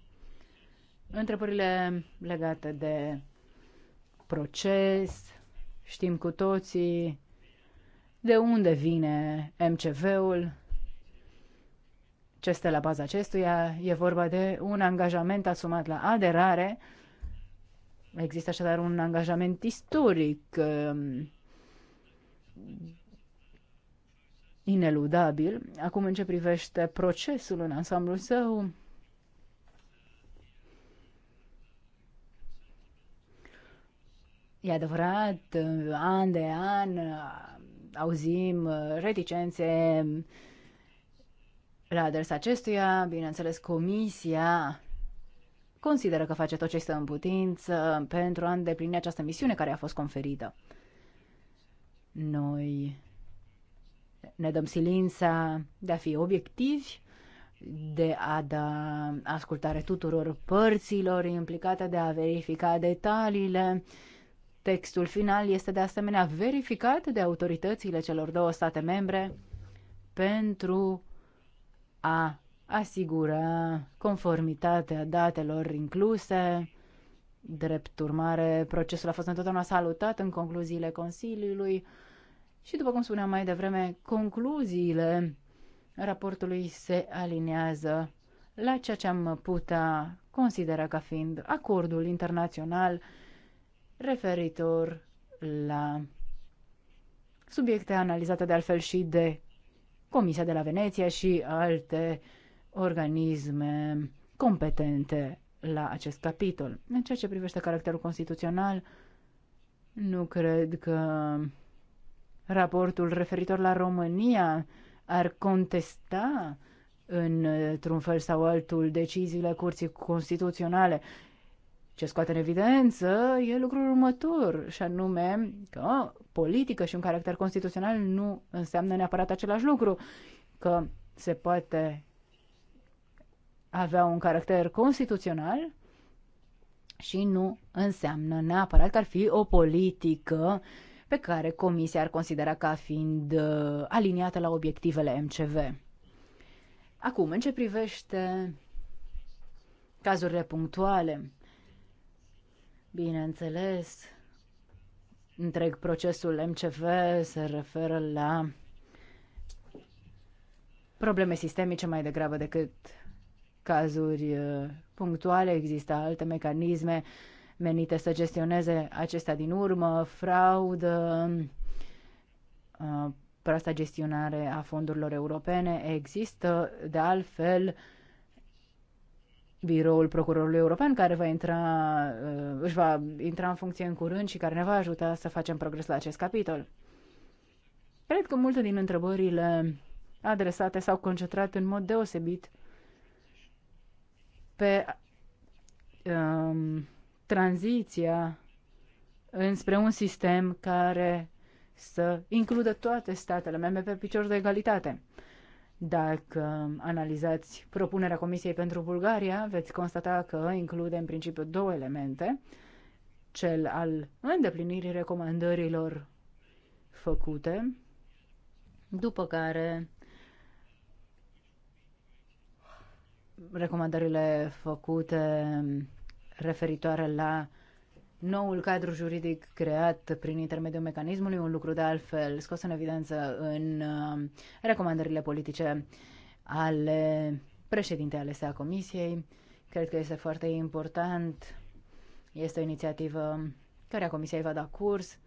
întrebările legate de proces, știm cu toții de unde vine MCV-ul, ce stă la baza acestuia. E vorba de un angajament asumat la aderare. Există așadar un angajament istoric um, ineludabil. Acum, în ce privește procesul în ansamblul său, E adevărat, an de an auzim uh, reticențe la adresa acestuia, bineînțeles, Comisia consideră că face tot ce este în putință pentru a îndeplini această misiune care a fost conferită. Noi ne dăm silința de a fi obiectivi, de a da ascultare tuturor părților implicate, de a verifica detaliile. Textul final este de asemenea verificat de autoritățile celor două state membre pentru a asigura conformitatea datelor incluse. Drept urmare, procesul a fost întotdeauna salutat în concluziile Consiliului și, după cum spuneam mai devreme, concluziile raportului se aliniază la ceea ce am putea considera ca fiind acordul internațional referitor la subiecte analizate de altfel și de Comisia de la Veneția și alte organisme competente la acest capitol. În ceea ce privește caracterul constituțional, nu cred că raportul referitor la România ar contesta într-un fel sau altul deciziile Curții Constituționale. Ce scoate în evidență e lucrul următor, și anume că politică și un caracter constituțional nu înseamnă neapărat același lucru, că se poate avea un caracter constituțional și nu înseamnă neapărat că ar fi o politică pe care Comisia ar considera ca fiind uh, aliniată la obiectivele MCV. Acum, în ce privește cazurile punctuale, Bineînțeles, întreg procesul MCV se referă la probleme sistemice mai degrabă decât cazuri uh, punctuale. Există alte mecanisme menite să gestioneze acestea din urmă, fraudă, uh, proasta gestionare a fondurilor europene. Există, de altfel, biroul procurorului european care va intra, uh, își va intra în funcție în curând și care ne va ajuta să facem progres la acest capitol. Cred că multe din întrebările adresate s-au concentrat în mod deosebit pe um, tranziția înspre un sistem care să includă toate statele membre pe picior de egalitate. Dacă analizați propunerea Comisiei pentru Bulgaria, veți constata că include în principiu două elemente, cel al îndeplinirii recomandărilor făcute, după care recomandările făcute referitoare la noul cadru juridic creat prin intermediul mecanismului, un lucru de altfel scos în evidență în uh, recomandările politice ale președintei alese a Comisiei. Cred că este foarte important. Este o inițiativă care a Comisiei va da curs.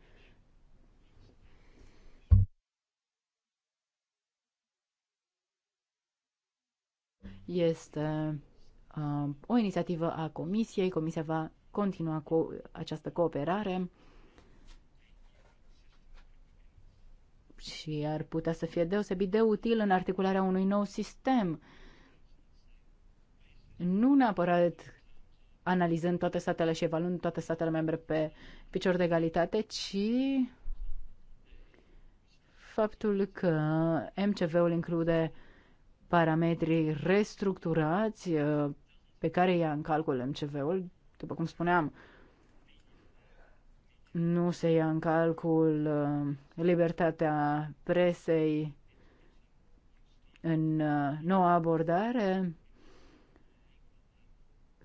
Este uh, o inițiativă a Comisiei. Comisia va continua cu această cooperare și ar putea să fie deosebit de util în articularea unui nou sistem. Nu neapărat analizând toate statele și evaluând toate statele membre pe picior de egalitate, ci faptul că MCV-ul include parametrii restructurați uh, pe care ia în calcul MCV-ul, după cum spuneam, nu se ia în calcul uh, libertatea presei în uh, noua abordare.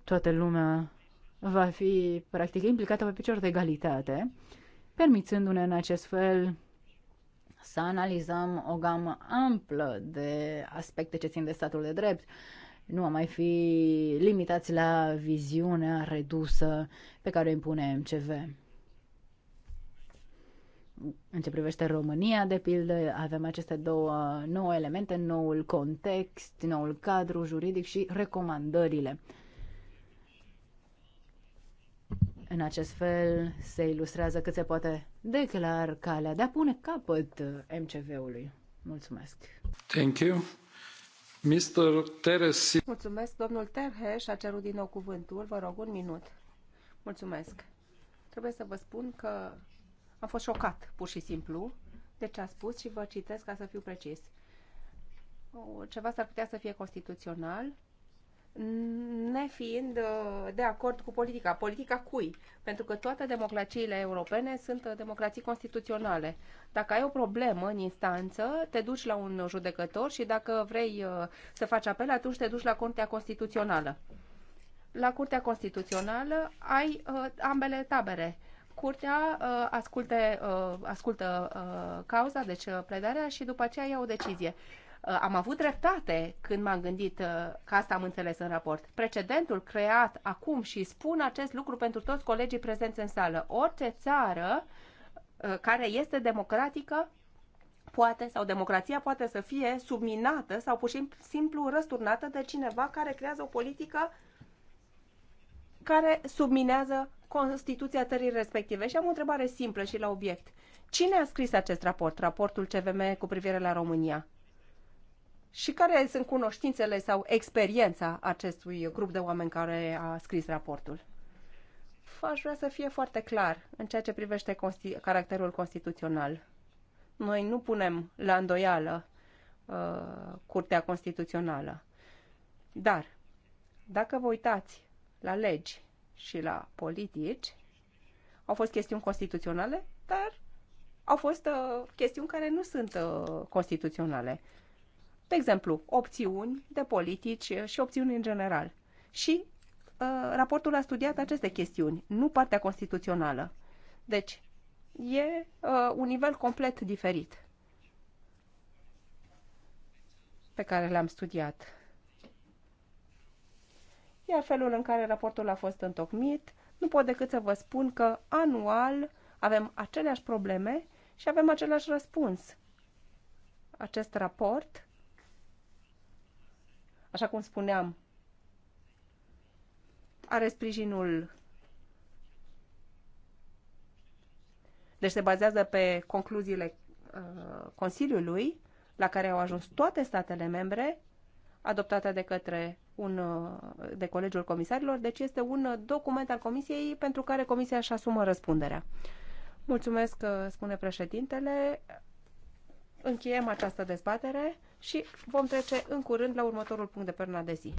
Toată lumea va fi practic implicată pe picior de egalitate, permițându-ne în acest fel să analizăm o gamă amplă de aspecte ce țin de statul de drept, nu a mai fi limitați la viziunea redusă pe care o impune MCV. În ce privește România, de pildă, avem aceste două nouă elemente, noul context, noul cadru juridic și recomandările. În acest fel se ilustrează cât se poate declar calea de a pune capăt MCV-ului. Mulțumesc! Thank you! Teres. Mulțumesc. Domnul Terheș a cerut din nou cuvântul. Vă rog, un minut. Mulțumesc. Trebuie să vă spun că am fost șocat, pur și simplu, de ce a spus și vă citesc ca să fiu precis. Ceva s-ar putea să fie constituțional, nefiind uh, de acord cu politica. Politica cui? Pentru că toate democrațiile europene sunt uh, democrații constituționale. Dacă ai o problemă în instanță, te duci la un judecător și dacă vrei uh, să faci apel, atunci te duci la Curtea Constituțională. La Curtea Constituțională ai ambele tabere. Curtea asculte, ascultă cauza, deci pledarea și după aceea ia o decizie. Uh, am avut dreptate când m-am gândit uh, că asta am înțeles în raport. Precedentul creat acum și spun acest lucru pentru toți colegii prezenți în sală. Orice țară uh, care este democratică poate sau democrația poate să fie subminată sau pur și simplu răsturnată de cineva care creează o politică care subminează Constituția țării respective. Și am o întrebare simplă și la obiect. Cine a scris acest raport, raportul CVM cu privire la România? și care sunt cunoștințele sau experiența acestui grup de oameni care a scris raportul? Aș vrea să fie foarte clar în ceea ce privește consti- caracterul constituțional. Noi nu punem la îndoială uh, Curtea Constituțională. Dar, dacă vă uitați la legi și la politici, au fost chestiuni constituționale, dar au fost uh, chestiuni care nu sunt uh, constituționale de exemplu, opțiuni de politici și opțiuni în general. Și uh, raportul a studiat aceste chestiuni, nu partea constituțională. Deci, e uh, un nivel complet diferit pe care l am studiat. Iar felul în care raportul a fost întocmit, nu pot decât să vă spun că anual avem aceleași probleme și avem același răspuns. Acest raport așa cum spuneam, are sprijinul. Deci se bazează pe concluziile uh, Consiliului, la care au ajuns toate statele membre, adoptate de către un, uh, de Colegiul Comisarilor, deci este un uh, document al Comisiei pentru care Comisia își asumă răspunderea. Mulțumesc, uh, spune președintele. Încheiem această dezbatere și vom trece în curând la următorul punct de pe de zi.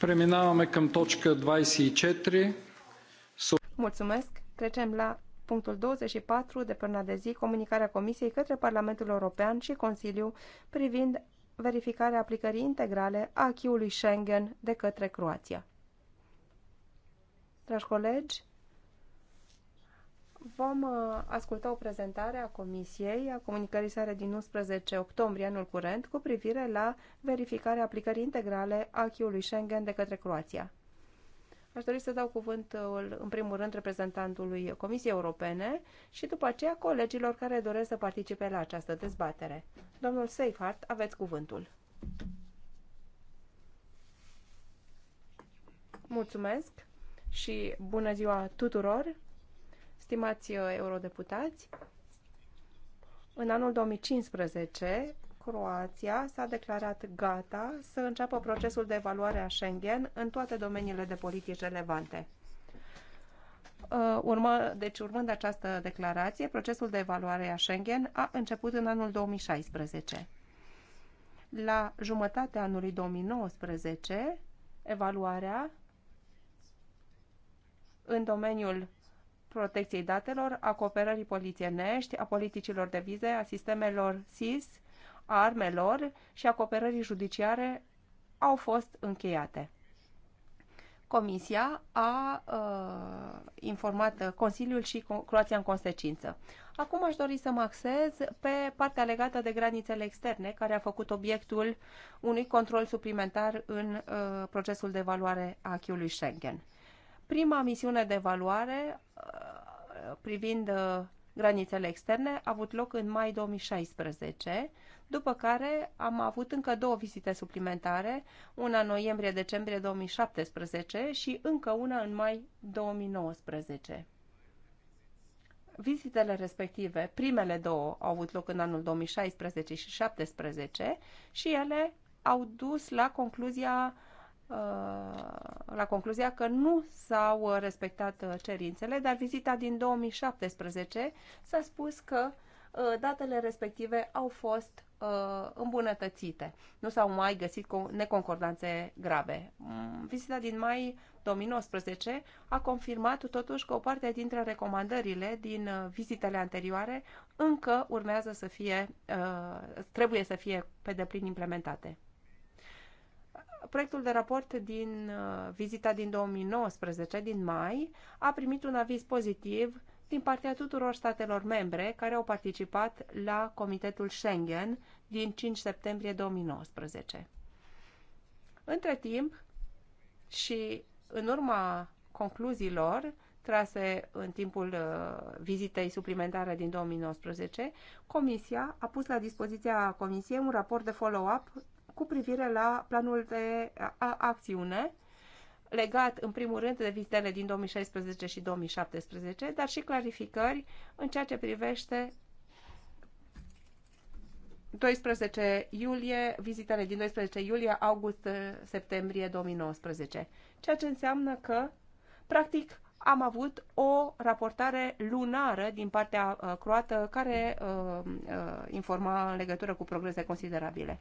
Преминаваме към точка 24. Mulțumesc. Trecem la punctul 24 de până de zi, comunicarea Comisiei către Parlamentul European și Consiliu privind verificarea aplicării integrale a acquis Schengen de către Croația. Dragi colegi, vom uh, asculta o prezentare a Comisiei a comunicării Sare din 11 octombrie anul curent cu privire la verificarea aplicării integrale a acquis Schengen de către Croația. Aș dori să dau cuvântul, în primul rând, reprezentantului Comisiei Europene și după aceea colegilor care doresc să participe la această dezbatere. Domnul Seifert, aveți cuvântul. Mulțumesc și bună ziua tuturor! Stimați uh, eurodeputați, în anul 2015, Croația s-a declarat gata să înceapă procesul de evaluare a Schengen în toate domeniile de politici relevante. Uh, urmă, deci, urmând această declarație, procesul de evaluare a Schengen a început în anul 2016. La jumătatea anului 2019, evaluarea în domeniul protecției datelor, a cooperării polițienești, a politicilor de vize, a sistemelor SIS, a armelor și a cooperării judiciare au fost încheiate. Comisia a uh, informat Consiliul și Croația în consecință. Acum aș dori să mă axez pe partea legată de granițele externe, care a făcut obiectul unui control suplimentar în uh, procesul de evaluare a acquis Schengen. Prima misiune de evaluare uh, privind uh, granițele externe a avut loc în mai 2016, după care am avut încă două vizite suplimentare, una în noiembrie-decembrie 2017 și încă una în mai 2019. Vizitele respective, primele două, au avut loc în anul 2016 și 2017 și ele au dus la concluzia Uh, la concluzia că nu s-au uh, respectat uh, cerințele, dar vizita din 2017 s-a spus că datele respective au fost îmbunătățite. Nu s-au mai găsit neconcordanțe grave. Mm, vizita din mai 2019 a confirmat totuși că o parte dintre recomandările din vizitele anterioare încă urmează să fie, trebuie să fie pe deplin implementate proiectul de raport din uh, vizita din 2019, din mai, a primit un aviz pozitiv din partea tuturor statelor membre care au participat la Comitetul Schengen din 5 septembrie 2019. Între timp și în urma concluziilor trase în timpul uh, vizitei suplimentare din 2019, Comisia a pus la dispoziția Comisiei un raport de follow-up cu privire la planul de acțiune legat în primul rând de vizitele din 2016 și 2017, dar și clarificări în ceea ce privește 12 iulie, vizitele din 12 iulie, august, eh, septembrie 2019. Ceea ce înseamnă că, practic, am avut o raportare lunară din partea eh, croată care uh, uh, informa în legătură cu progrese considerabile.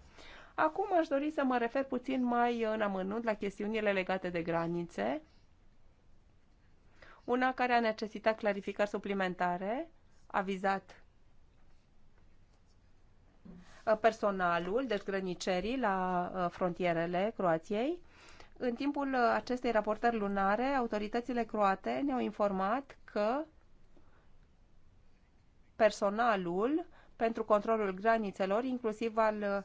Acum aș dori să mă refer puțin mai în amănunt la chestiunile legate de granițe, una care a necesitat clarificări suplimentare, a vizat uh, personalul, deci grănicerii la uh, frontierele Croației. În timpul uh, acestei raportări lunare, autoritățile croate ne-au informat că personalul pentru controlul granițelor, inclusiv al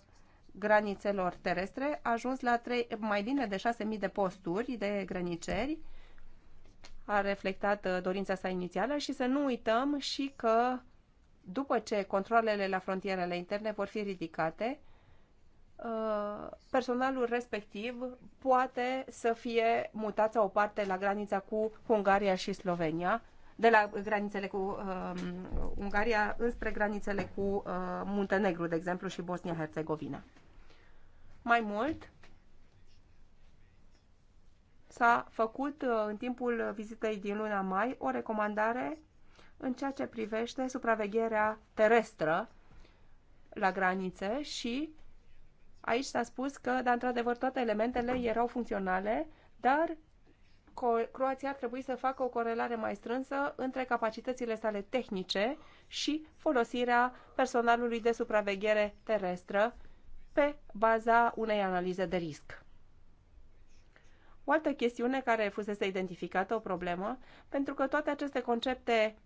granițelor terestre a ajuns la 3, mai bine de 6.000 de posturi de grăniceri. A reflectat uh, dorința sa inițială și să nu uităm și că după ce controlele la frontierele interne vor fi ridicate, uh, personalul respectiv poate să fie mutat sau o parte la granița cu Ungaria și Slovenia, de la granițele cu uh, Ungaria înspre granițele cu uh, Muntenegru, de exemplu, și Bosnia-Herzegovina. Mai mult, s-a făcut uh, în timpul vizitei din luna mai o recomandare în ceea ce privește supravegherea terestră la granițe și aici s-a spus că, dar într-adevăr, toate elementele erau funcționale, dar Croația ar trebui să facă o corelare mai strânsă între capacitățile sale tehnice și folosirea personalului de supraveghere terestră pe baza unei analize de risc. O altă chestiune care fusese identificată, o problemă, pentru că toate aceste concepte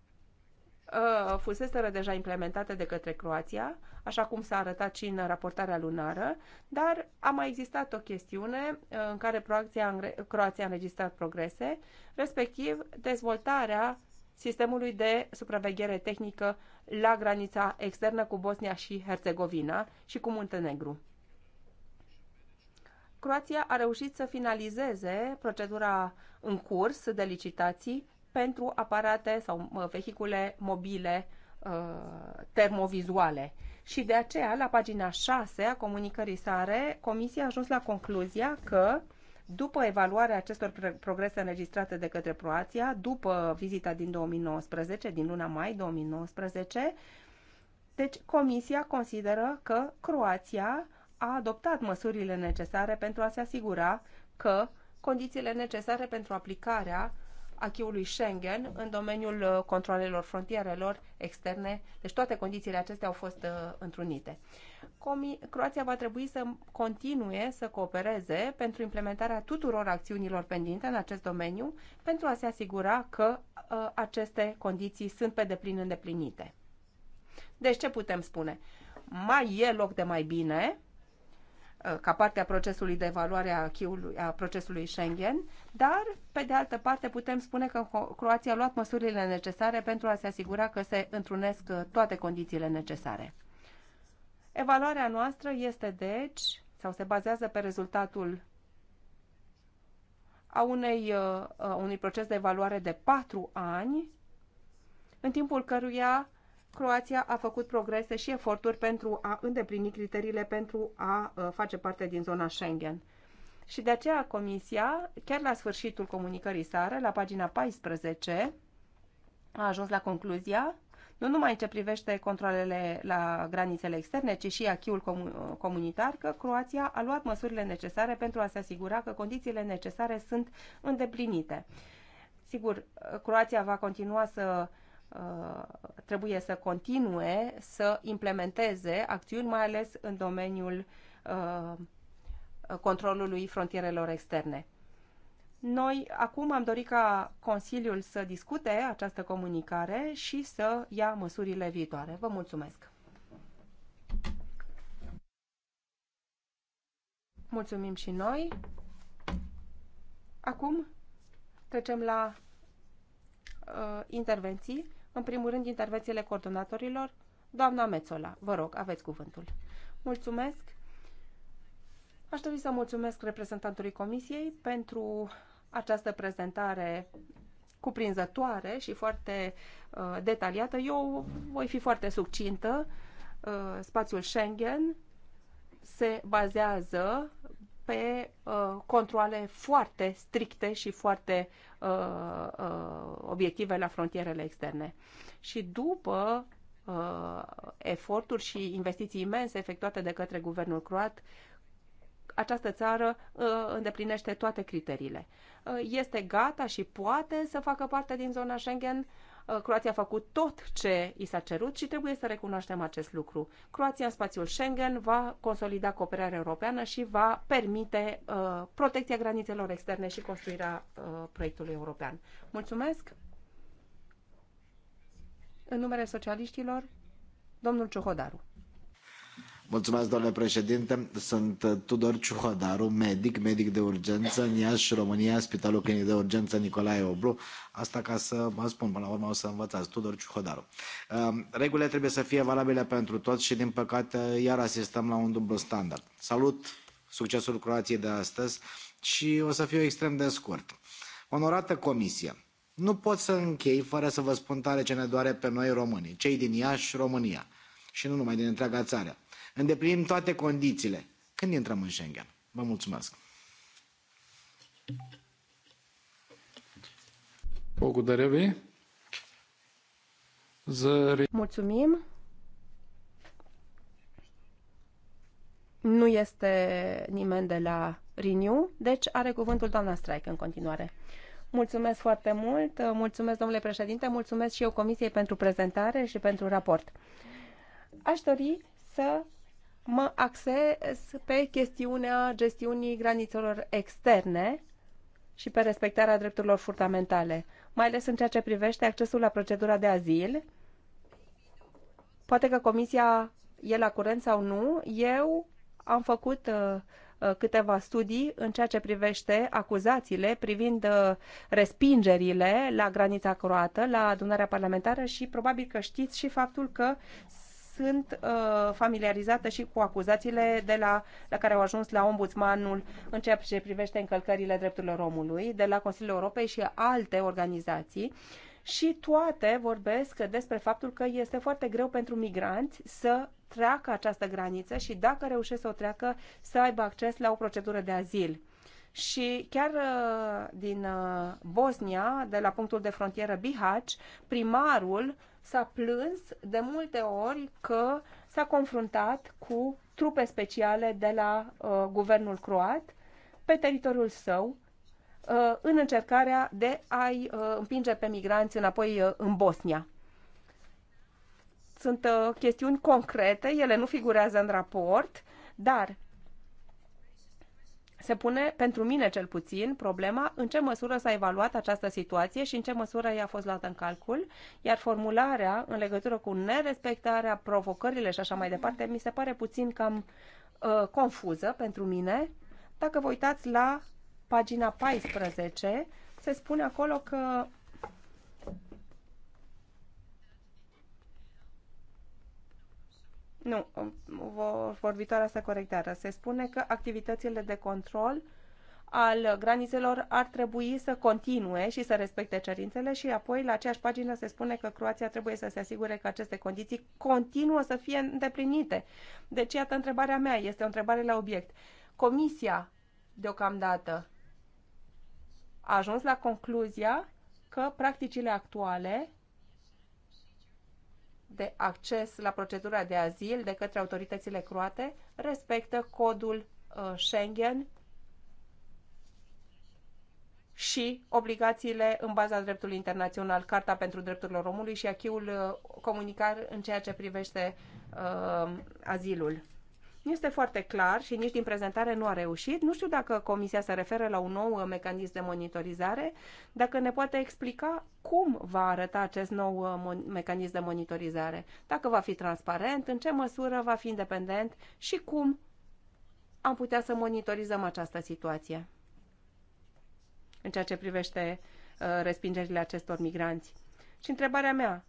uh, fuseseră deja implementate de către Croația, așa cum s-a arătat și în raportarea lunară, dar a mai existat o chestiune uh, în care Croația, Croația a înregistrat progrese, respectiv dezvoltarea sistemului de supraveghere tehnică la granița externă cu Bosnia și Herțegovina și cu Muntenegru. Croația a reușit să finalizeze procedura în curs de licitații pentru aparate sau vehicule mobile uh, termovizuale. Și de aceea, la pagina 6 a comunicării sare, Comisia a ajuns la concluzia că după evaluarea acestor progrese înregistrate de către Croația, după vizita din 2019, din luna mai 2019, deci Comisia consideră că Croația a adoptat măsurile necesare pentru a se asigura că condițiile necesare pentru aplicarea achiului Schengen în domeniul uh, controlelor frontierelor externe. Deci toate condițiile acestea au fost uh, întrunite. Comi Croația va trebui să continue să coopereze pentru implementarea tuturor acțiunilor pendinte în acest domeniu pentru a se asigura că uh, aceste condiții sunt pe deplin îndeplinite. Deci ce putem spune? Mai e loc de mai bine, Uh, ca parte a procesului de evaluare a, a procesului Schengen, dar, pe de altă parte, putem spune că Croația a luat măsurile necesare pentru a se asigura că se întrunesc uh, toate condițiile necesare. Evaluarea noastră este, deci, sau se bazează pe rezultatul a unei, uh, a unui proces de evaluare de patru ani, în timpul căruia Croația a făcut progrese și eforturi pentru a îndeplini criteriile pentru a uh, face parte din zona Schengen. Și de aceea Comisia, chiar la sfârșitul comunicării sare, la pagina 14, a ajuns la concluzia, nu numai în ce privește controlele la granițele externe, ci și achiul uh, comunitar, că Croația a luat măsurile necesare pentru a se asigura că condițiile necesare sunt îndeplinite. Sigur, uh, Croația va continua să uh, Uh, trebuie să continue să implementeze acțiuni, mai ales în domeniul uh, controlului frontierelor externe. Noi acum am dorit ca Consiliul să discute această comunicare și să ia măsurile viitoare. Vă mulțumesc! Mulțumim și noi! Acum trecem la uh, intervenții. În primul rând, intervențiile coordonatorilor. Doamna Mețola, vă rog, aveți cuvântul. Mulțumesc. Aș dori să mulțumesc reprezentantului Comisiei pentru această prezentare cuprinzătoare și foarte uh, detaliată. Eu voi fi foarte succintă. Uh, spațiul Schengen se bazează pe uh, controle foarte stricte și foarte Uh, uh, obiective la frontierele externe. Și după uh, eforturi și investiții imense efectuate de către guvernul croat, această țară îndeplinește toate criteriile. Este gata și poate să facă parte din zona Schengen Uh, Croația a făcut tot ce i s-a cerut și trebuie să recunoaștem acest lucru. Croația în spațiul Schengen va consolida cooperarea europeană și va permite uh, protecția granițelor externe și construirea uh, proiectului european. Mulțumesc! În numele socialiștilor, domnul Ciohodaru. Mulțumesc, domnule președinte. Sunt uh, Tudor Ciuhodaru, medic, medic de urgență în Iași, România, Spitalul Clinic de Urgență Nicolae Oblu. Asta ca să mă spun, până la urmă o să învățați, Tudor Ciuhodaru. Um, regulile trebuie să fie valabile pentru toți și, din păcate, iar asistăm la un dublu standard. Salut succesul Croației de astăzi și o să fiu extrem de scurt. Onorată Comisie, nu pot să închei fără să vă spun tare ce ne doare pe noi românii, cei din Iași, România și nu numai din întreaga țară îndeplinim toate condițiile. Când intrăm în Schengen? Vă mulțumesc! Mulțumim! Nu este nimeni de la Renew, deci are cuvântul doamna Strike în continuare. Mulțumesc foarte mult, mulțumesc domnule președinte, mulțumesc și eu Comisiei pentru prezentare și pentru raport. Aș dori să mă axez pe chestiunea gestiunii granițelor externe și pe respectarea drepturilor fundamentale, mai ales în ceea ce privește accesul la procedura de azil. Poate că Comisia e la curent sau nu, eu am făcut uh, uh, câteva studii în ceea ce privește acuzațiile privind uh, respingerile la granița croată, la adunarea parlamentară și probabil că știți și faptul că sunt uh, familiarizată și cu acuzațiile de la, la care au ajuns la ombudsmanul în ceea ce privește încălcările drepturilor omului, de la Consiliul Europei și alte organizații. Și toate vorbesc despre faptul că este foarte greu pentru migranți să treacă această graniță și dacă reușesc să o treacă, să aibă acces la o procedură de azil. Și chiar uh, din uh, Bosnia, de la punctul de frontieră Bihać, primarul s-a plâns de multe ori că s-a confruntat cu trupe speciale de la uh, guvernul croat pe teritoriul său uh, în încercarea de a-i uh, împinge pe migranți înapoi uh, în Bosnia. Sunt uh, chestiuni concrete, ele nu figurează în raport, dar se pune, pentru mine cel puțin, problema în ce măsură s-a evaluat această situație și în ce măsură ea a fost luată în calcul, iar formularea în legătură cu nerespectarea, provocările și așa mai departe, mi se pare puțin cam uh, confuză pentru mine. Dacă vă uitați la pagina 14, se spune acolo că Nu, um, vorbitoarea să corectează. Se spune că activitățile de control al granițelor ar trebui să continue și să respecte cerințele și apoi la aceeași pagină se spune că Croația trebuie să se asigure că aceste condiții continuă să fie îndeplinite. Deci, iată întrebarea mea, este o întrebare la obiect. Comisia, deocamdată, a ajuns la concluzia că practicile actuale de acces la procedura de azil de către autoritățile croate respectă codul uh, Schengen și obligațiile în baza dreptului internațional, Carta pentru Drepturile Omului și achiul uh, comunicar în ceea ce privește uh, azilul. Nu este foarte clar și nici din prezentare nu a reușit. Nu știu dacă Comisia se referă la un nou uh, mecanism de monitorizare, dacă ne poate explica cum va arăta acest nou uh, mecanism de monitorizare, dacă va fi transparent, în ce măsură va fi independent și cum am putea să monitorizăm această situație în ceea ce privește uh, respingerile acestor migranți. Și întrebarea mea,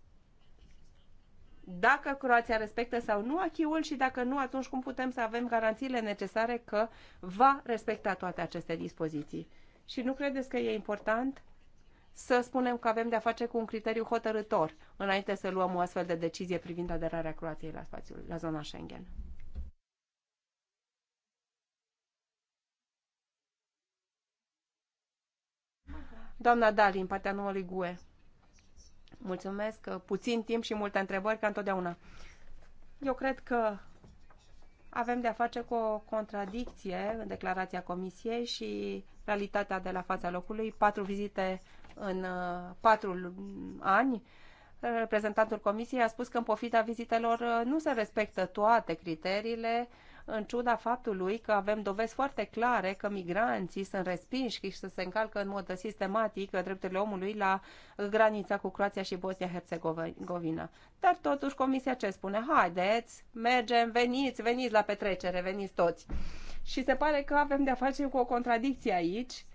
dacă Croația respectă sau nu achiul și dacă nu, atunci cum putem să avem garanțiile necesare că va respecta toate aceste dispoziții. Și nu credeți că e important să spunem că avem de-a face cu un criteriu hotărător înainte să luăm o astfel de decizie privind aderarea Croației la, spațiul, la zona Schengen? Doamna Dali, în partea noului GUE. Mulțumesc. Uh, puțin timp și multe întrebări, ca întotdeauna. Eu cred că avem de-a face cu o contradicție în declarația Comisiei și realitatea de la fața locului. Patru vizite în uh, patru ani. Reprezentantul Comisiei a spus că în pofita vizitelor uh, nu se respectă toate criteriile uh, în ciuda faptului că avem dovezi foarte clare că migranții sunt respinși și să se încalcă în mod sistematic drepturile omului la granița cu Croația și Bosnia-Herzegovina. Dar totuși Comisia ce spune? Haideți, mergem, veniți, veniți la petrecere, veniți toți. Și se pare că avem de-a face cu o contradicție aici,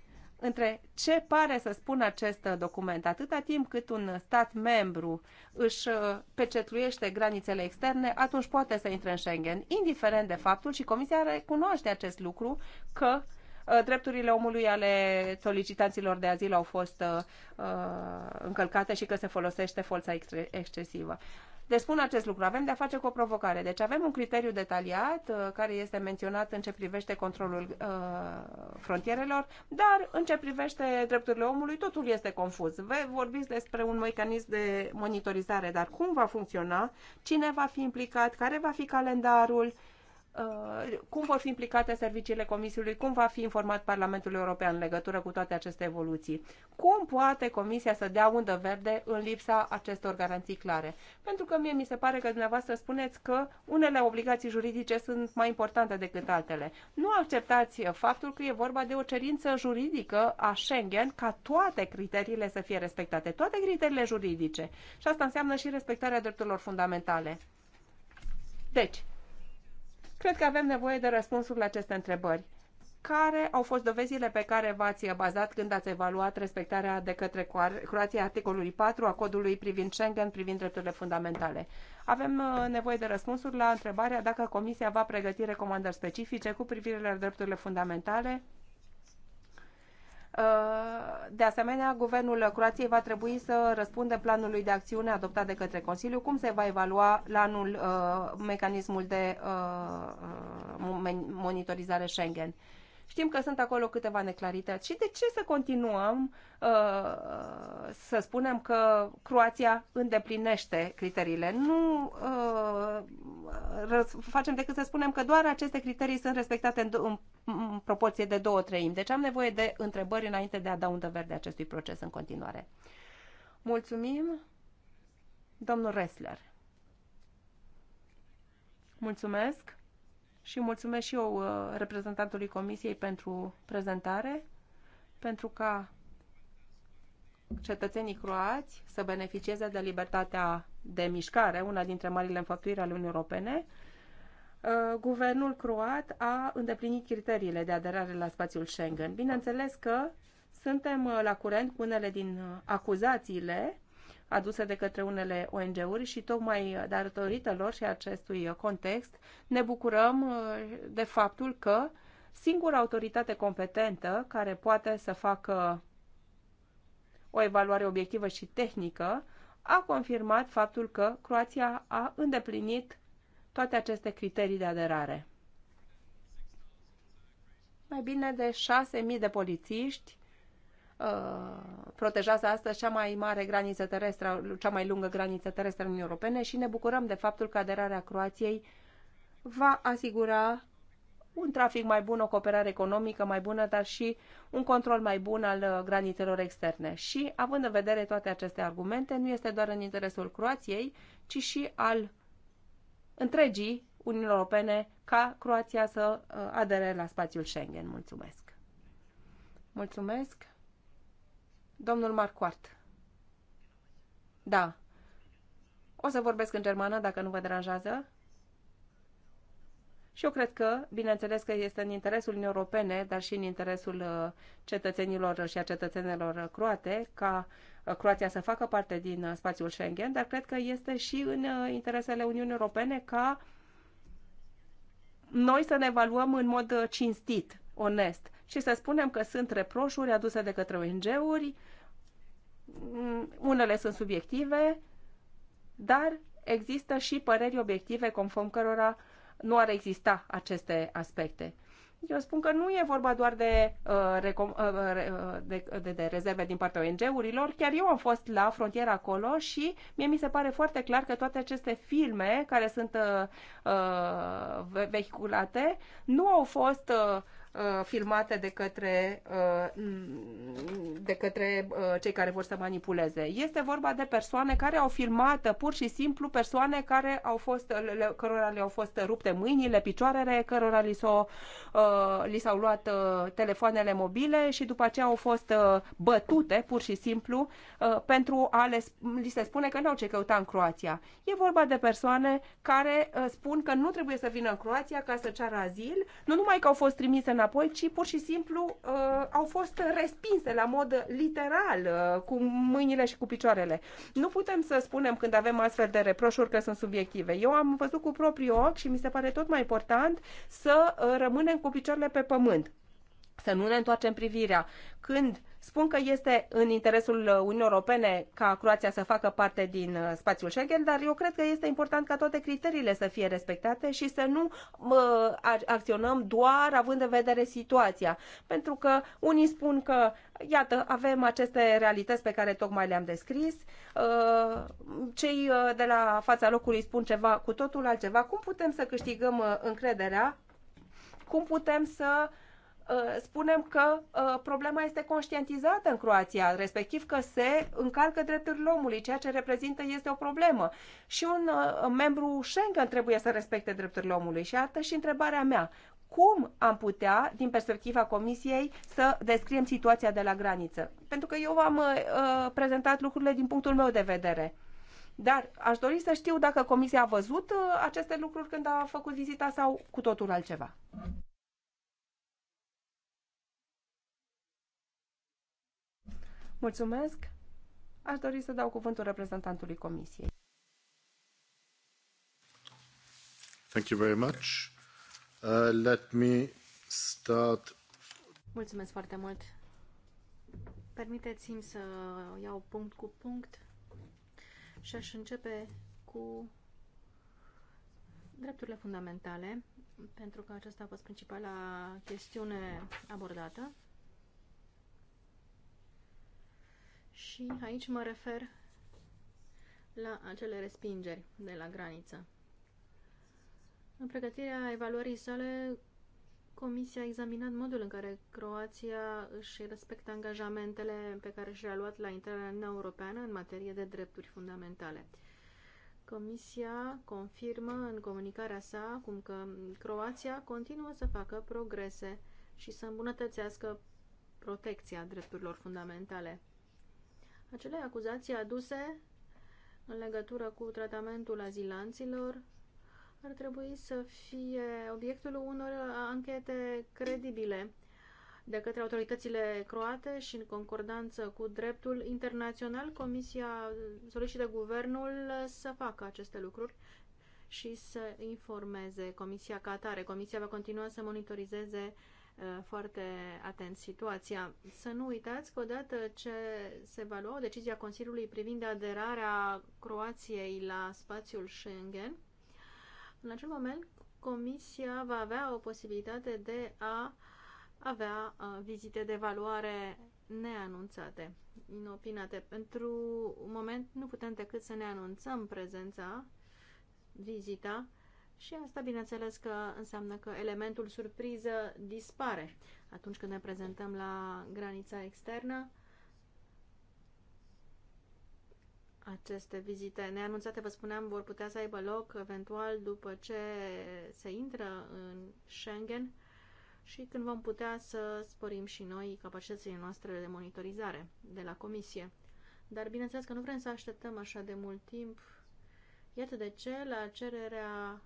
între ce pare să spună acest document. Atâta timp cât un stat membru își uh, pecetluiește granițele externe, atunci poate să intre în Schengen, indiferent de faptul și Comisia recunoaște acest lucru că uh, drepturile omului ale solicitanților de azil au fost uh, uh încălcate și că se folosește forța excesivă. Deci spun acest lucru, avem de-a face cu o provocare. Deci avem un criteriu detaliat uh, care este menționat în ce privește controlul uh, frontierelor, dar în ce privește drepturile omului totul este confuz. Vă vorbiți despre un mecanism de monitorizare, dar cum va funcționa, cine va fi implicat, care va fi calendarul, uh, Uh, cum vor fi implicate serviciile Comisiei, cum va fi informat Parlamentul European în legătură cu toate aceste evoluții. Cum poate Comisia să dea undă verde în lipsa acestor garanții clare? Pentru că mie mi se pare că dumneavoastră spuneți că unele obligații juridice sunt mai importante decât altele. Nu acceptați faptul că e vorba de o cerință juridică a Schengen ca toate criteriile să fie respectate, toate criteriile juridice. Și asta înseamnă și respectarea drepturilor fundamentale. Deci, Cred că avem nevoie de răspunsuri la aceste întrebări. Care au fost dovezile pe care v-ați bazat când ați evaluat respectarea de către Croația articolului 4 a codului privind Schengen privind drepturile fundamentale? Avem uh, nevoie de răspunsuri la întrebarea dacă Comisia va pregăti recomandări specifice cu privire la drepturile fundamentale Uh, de asemenea, guvernul Croației va trebui să răspundă planului de acțiune adoptat de către Consiliu. Cum se va evalua la anul uh, mecanismul de uh, monitorizare Schengen? Știm că sunt acolo câteva neclarități. Și de ce să continuăm uh, să spunem că Croația îndeplinește criteriile? Nu uh, facem decât să spunem că doar aceste criterii sunt respectate în, în, în proporție de două treimi. Deci am nevoie de întrebări înainte de a da undă verde acestui proces în continuare. Mulțumim, domnul Ressler. Mulțumesc și mulțumesc și eu uh, reprezentantului Comisiei pentru prezentare, pentru ca cetățenii croați să beneficieze de libertatea de mișcare, una dintre marile înfăptuiri ale Uniunii Europene, uh, guvernul croat a îndeplinit criteriile de aderare la spațiul Schengen. Bineînțeles că suntem uh, la curent cu unele din acuzațiile aduse de către unele ONG-uri și tocmai datorită lor și acestui context ne bucurăm uh, de faptul că singura autoritate competentă care poate să facă o evaluare obiectivă și tehnică a confirmat faptul că Croația a îndeplinit toate aceste criterii de aderare. Mai bine de 6.000 de polițiști protejează astăzi cea mai mare graniță terestră, cea mai lungă graniță terestră în Europene și ne bucurăm de faptul că aderarea Croației va asigura un trafic mai bun, o cooperare economică mai bună, dar și un control mai bun al uh, granițelor externe. Și, având în vedere toate aceste argumente, nu este doar în interesul Croației, ci și al întregii Uniunii Europene ca Croația să uh, adere la spațiul Schengen. Mulțumesc! Mulțumesc! Domnul Marquardt. Da. O să vorbesc în germană, dacă nu vă deranjează. Și eu cred că, bineînțeles că este în interesul Uniunii Europene, dar și în interesul uh, cetățenilor și a cetățenilor croate, ca uh, Croația să facă parte din uh, spațiul Schengen, dar cred că este și în interesele Uniunii Europene ca noi să ne evaluăm în mod cinstit, onest și să spunem că sunt reproșuri aduse de către ONG-uri, unele sunt subiective, dar există și păreri obiective conform cărora nu ar exista aceste aspecte. Eu spun că nu e vorba doar de, uh, uh, uh, de, de, de rezerve din partea ONG-urilor. Chiar eu am fost la frontiera acolo și mie mi se pare foarte clar că toate aceste filme care sunt uh, vehiculate nu au fost Uh, filmate de către, uh, de către uh, cei care vor să manipuleze. Este vorba de persoane care au filmat pur și simplu persoane care au fost, cărora le-au fost rupte mâinile, picioarele, cărora li, s-au, li s-au luat telefoanele mobile și după aceea au fost bătute pur și simplu pentru a le, li se spune că nu au ce căuta în Croația. E vorba de persoane care spun că nu trebuie să vină în Croația ca să ceară azil, nu numai că au fost trimise în înapoi, ci pur și simplu uh, au fost respinse la mod literal, uh, cu mâinile și cu picioarele. Nu putem să spunem când avem astfel de reproșuri că sunt subiective. Eu am văzut cu propriul ochi și mi se pare tot mai important să uh, rămânem cu picioarele pe pământ. Să nu ne întoarcem privirea. Când uh, spun că este în interesul Uniunii Europene ca Croația să facă parte din uh, spațiul Schengen, dar eu cred că este important ca toate criteriile să fie respectate și să nu acționăm doar având în vedere situația. Pentru că unii spun că, iată, avem aceste realități pe care tocmai le-am descris, uh, cei uh, de la fața locului spun ceva cu totul altceva. Cum putem să câștigăm încrederea? Cum putem să uh, Uh, spunem că uh, problema este conștientizată în Croația, respectiv că se încalcă drepturile omului, ceea ce reprezintă este o problemă. Și un uh, membru Schengen trebuie să respecte drepturile omului. Și atât și întrebarea mea. Cum am putea, din perspectiva Comisiei, să descriem situația de la graniță? Pentru că eu v am uh, prezentat lucrurile din punctul meu de vedere. Dar aș dori să știu dacă Comisia a văzut aceste lucruri când a făcut vizita sau cu totul altceva. Mulțumesc. Aș dori să dau cuvântul reprezentantului Comisiei. Thank you very much. Uh, let me start. Mulțumesc foarte mult. Permiteți-mi să iau punct cu punct și aș începe cu drepturile fundamentale, pentru că aceasta a fost principala chestiune abordată. Și aici mă refer la acele respingeri de la graniță. În pregătirea evaluării sale, Comisia a examinat modul în care Croația își respectă angajamentele pe care și le-a luat la intrarea în Europeană în materie de drepturi fundamentale. Comisia confirmă în comunicarea sa cum că Croația continuă să facă progrese și să îmbunătățească protecția drepturilor fundamentale. Acele acuzații aduse în legătură cu tratamentul azilanților ar trebui să fie obiectul unor anchete credibile de către autoritățile croate și în concordanță cu dreptul internațional, Comisia solicită guvernul să facă aceste lucruri și să informeze Comisia Catare. Comisia va continua să monitorizeze Uh, foarte atent situația. Să nu uitați că odată ce se va lua o decizie a Consiliului privind aderarea Croației la spațiul Schengen, în acel moment Comisia va avea o posibilitate de a avea uh, vizite de valoare neanunțate, inopinate. Pentru un moment nu putem decât să ne anunțăm prezența, vizita, și asta, bineînțeles, că înseamnă că elementul surpriză dispare atunci când ne prezentăm la granița externă. Aceste vizite neanunțate, vă spuneam, vor putea să aibă loc eventual după ce se intră în Schengen și când vom putea să sporim și noi capacitățile noastre de monitorizare de la Comisie. Dar bineînțeles că nu vrem să așteptăm așa de mult timp. Iată de ce, la cererea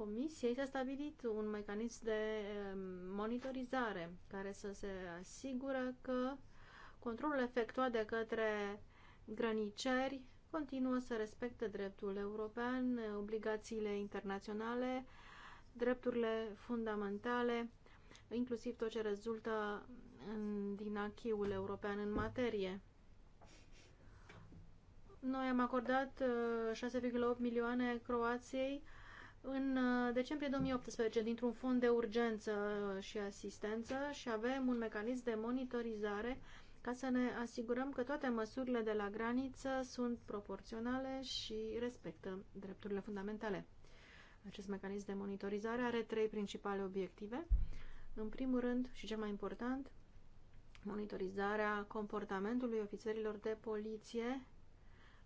Comisiei s-a stabilit un mecanism de ehm, monitorizare care să se asigură că controlul efectuat de către grăniceri continuă să respecte dreptul european, obligațiile internaționale, drepturile fundamentale, inclusiv tot ce rezultă în, din achiul european în materie. Noi am acordat 6,8 eh, milioane Croației în uh, decembrie 2018 dintr-un fond de urgență și asistență și avem un mecanism de monitorizare ca să ne asigurăm că toate măsurile de la graniță sunt proporționale și respectă drepturile fundamentale. Acest mecanism de monitorizare are trei principale obiective. În primul rând, și cel mai important, monitorizarea comportamentului ofițerilor de poliție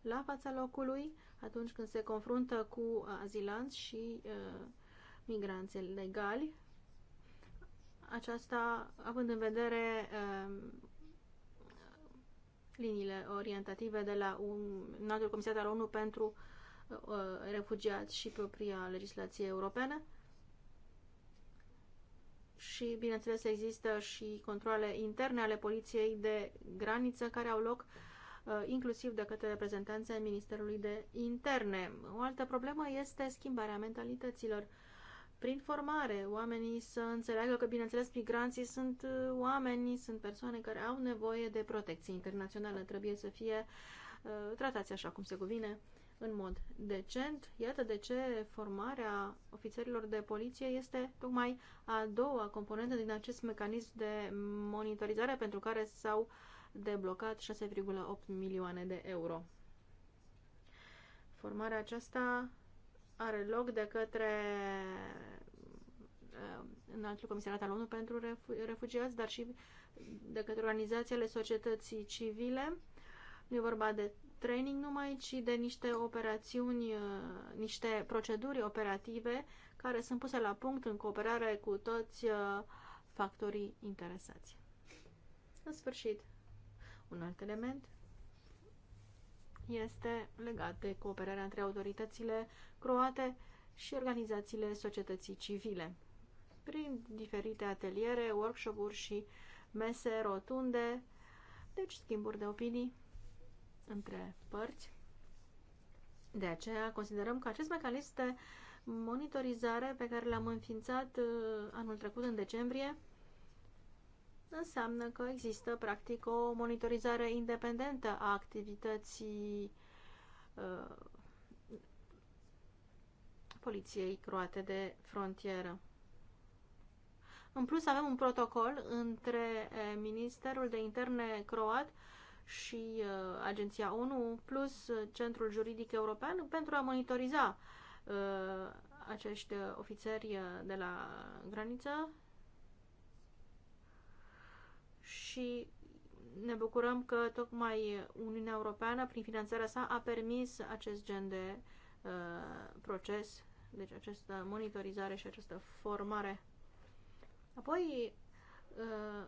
la fața locului, atunci când se confruntă cu uh, azilanți și uh, migranți legali. Aceasta având în vedere um, liniile orientative de la un, altul comisar al ONU pentru uh, refugiați și propria legislație europeană. Și, bineînțeles, există și controle interne ale poliției de graniță care au loc uh, Uh, inclusiv de către reprezentanții ai Ministerului de Interne. O altă problemă este schimbarea mentalităților. Prin formare, oamenii să înțeleagă că, bineînțeles, migranții sunt uh, oameni, sunt persoane care au nevoie de protecție internațională, trebuie să fie uh, tratați așa cum se cuvine în mod decent. Iată de ce formarea ofițerilor de poliție este tocmai a doua componentă din acest mecanism de monitorizare pentru care s-au uh, deblocat 6,8 milioane de euro. Formarea aceasta are loc de către eh, înaltul comisariat al ONU pentru refugiați, dar și de către organizațiile societății civile. Nu e vorba de training numai, ci de niște operațiuni, eh, niște proceduri operative care sunt puse la punct în cooperare cu toți eh, factorii interesați. În sfârșit, un alt element este legat de cooperarea între autoritățile croate și organizațiile societății civile. Prin diferite ateliere, workshop-uri și mese rotunde, deci schimburi de opinii între părți. De aceea considerăm că acest mecanism de monitorizare pe care l-am înființat uh, anul trecut în decembrie înseamnă că există practic o monitorizare independentă a activității uh, poliției croate de frontieră. În plus avem un protocol între eh, Ministerul de Interne croat și uh, Agenția ONU plus eh, Centrul Juridic European pentru a monitoriza uh, acești ofițeri de la graniță și ne bucurăm că tocmai Uniunea Europeană, prin finanțarea sa, a permis acest gen de uh, proces, deci această monitorizare și această formare. Apoi, uh,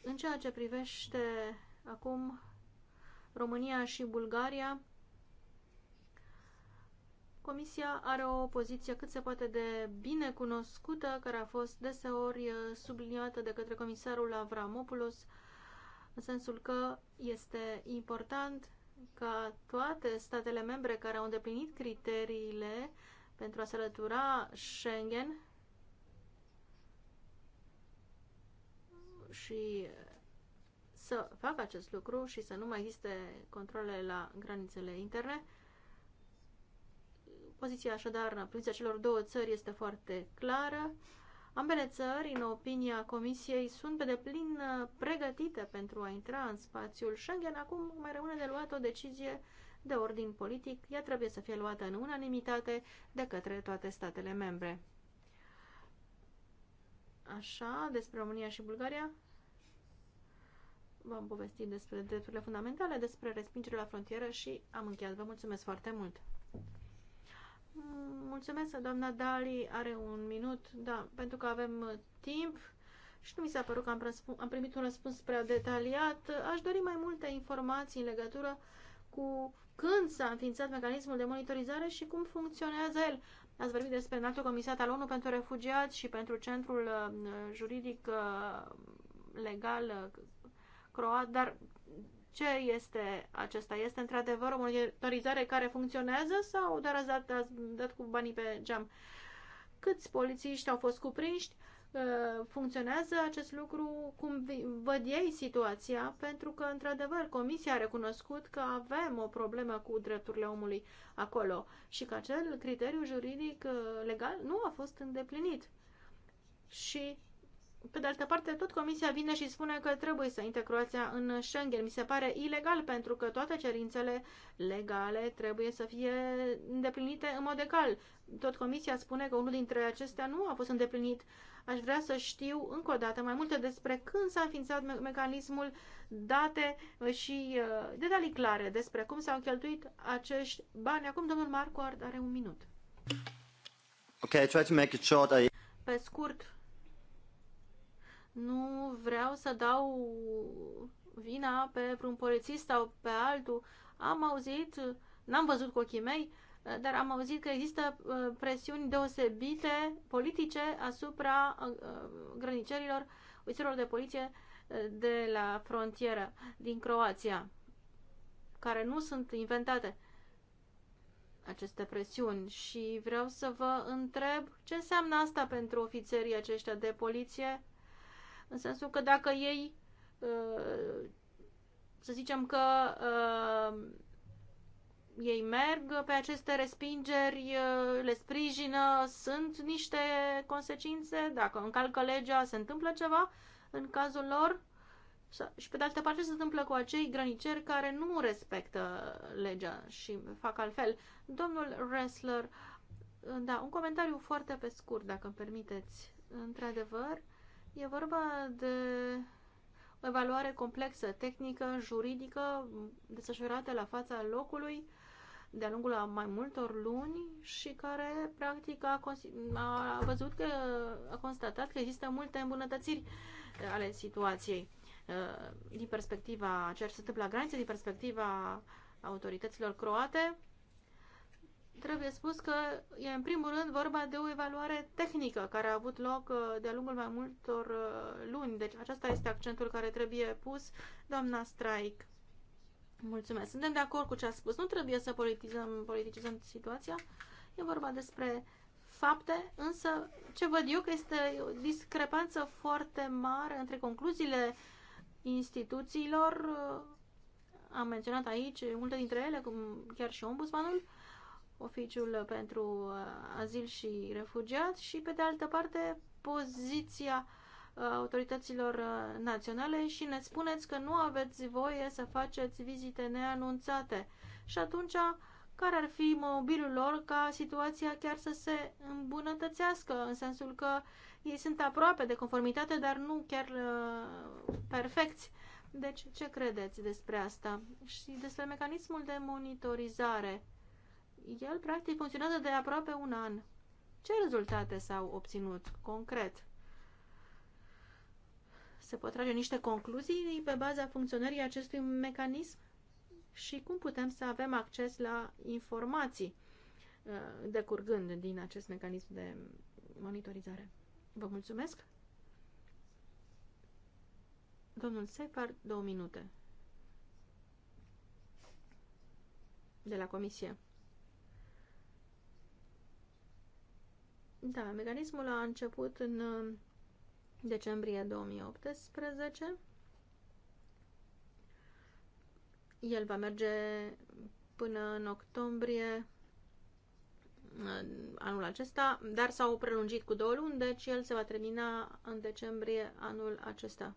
în ceea ce privește acum România și Bulgaria, Comisia are o poziție cât se poate de bine cunoscută, care a fost deseori uh, subliniată de către comisarul Avramopoulos, în sensul că este important ca toate statele membre care au îndeplinit criteriile pentru a se alătura Schengen și să facă acest lucru și să nu mai existe controle la granițele interne, Poziția așadar, poziția celor două țări este foarte clară. Ambele țări, în opinia Comisiei, sunt pe deplin uh, pregătite pentru a intra în spațiul Schengen. Acum mai rămâne de luat o decizie de ordin politic. Ea trebuie să fie luată în unanimitate de către toate statele membre. Așa, despre România și Bulgaria. V-am povestit despre drepturile fundamentale, despre respingerea la frontieră și am încheiat. Vă mulțumesc foarte mult! Mulțumesc, doamna Dali are un minut, da, pentru că avem uh, timp și nu mi s-a părut că am, am primit un răspuns prea detaliat. Aș dori mai multe informații în legătură cu când s-a înființat mecanismul de monitorizare și cum funcționează el. Ați vorbit despre înaltul comisat al ONU pentru refugiați și pentru centrul uh, juridic uh, legal croat, dar ce este acesta? Este într-adevăr o monitorizare care funcționează sau doar ați dat, ați dat cu banii pe geam? Câți polițiști au fost cuprinși? Uh, funcționează acest lucru? Cum văd ei situația? Pentru că, într-adevăr, Comisia a recunoscut că avem o problemă cu drepturile omului acolo și că acel criteriu juridic uh, legal nu a fost îndeplinit. Și pe de altă parte, tot Comisia vine și spune că trebuie să intre Croația în Schengen. Mi se pare ilegal pentru că toate cerințele legale trebuie să fie îndeplinite în mod egal. Tot Comisia spune că unul dintre acestea nu a fost îndeplinit. Aș vrea să știu încă o dată mai multe despre când s-a înființat me mecanismul, date și uh, detalii clare despre cum s-au cheltuit acești bani. Acum domnul Marco are un minut. Okay, I try to make it short. I... Pe scurt, nu vreau să dau vina pe un polițist sau pe altul. Am auzit, n-am văzut cu ochii mei, dar am auzit că există uh, presiuni deosebite politice asupra uh, grănicerilor, ofițerilor de poliție uh, de la frontieră din Croația, care nu sunt inventate aceste presiuni și vreau să vă întreb ce înseamnă asta pentru ofițerii aceștia de poliție în sensul că dacă ei, uh, să zicem că uh, ei merg pe aceste respingeri, uh, le sprijină, sunt niște consecințe, dacă încalcă legea, se întâmplă ceva în cazul lor și pe de altă parte se întâmplă cu acei grăniceri care nu respectă legea și fac altfel. Domnul wrestler, da, un comentariu foarte pe scurt, dacă îmi permiteți. Într-adevăr, E vorba de o evaluare complexă, tehnică, juridică, desfășurată la fața locului de-a lungul a mai multor luni și care, practic, a, a văzut că a constatat că există multe îmbunătățiri uh, ale situației uh, din perspectiva ceea ce se întâmplă la graniță, din perspectiva autorităților croate trebuie spus că e în primul rând vorba de o evaluare tehnică care a avut loc uh, de-a lungul mai multor uh, luni. Deci acesta este accentul care trebuie pus, doamna Straic. Mulțumesc. Suntem de acord cu ce a spus. Nu trebuie să politizăm, politicizăm situația. E vorba despre fapte, însă ce văd eu că este o discrepanță foarte mare între concluziile instituțiilor. Uh, am menționat aici multe dintre ele, cum chiar și ombudsmanul, oficiul pentru uh, azil și refugiat și, pe de altă parte, poziția uh, autorităților uh, naționale și ne spuneți că nu aveți voie să faceți vizite neanunțate. Și atunci, care ar fi mobilul lor ca situația chiar să se îmbunătățească, în sensul că ei sunt aproape de conformitate, dar nu chiar uh, perfecți. Deci, ce credeți despre asta și despre mecanismul de monitorizare? El, practic, funcționează de aproape un an. Ce rezultate s-au obținut concret? Se pot trage niște concluzii pe baza funcționării acestui mecanism? Și cum putem să avem acces la informații uh, decurgând din acest mecanism de monitorizare? Vă mulțumesc! Domnul Separ, două minute. De la comisie. Da, mecanismul a început în uh, decembrie 2018. El va merge până în octombrie uh, anul acesta, dar s-au prelungit cu două luni, deci el se va termina în decembrie anul acesta.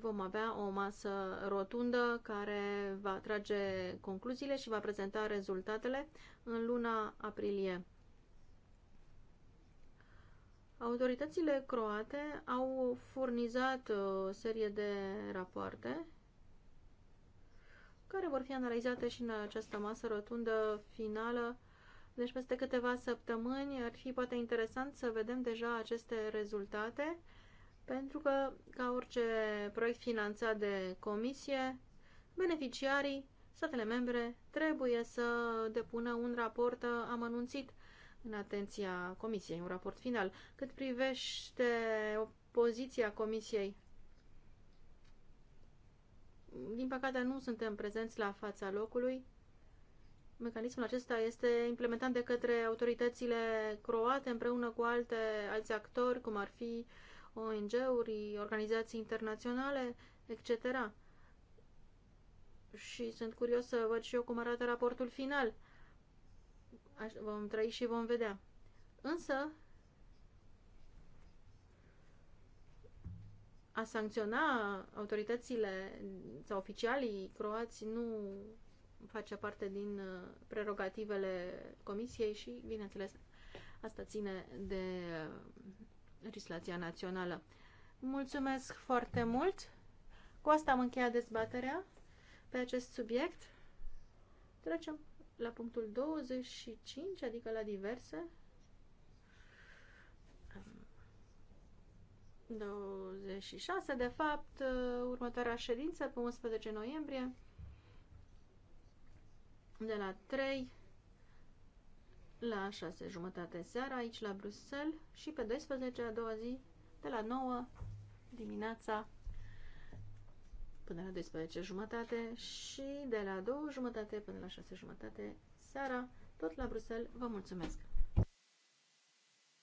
vom avea o masă rotundă care va trage concluziile și va prezenta rezultatele în luna aprilie. Autoritățile croate au furnizat uh, o serie de rapoarte care vor fi analizate și în această masă rotundă finală. Deci peste câteva săptămâni ar fi poate interesant să vedem deja aceste rezultate pentru că, ca orice proiect finanțat de comisie, beneficiarii, statele membre, trebuie să depună un raport uh, amănunțit în atenția comisiei, un raport final. Cât privește poziția comisiei, din păcate nu suntem prezenți la fața locului. Mecanismul acesta este implementat de către autoritățile croate împreună cu alte, alți actori, cum ar fi uh, ONG-uri, organizații internaționale, etc. Și sunt curios să văd și eu cum arată raportul final. Vom trăi și vom vedea. Însă, a sancționa autoritățile sau oficialii croați nu face parte din uh, prerogativele comisiei și, bineînțeles, asta ține de uh, legislația națională. Mulțumesc foarte mult! Cu asta am încheiat dezbaterea pe acest subiect. Trecem la punctul 25, adică la diverse. 26, de fapt, următoarea ședință pe 11 noiembrie de la 3 la 6 jumătate seara aici la Bruxelles și pe 12 a doua zi de la 9 dimineața până la 12 jumătate și de la 2 jumătate până la 6 jumătate seara tot la Bruxelles. Vă mulțumesc!